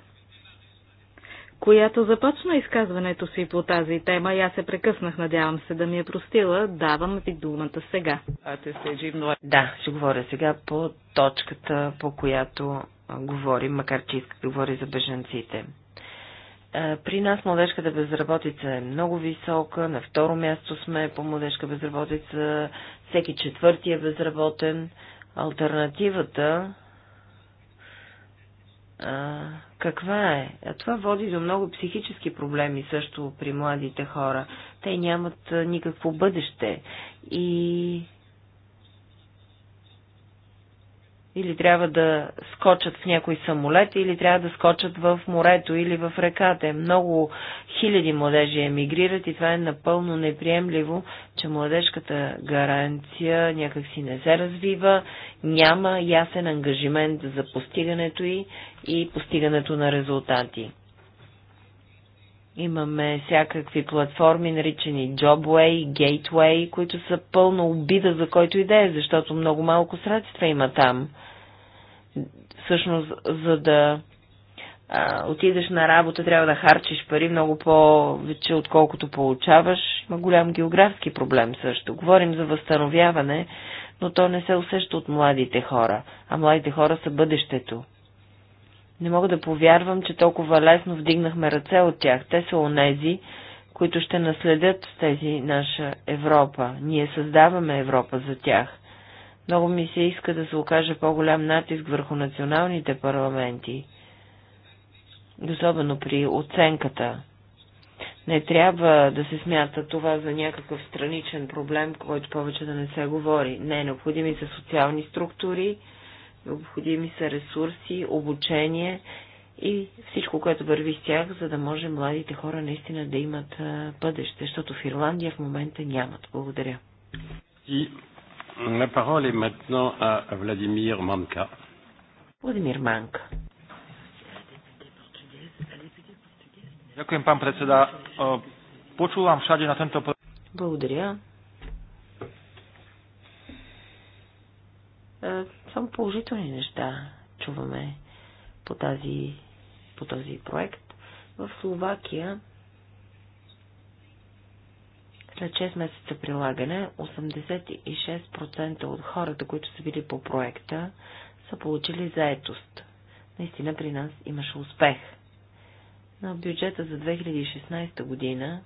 B: която започна изказването си по тази тема и аз се прекъснах, надявам се да ми е простила. Давам ви думата сега.
C: А, те Да, ще говоря сега по точката, по която говорим, макар че исках да говоря за бежанците. При нас младежката безработица е много висока, на второ място сме по младежка безработица, всеки четвърти е безработен. Альтернативата а, каква е? А това води до много психически проблеми също при младите хора. Те нямат никакво бъдеще и или трябва да скочат в някой самолет, или трябва да скочат в морето или в реката. Много хиляди младежи емигрират и това е напълно неприемливо, че младежката гаранция някакси не се развива, няма ясен ангажимент за постигането й и постигането на резултати. Имаме всякакви платформи, наричани Jobway, Gateway, които са пълна обида за който и да е, защото много малко средства има там. Всъщност, за да а, отидеш на работа, трябва да харчиш пари много повече, отколкото получаваш. Има голям географски проблем също. Говорим за възстановяване, но то не се усеща от младите хора, а младите хора са бъдещето. Не мога да повярвам, че толкова лесно вдигнахме ръце от тях. Те са онези, които ще наследят тези наша Европа. Ние създаваме Европа за тях. Много ми се иска да се окаже по-голям натиск върху националните парламенти, особено при оценката. Не трябва да се смята това за някакъв страничен проблем, който повече да не се говори. Не, необходими са социални структури, Необходими са ресурси, обучение и всичко, което върви с тях, за да може младите хора наистина да имат бъдеще, защото в Ирландия в момента нямат. Благодаря.
A: И на parole est maintenant Владимир Манка. Владимир Манка. Ďakujem, pán predseda. Počúvam všade
C: Благодаря. Само положителни неща чуваме по, тази, по този проект. В Словакия след 6 месеца прилагане 86% от хората, които са били по проекта, са получили заетост. Наистина при нас имаше успех. На бюджета за 2016 година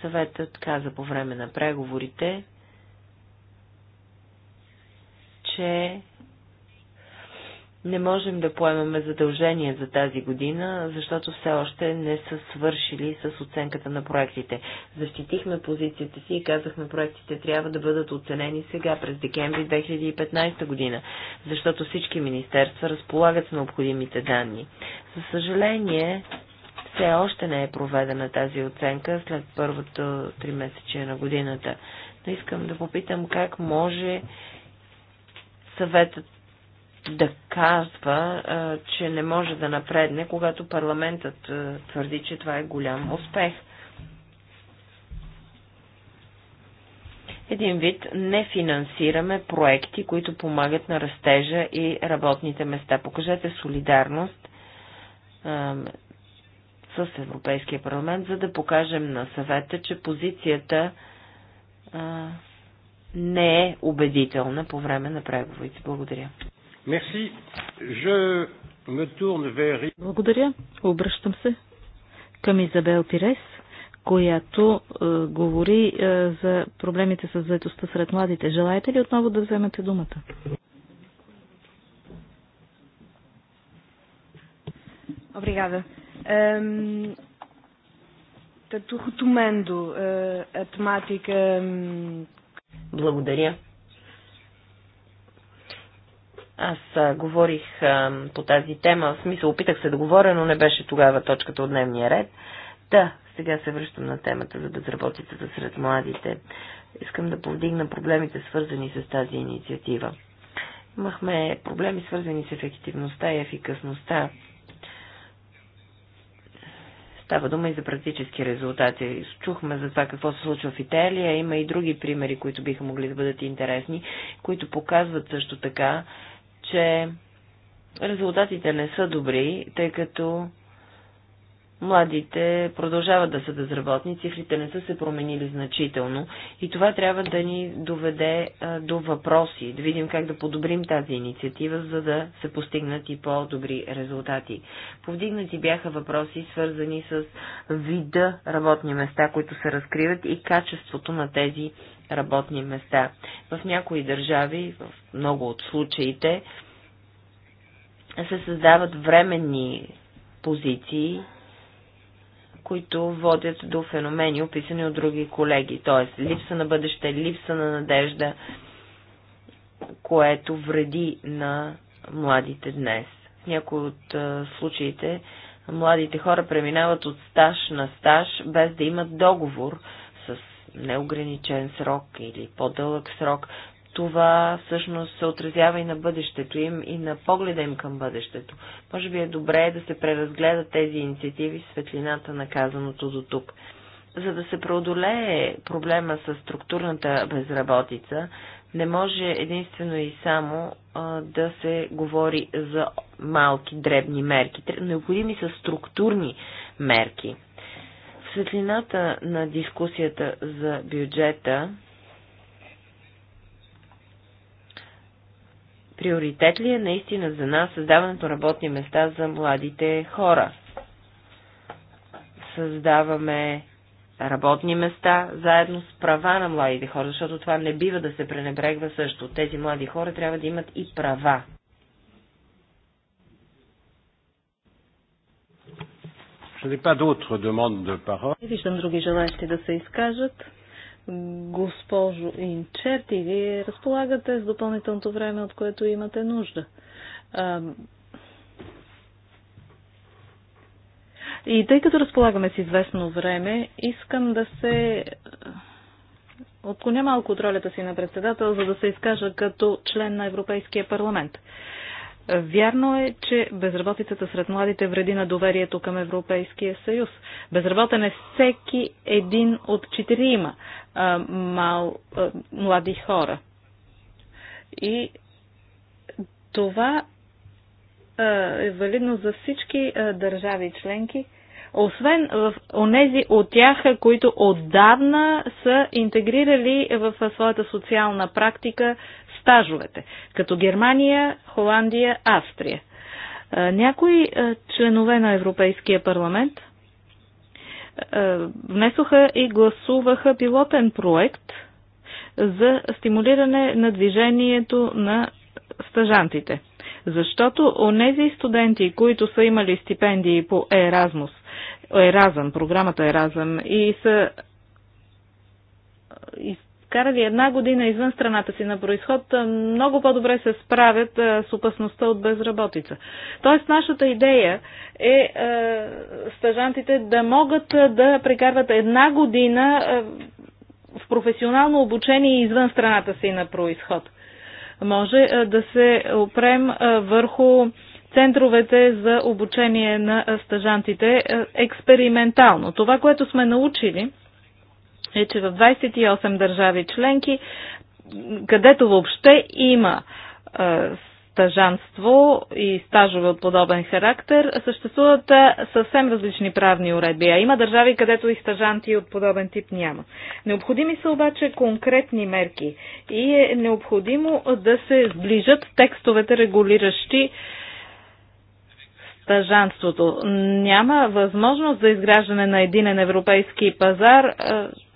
C: съветът каза по време на преговорите, че не можем да поемаме задължение за тази година, защото все още не са свършили с оценката на проектите. Защитихме позицията си и казахме проектите трябва да бъдат оценени сега, през декември 2015 година, защото всички министерства разполагат с необходимите данни. За съжаление, все още не е проведена тази оценка след първото три месече на годината. Но искам да попитам как може съветът да казва, че не може да напредне, когато парламентът твърди, че това е голям успех. Един вид не финансираме проекти, които помагат на растежа и работните места. Покажете солидарност с Европейския парламент, за да покажем на съвета, че позицията не е убедителна по време на преговорите.
B: Благодаря.
A: Merci. Je me tourne vers...
C: Благодаря.
B: Обръщам се към Изабел Пирес, която е, говори е, за проблемите с заедостта сред младите. Желаете ли отново да вземете думата? Обригада. Um, portanto, retomando uh, Е, е
C: благодаря. Аз а, говорих а, по тази тема, в смисъл опитах се да говоря, но не беше тогава точката от дневния ред. Да, сега се връщам на темата за безработицата сред младите. Искам да повдигна проблемите, свързани с тази инициатива. Имахме проблеми, свързани с ефективността и ефикасността Става дума и за практически резултати. Чухме за това какво се случва в Италия. Има и други примери, които биха могли да бъдат интересни, които показват също така, че резултатите не са добри, тъй като Младите продължават да са безработни, цифрите не са се променили значително и това трябва да ни доведе а, до въпроси, да видим как да подобрим тази инициатива, за да се постигнат и по-добри резултати. Повдигнати бяха въпроси, свързани с вида работни места, които се разкриват и качеството на тези работни места. В някои държави, в много от случаите, се създават временни позиции, които водят до феномени, описани от други колеги, т.е. липса на бъдеще, липса на надежда, което вреди на младите днес. В някои от случаите младите хора преминават от стаж на стаж, без да имат договор с неограничен срок или по-дълъг срок, това всъщност се отразява и на бъдещето им, и на погледа им към бъдещето. Може би е добре да се преразгледат тези инициативи в светлината на казаното до тук. За да се преодолее проблема с структурната безработица, не може единствено и само а, да се говори за малки, дребни мерки. Необходими са структурни мерки. В светлината на дискусията за бюджета, Приоритет ли е наистина за нас създаването работни места за младите хора? Създаваме работни места, заедно с права на младите хора, защото това не бива да се пренебрегва също. Тези млади хора трябва да имат
B: и права. Не виждам други желащи да се изкажат. Госпожо и вие разполагате с допълнителното време, от което имате нужда. И тъй като разполагаме с известно време, искам да се отклоня малко от ролята си на председател, за да се изкажа като член на Европейския парламент. Вярно е, че безработицата сред младите вреди на доверието към Европейския съюз. Безработен е всеки един от четирима млади хора. И това е валидно за всички държави членки, освен в онези от тях, които отдавна са интегрирали в своята социална практика стажовете, като Германия, Холандия, Австрия. Някои членове на Европейския парламент внесоха и гласуваха пилотен проект за стимулиране на движението на стажантите. Защото онези студенти, които са имали стипендии по Еразмус, Еразъм, програмата Еразъм и са и карали една година извън страната си на происход, много по-добре се справят с опасността от безработица. Тоест, нашата идея е стажантите да могат да прекарват една година в професионално обучение извън страната си на происход. Може да се опрем върху центровете за обучение на стажантите експериментално. Това, което сме научили, е, че в 28 държави членки, където въобще има е, стажанство и стажове от подобен характер, съществуват е, съвсем различни правни уредби, а има държави, където и стажанти от подобен тип няма. Необходими са обаче конкретни мерки и е необходимо да се сближат текстовете, регулиращи е, стажанството. Няма възможност за изграждане на единен европейски пазар,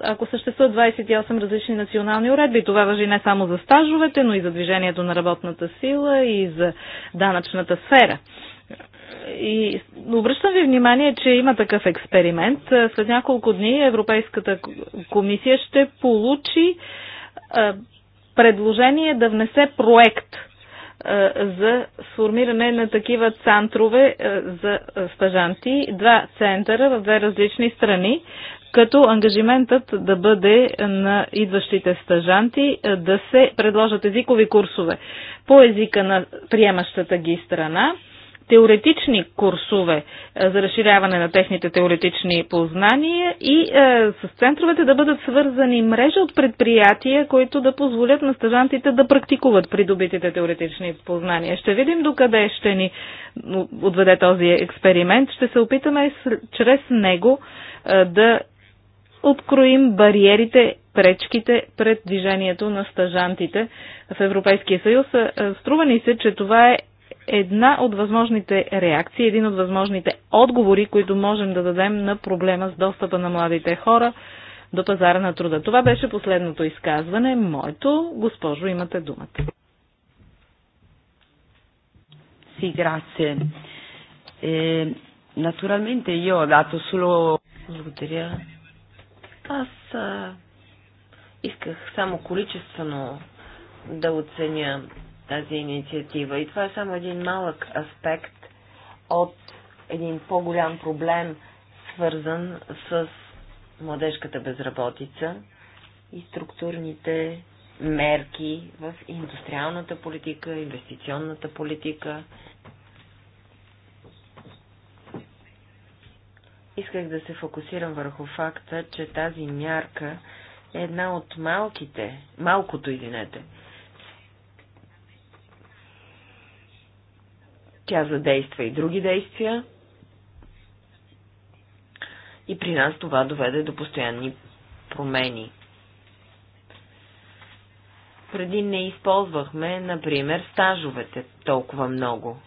B: ако съществуват 28 различни национални уредби. Това въжи не само за стажовете, но и за движението на работната сила и за данъчната сфера. И обръщам ви внимание, че има такъв експеримент. След няколко дни Европейската комисия ще получи предложение да внесе проект – за сформиране на такива центрове за стажанти, два центъра в две различни страни, като ангажиментът да бъде на идващите стажанти да се предложат езикови курсове по езика на приемащата ги страна теоретични курсове е, за разширяване на техните теоретични познания и е, с центровете да бъдат свързани мрежа от предприятия, които да позволят на стажантите да практикуват придобитите теоретични познания. Ще видим докъде ще ни отведе този експеримент. Ще се опитаме чрез него е, да откроим бариерите, пречките пред движението на стажантите в Европейския съюз. Струва ни се, че това е една от възможните реакции, един от възможните отговори, които можем да дадем на проблема с достъпа на младите хора до пазара на труда. Това беше последното изказване. Моето, госпожо, имате думата. Си, grazie. E, е,
C: naturalmente io ho Благодаря. Аз а, исках само количествено да оценя тази инициатива. И това е само един малък аспект от един по-голям проблем, свързан с младежката безработица и структурните мерки в индустриалната политика, инвестиционната политика. Исках да се фокусирам върху факта, че тази мярка е една от малките, малкото, извинете, Тя задейства и други действия. И при нас това доведе до постоянни промени. Преди не използвахме, например, стажовете толкова много.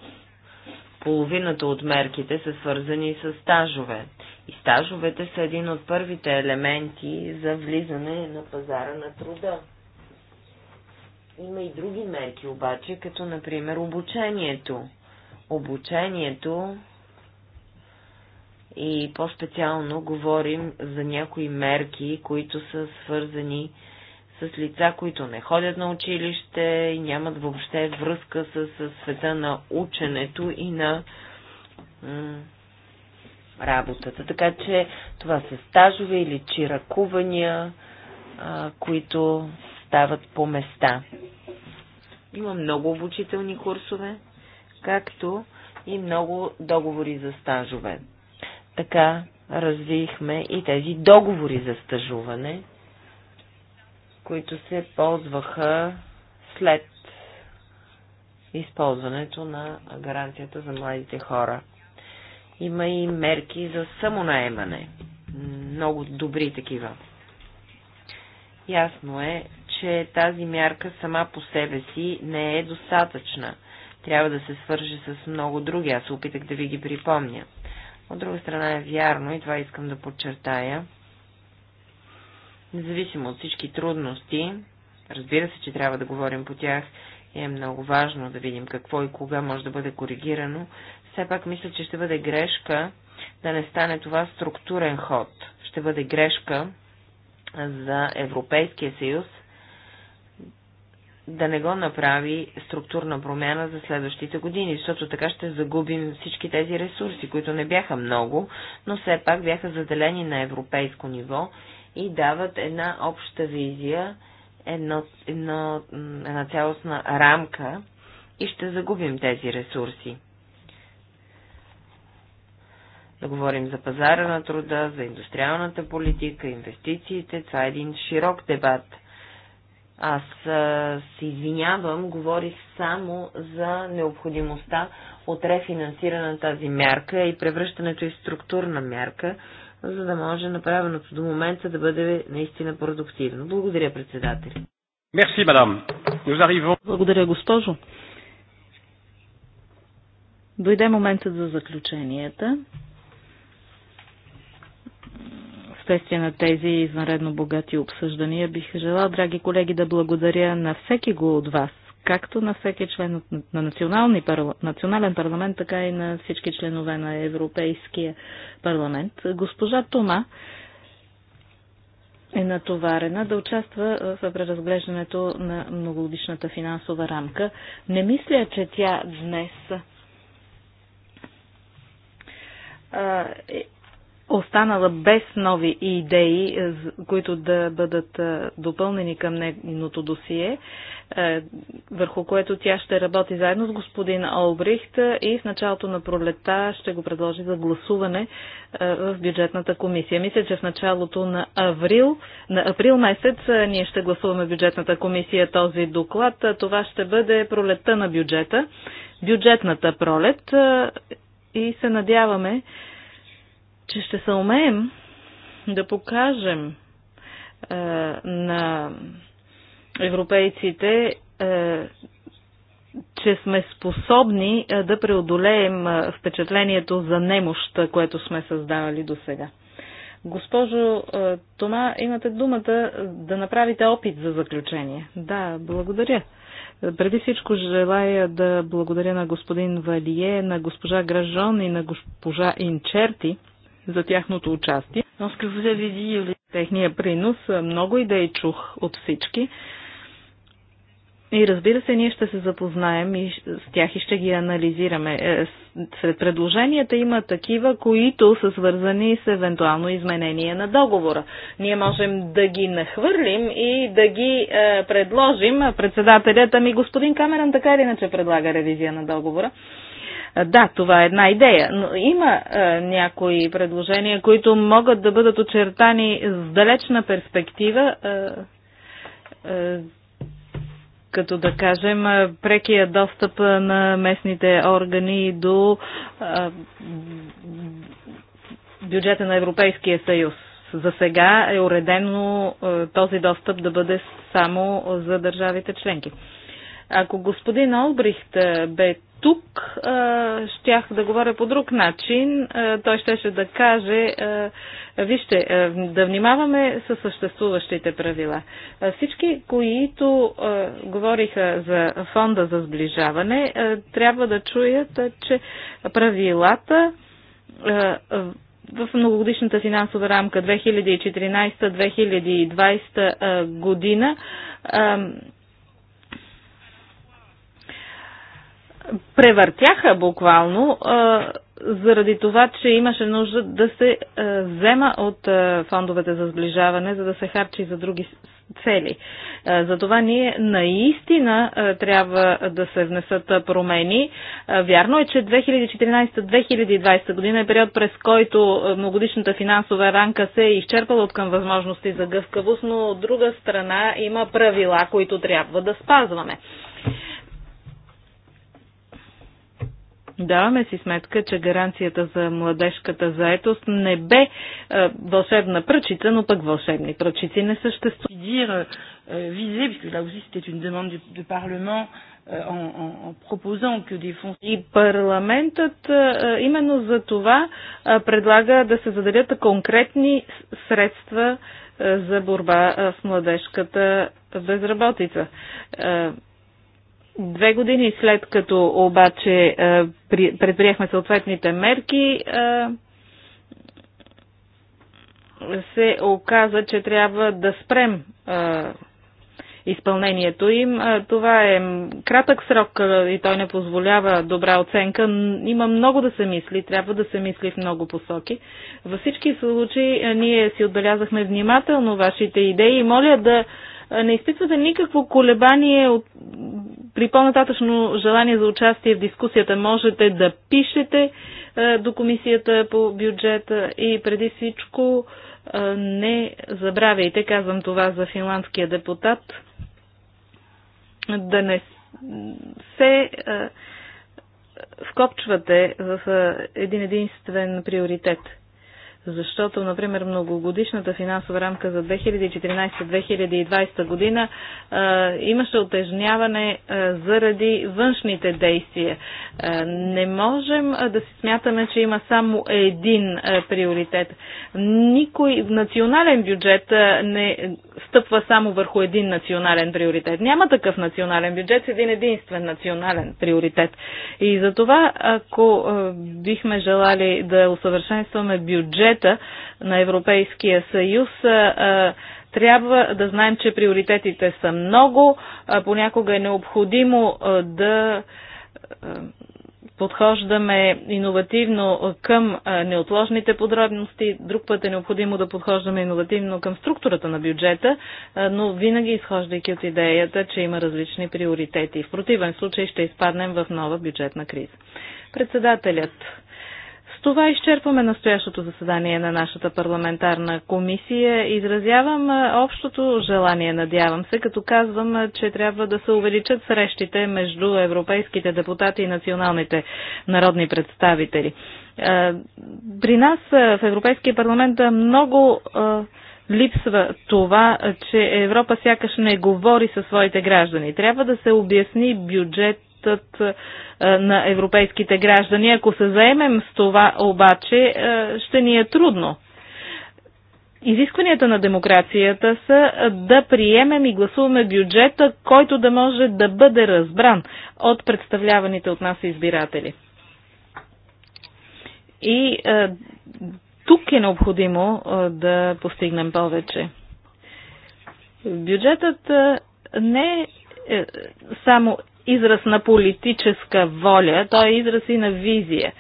C: Половината от мерките са свързани с стажове. И стажовете са един от първите елементи за влизане на пазара на труда. Има и други мерки обаче, като например обучението обучението и по-специално говорим за някои мерки, които са свързани с лица, които не ходят на училище и нямат въобще връзка с, с света на ученето и на работата. Така че това са стажове или чиракувания, а, които стават по места. Има много обучителни курсове както и много договори за стажове. Така развихме и тези договори за стажуване, които се ползваха след използването на гаранцията за младите хора. Има и мерки за самонаемане. Много добри такива. Ясно е, че тази мярка сама по себе си не е достатъчна трябва да се свържи с много други. Аз опитах да ви ги припомня. От друга страна е вярно, и това искам да подчертая, независимо от всички трудности, разбира се, че трябва да говорим по тях и е много важно да видим какво и кога може да бъде коригирано, все пак мисля, че ще бъде грешка да не стане това структурен ход. Ще бъде грешка за Европейския съюз – да не го направи структурна промяна за следващите години, защото така ще загубим всички тези ресурси, които не бяха много, но все пак бяха заделени на европейско ниво и дават една обща визия, едно, едно, една цялостна рамка и ще загубим тези ресурси. Да говорим за пазара на труда, за индустриалната политика, инвестициите, това е един широк дебат – аз а, се извинявам, говорих само за необходимостта от рефинансиране на тази мярка и превръщането и в структурна мярка, за да може направеното до момента да бъде наистина продуктивно.
B: Благодаря, председател.
A: Мерси, мадам.
B: Благодаря, госпожо. Дойде моментът за заключенията. Вследствие на тези извънредно богати обсъждания бих желал, драги колеги, да благодаря на всеки го от вас, както на всеки член на национални, национален парламент, така и на всички членове на Европейския парламент. Госпожа Тома е натоварена да участва в преразглеждането на многогодишната финансова рамка. Не мисля, че тя днес е, останала без нови идеи, е, които да бъдат е, допълнени към нейното досие, е, върху което тя ще работи заедно с господин Олбрихт и в началото на пролета ще го предложи за гласуване в бюджетната комисия. Мисля, че в началото на април, на април месец ние ще гласуваме в бюджетната комисия този доклад. Това ще бъде пролета на бюджета, бюджетната пролет и се надяваме, че ще се умеем да покажем е, на европейците, е, че сме способни е, да преодолеем е, впечатлението за немощ, е, което сме създавали до сега. Госпожо е, Тома, имате думата да направите опит за заключение. Да, благодаря. Преди всичко желая да благодаря на господин Валие, на госпожа Гражон и на госпожа Инчерти за тяхното участие. но Техния принос много и да е чух от всички. И разбира се, ние ще се запознаем и с тях и ще ги анализираме. Е, сред предложенията има такива, които са свързани с евентуално изменение на договора. Ние можем да ги нахвърлим и да ги е, предложим. Председателят ми господин Камеран така или иначе предлага ревизия на договора. Да, това е една идея, но има е, някои предложения, които могат да бъдат очертани с далечна перспектива, е, е, като да кажем е, прекия достъп е, на местните органи до е, бюджета на Европейския съюз. За сега е уредено е, този достъп да бъде само за държавите членки. Ако господин Олбрихт бе тук, щях да говоря по друг начин. Той щеше да каже, вижте, да внимаваме със съществуващите правила. Всички, които говориха за фонда за сближаване, трябва да чуят, че правилата в многогодишната финансова рамка 2014-2020 година превъртяха буквално заради това, че имаше нужда да се взема от фондовете за сближаване, за да се харчи за други цели. Затова ние наистина трябва да се внесат промени. Вярно е, че 2014-2020 година е период, през който многодишната финансова рамка се е изчерпала от към възможности за гъвкавост, но от друга страна има правила, които трябва да спазваме. Даваме си сметка, че гаранцията за младежката заетост не бе е, вълшебна пръчица, но пък вълшебни пръчици не съществуват. И парламентът е, е, именно за това е, предлага да се заделят конкретни средства за борба с младежката безработица. Две години след като обаче е, предприехме съответните мерки, е, се оказа, че трябва да спрем е, изпълнението им. Това е кратък срок и той не позволява добра оценка. Има много да се мисли, трябва да се мисли в много посоки. Във всички случаи ние си отбелязахме внимателно вашите идеи и моля да не изпитвате никакво колебание от, при по-нататъчно желание за участие в дискусията. Можете да пишете до комисията по бюджета и преди всичко не забравяйте, казвам това за финландския депутат, да не се скопчвате вкопчвате в един единствен приоритет – защото, например, многогодишната финансова рамка за 2014-2020 година а, имаше отежняване а, заради външните действия. А, не можем да си смятаме, че има само един приоритет. Никой национален бюджет не стъпва само върху един национален приоритет. Няма такъв национален бюджет с един единствен национален приоритет. И за това, ако бихме желали да усъвършенстваме бюджет, бюджета на Европейския съюз, трябва да знаем, че приоритетите са много. Понякога е необходимо да подхождаме иновативно към неотложните подробности, друг път е необходимо да подхождаме иновативно към структурата на бюджета, но винаги изхождайки от идеята, че има различни приоритети. В противен случай ще изпаднем в нова бюджетна криза. Председателят това изчерпваме настоящото заседание на нашата парламентарна комисия. Изразявам общото желание, надявам се, като казвам, че трябва да се увеличат срещите между европейските депутати и националните народни представители. При нас в Европейския парламент много липсва това, че Европа сякаш не говори със своите граждани. Трябва да се обясни бюджет животът е, на европейските граждани. Ако се заемем с това обаче, е, ще ни е трудно. Изискванията на демокрацията са да приемем и гласуваме бюджета, който да може да бъде разбран от представляваните от нас избиратели. И е, тук е необходимо е, да постигнем повече. Бюджетът е, не е само израз на политическа воля, той е израз и на визия.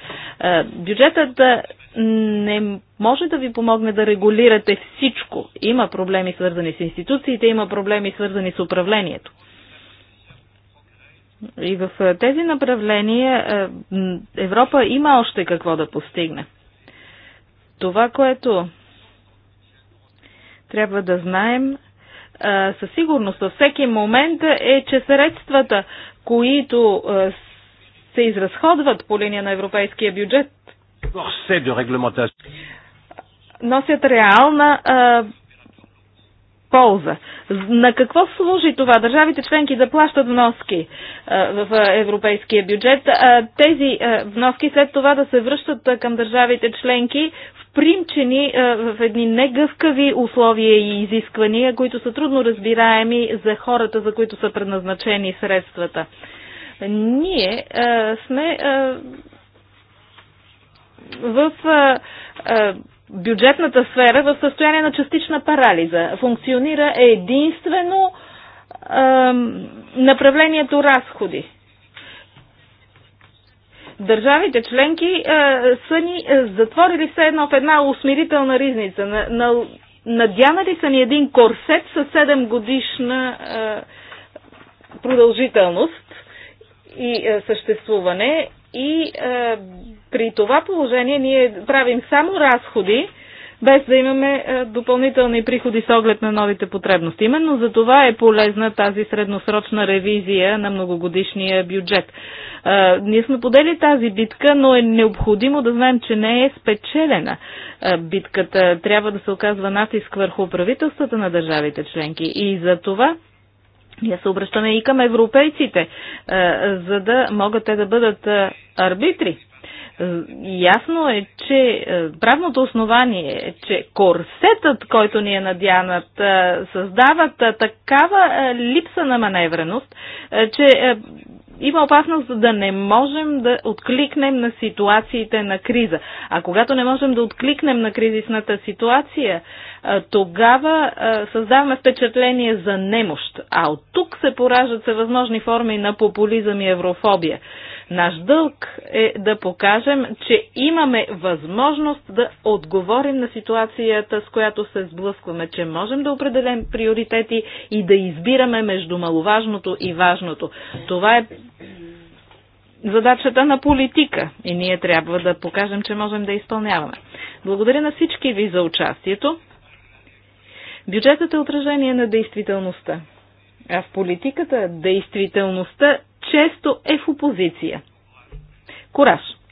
B: Е, бюджетът е, не може да ви помогне да регулирате всичко. Има проблеми свързани с институциите, има проблеми свързани с управлението. И в е, тези направления Европа има още какво да постигне. Това, което трябва да знаем със сигурност във всеки момент е, че средствата, които е, се изразходват по линия на европейския бюджет, носят реална а, е, полза. На какво служи това? Държавите членки да плащат вноски а, е, в европейския бюджет. А, тези а, вноски след това да се връщат към държавите членки Примчени е, в едни негъвкави условия и изисквания, които са трудно разбираеми за хората, за които са предназначени средствата. Ние е, сме е, в бюджетната сфера в състояние на частична парализа. Функционира единствено направлението разходи държавите членки е, са ни е, затворили все едно в една усмирителна ризница. На, на, надянали са ни един корсет с 7 годишна е, продължителност и съществуване и при това положение ние правим само разходи, без да имаме е, допълнителни приходи с оглед на новите потребности. Именно за това е полезна тази средносрочна ревизия на многогодишния бюджет. Е, ние сме подели тази битка, но е необходимо да знаем, че не е спечелена е, битката. Трябва да се оказва натиск върху правителствата на държавите членки. И за това ние се обръщаме и към европейците, за да могат те да бъдат арбитри е, ясно е, че е, правното основание е, че корсетът, който ни е надянат, е, създават такава липса на маневреност, че има опасност да не можем да откликнем на ситуациите на криза. А когато не можем да откликнем на кризисната ситуация, тогава създаваме впечатление за немощ. А от тук се пораждат всевъзможни форми на популизъм и еврофобия. Наш дълг е да покажем, че имаме възможност да отговорим на ситуацията, с която се сблъскваме, че можем да определим приоритети и да избираме между маловажното и важното. Това е задачата на политика и ние трябва да покажем, че можем да изпълняваме. Благодаря на всички ви за участието. Бюджетът е отражение на действителността. А в политиката действителността често е в опозиция. Кораж!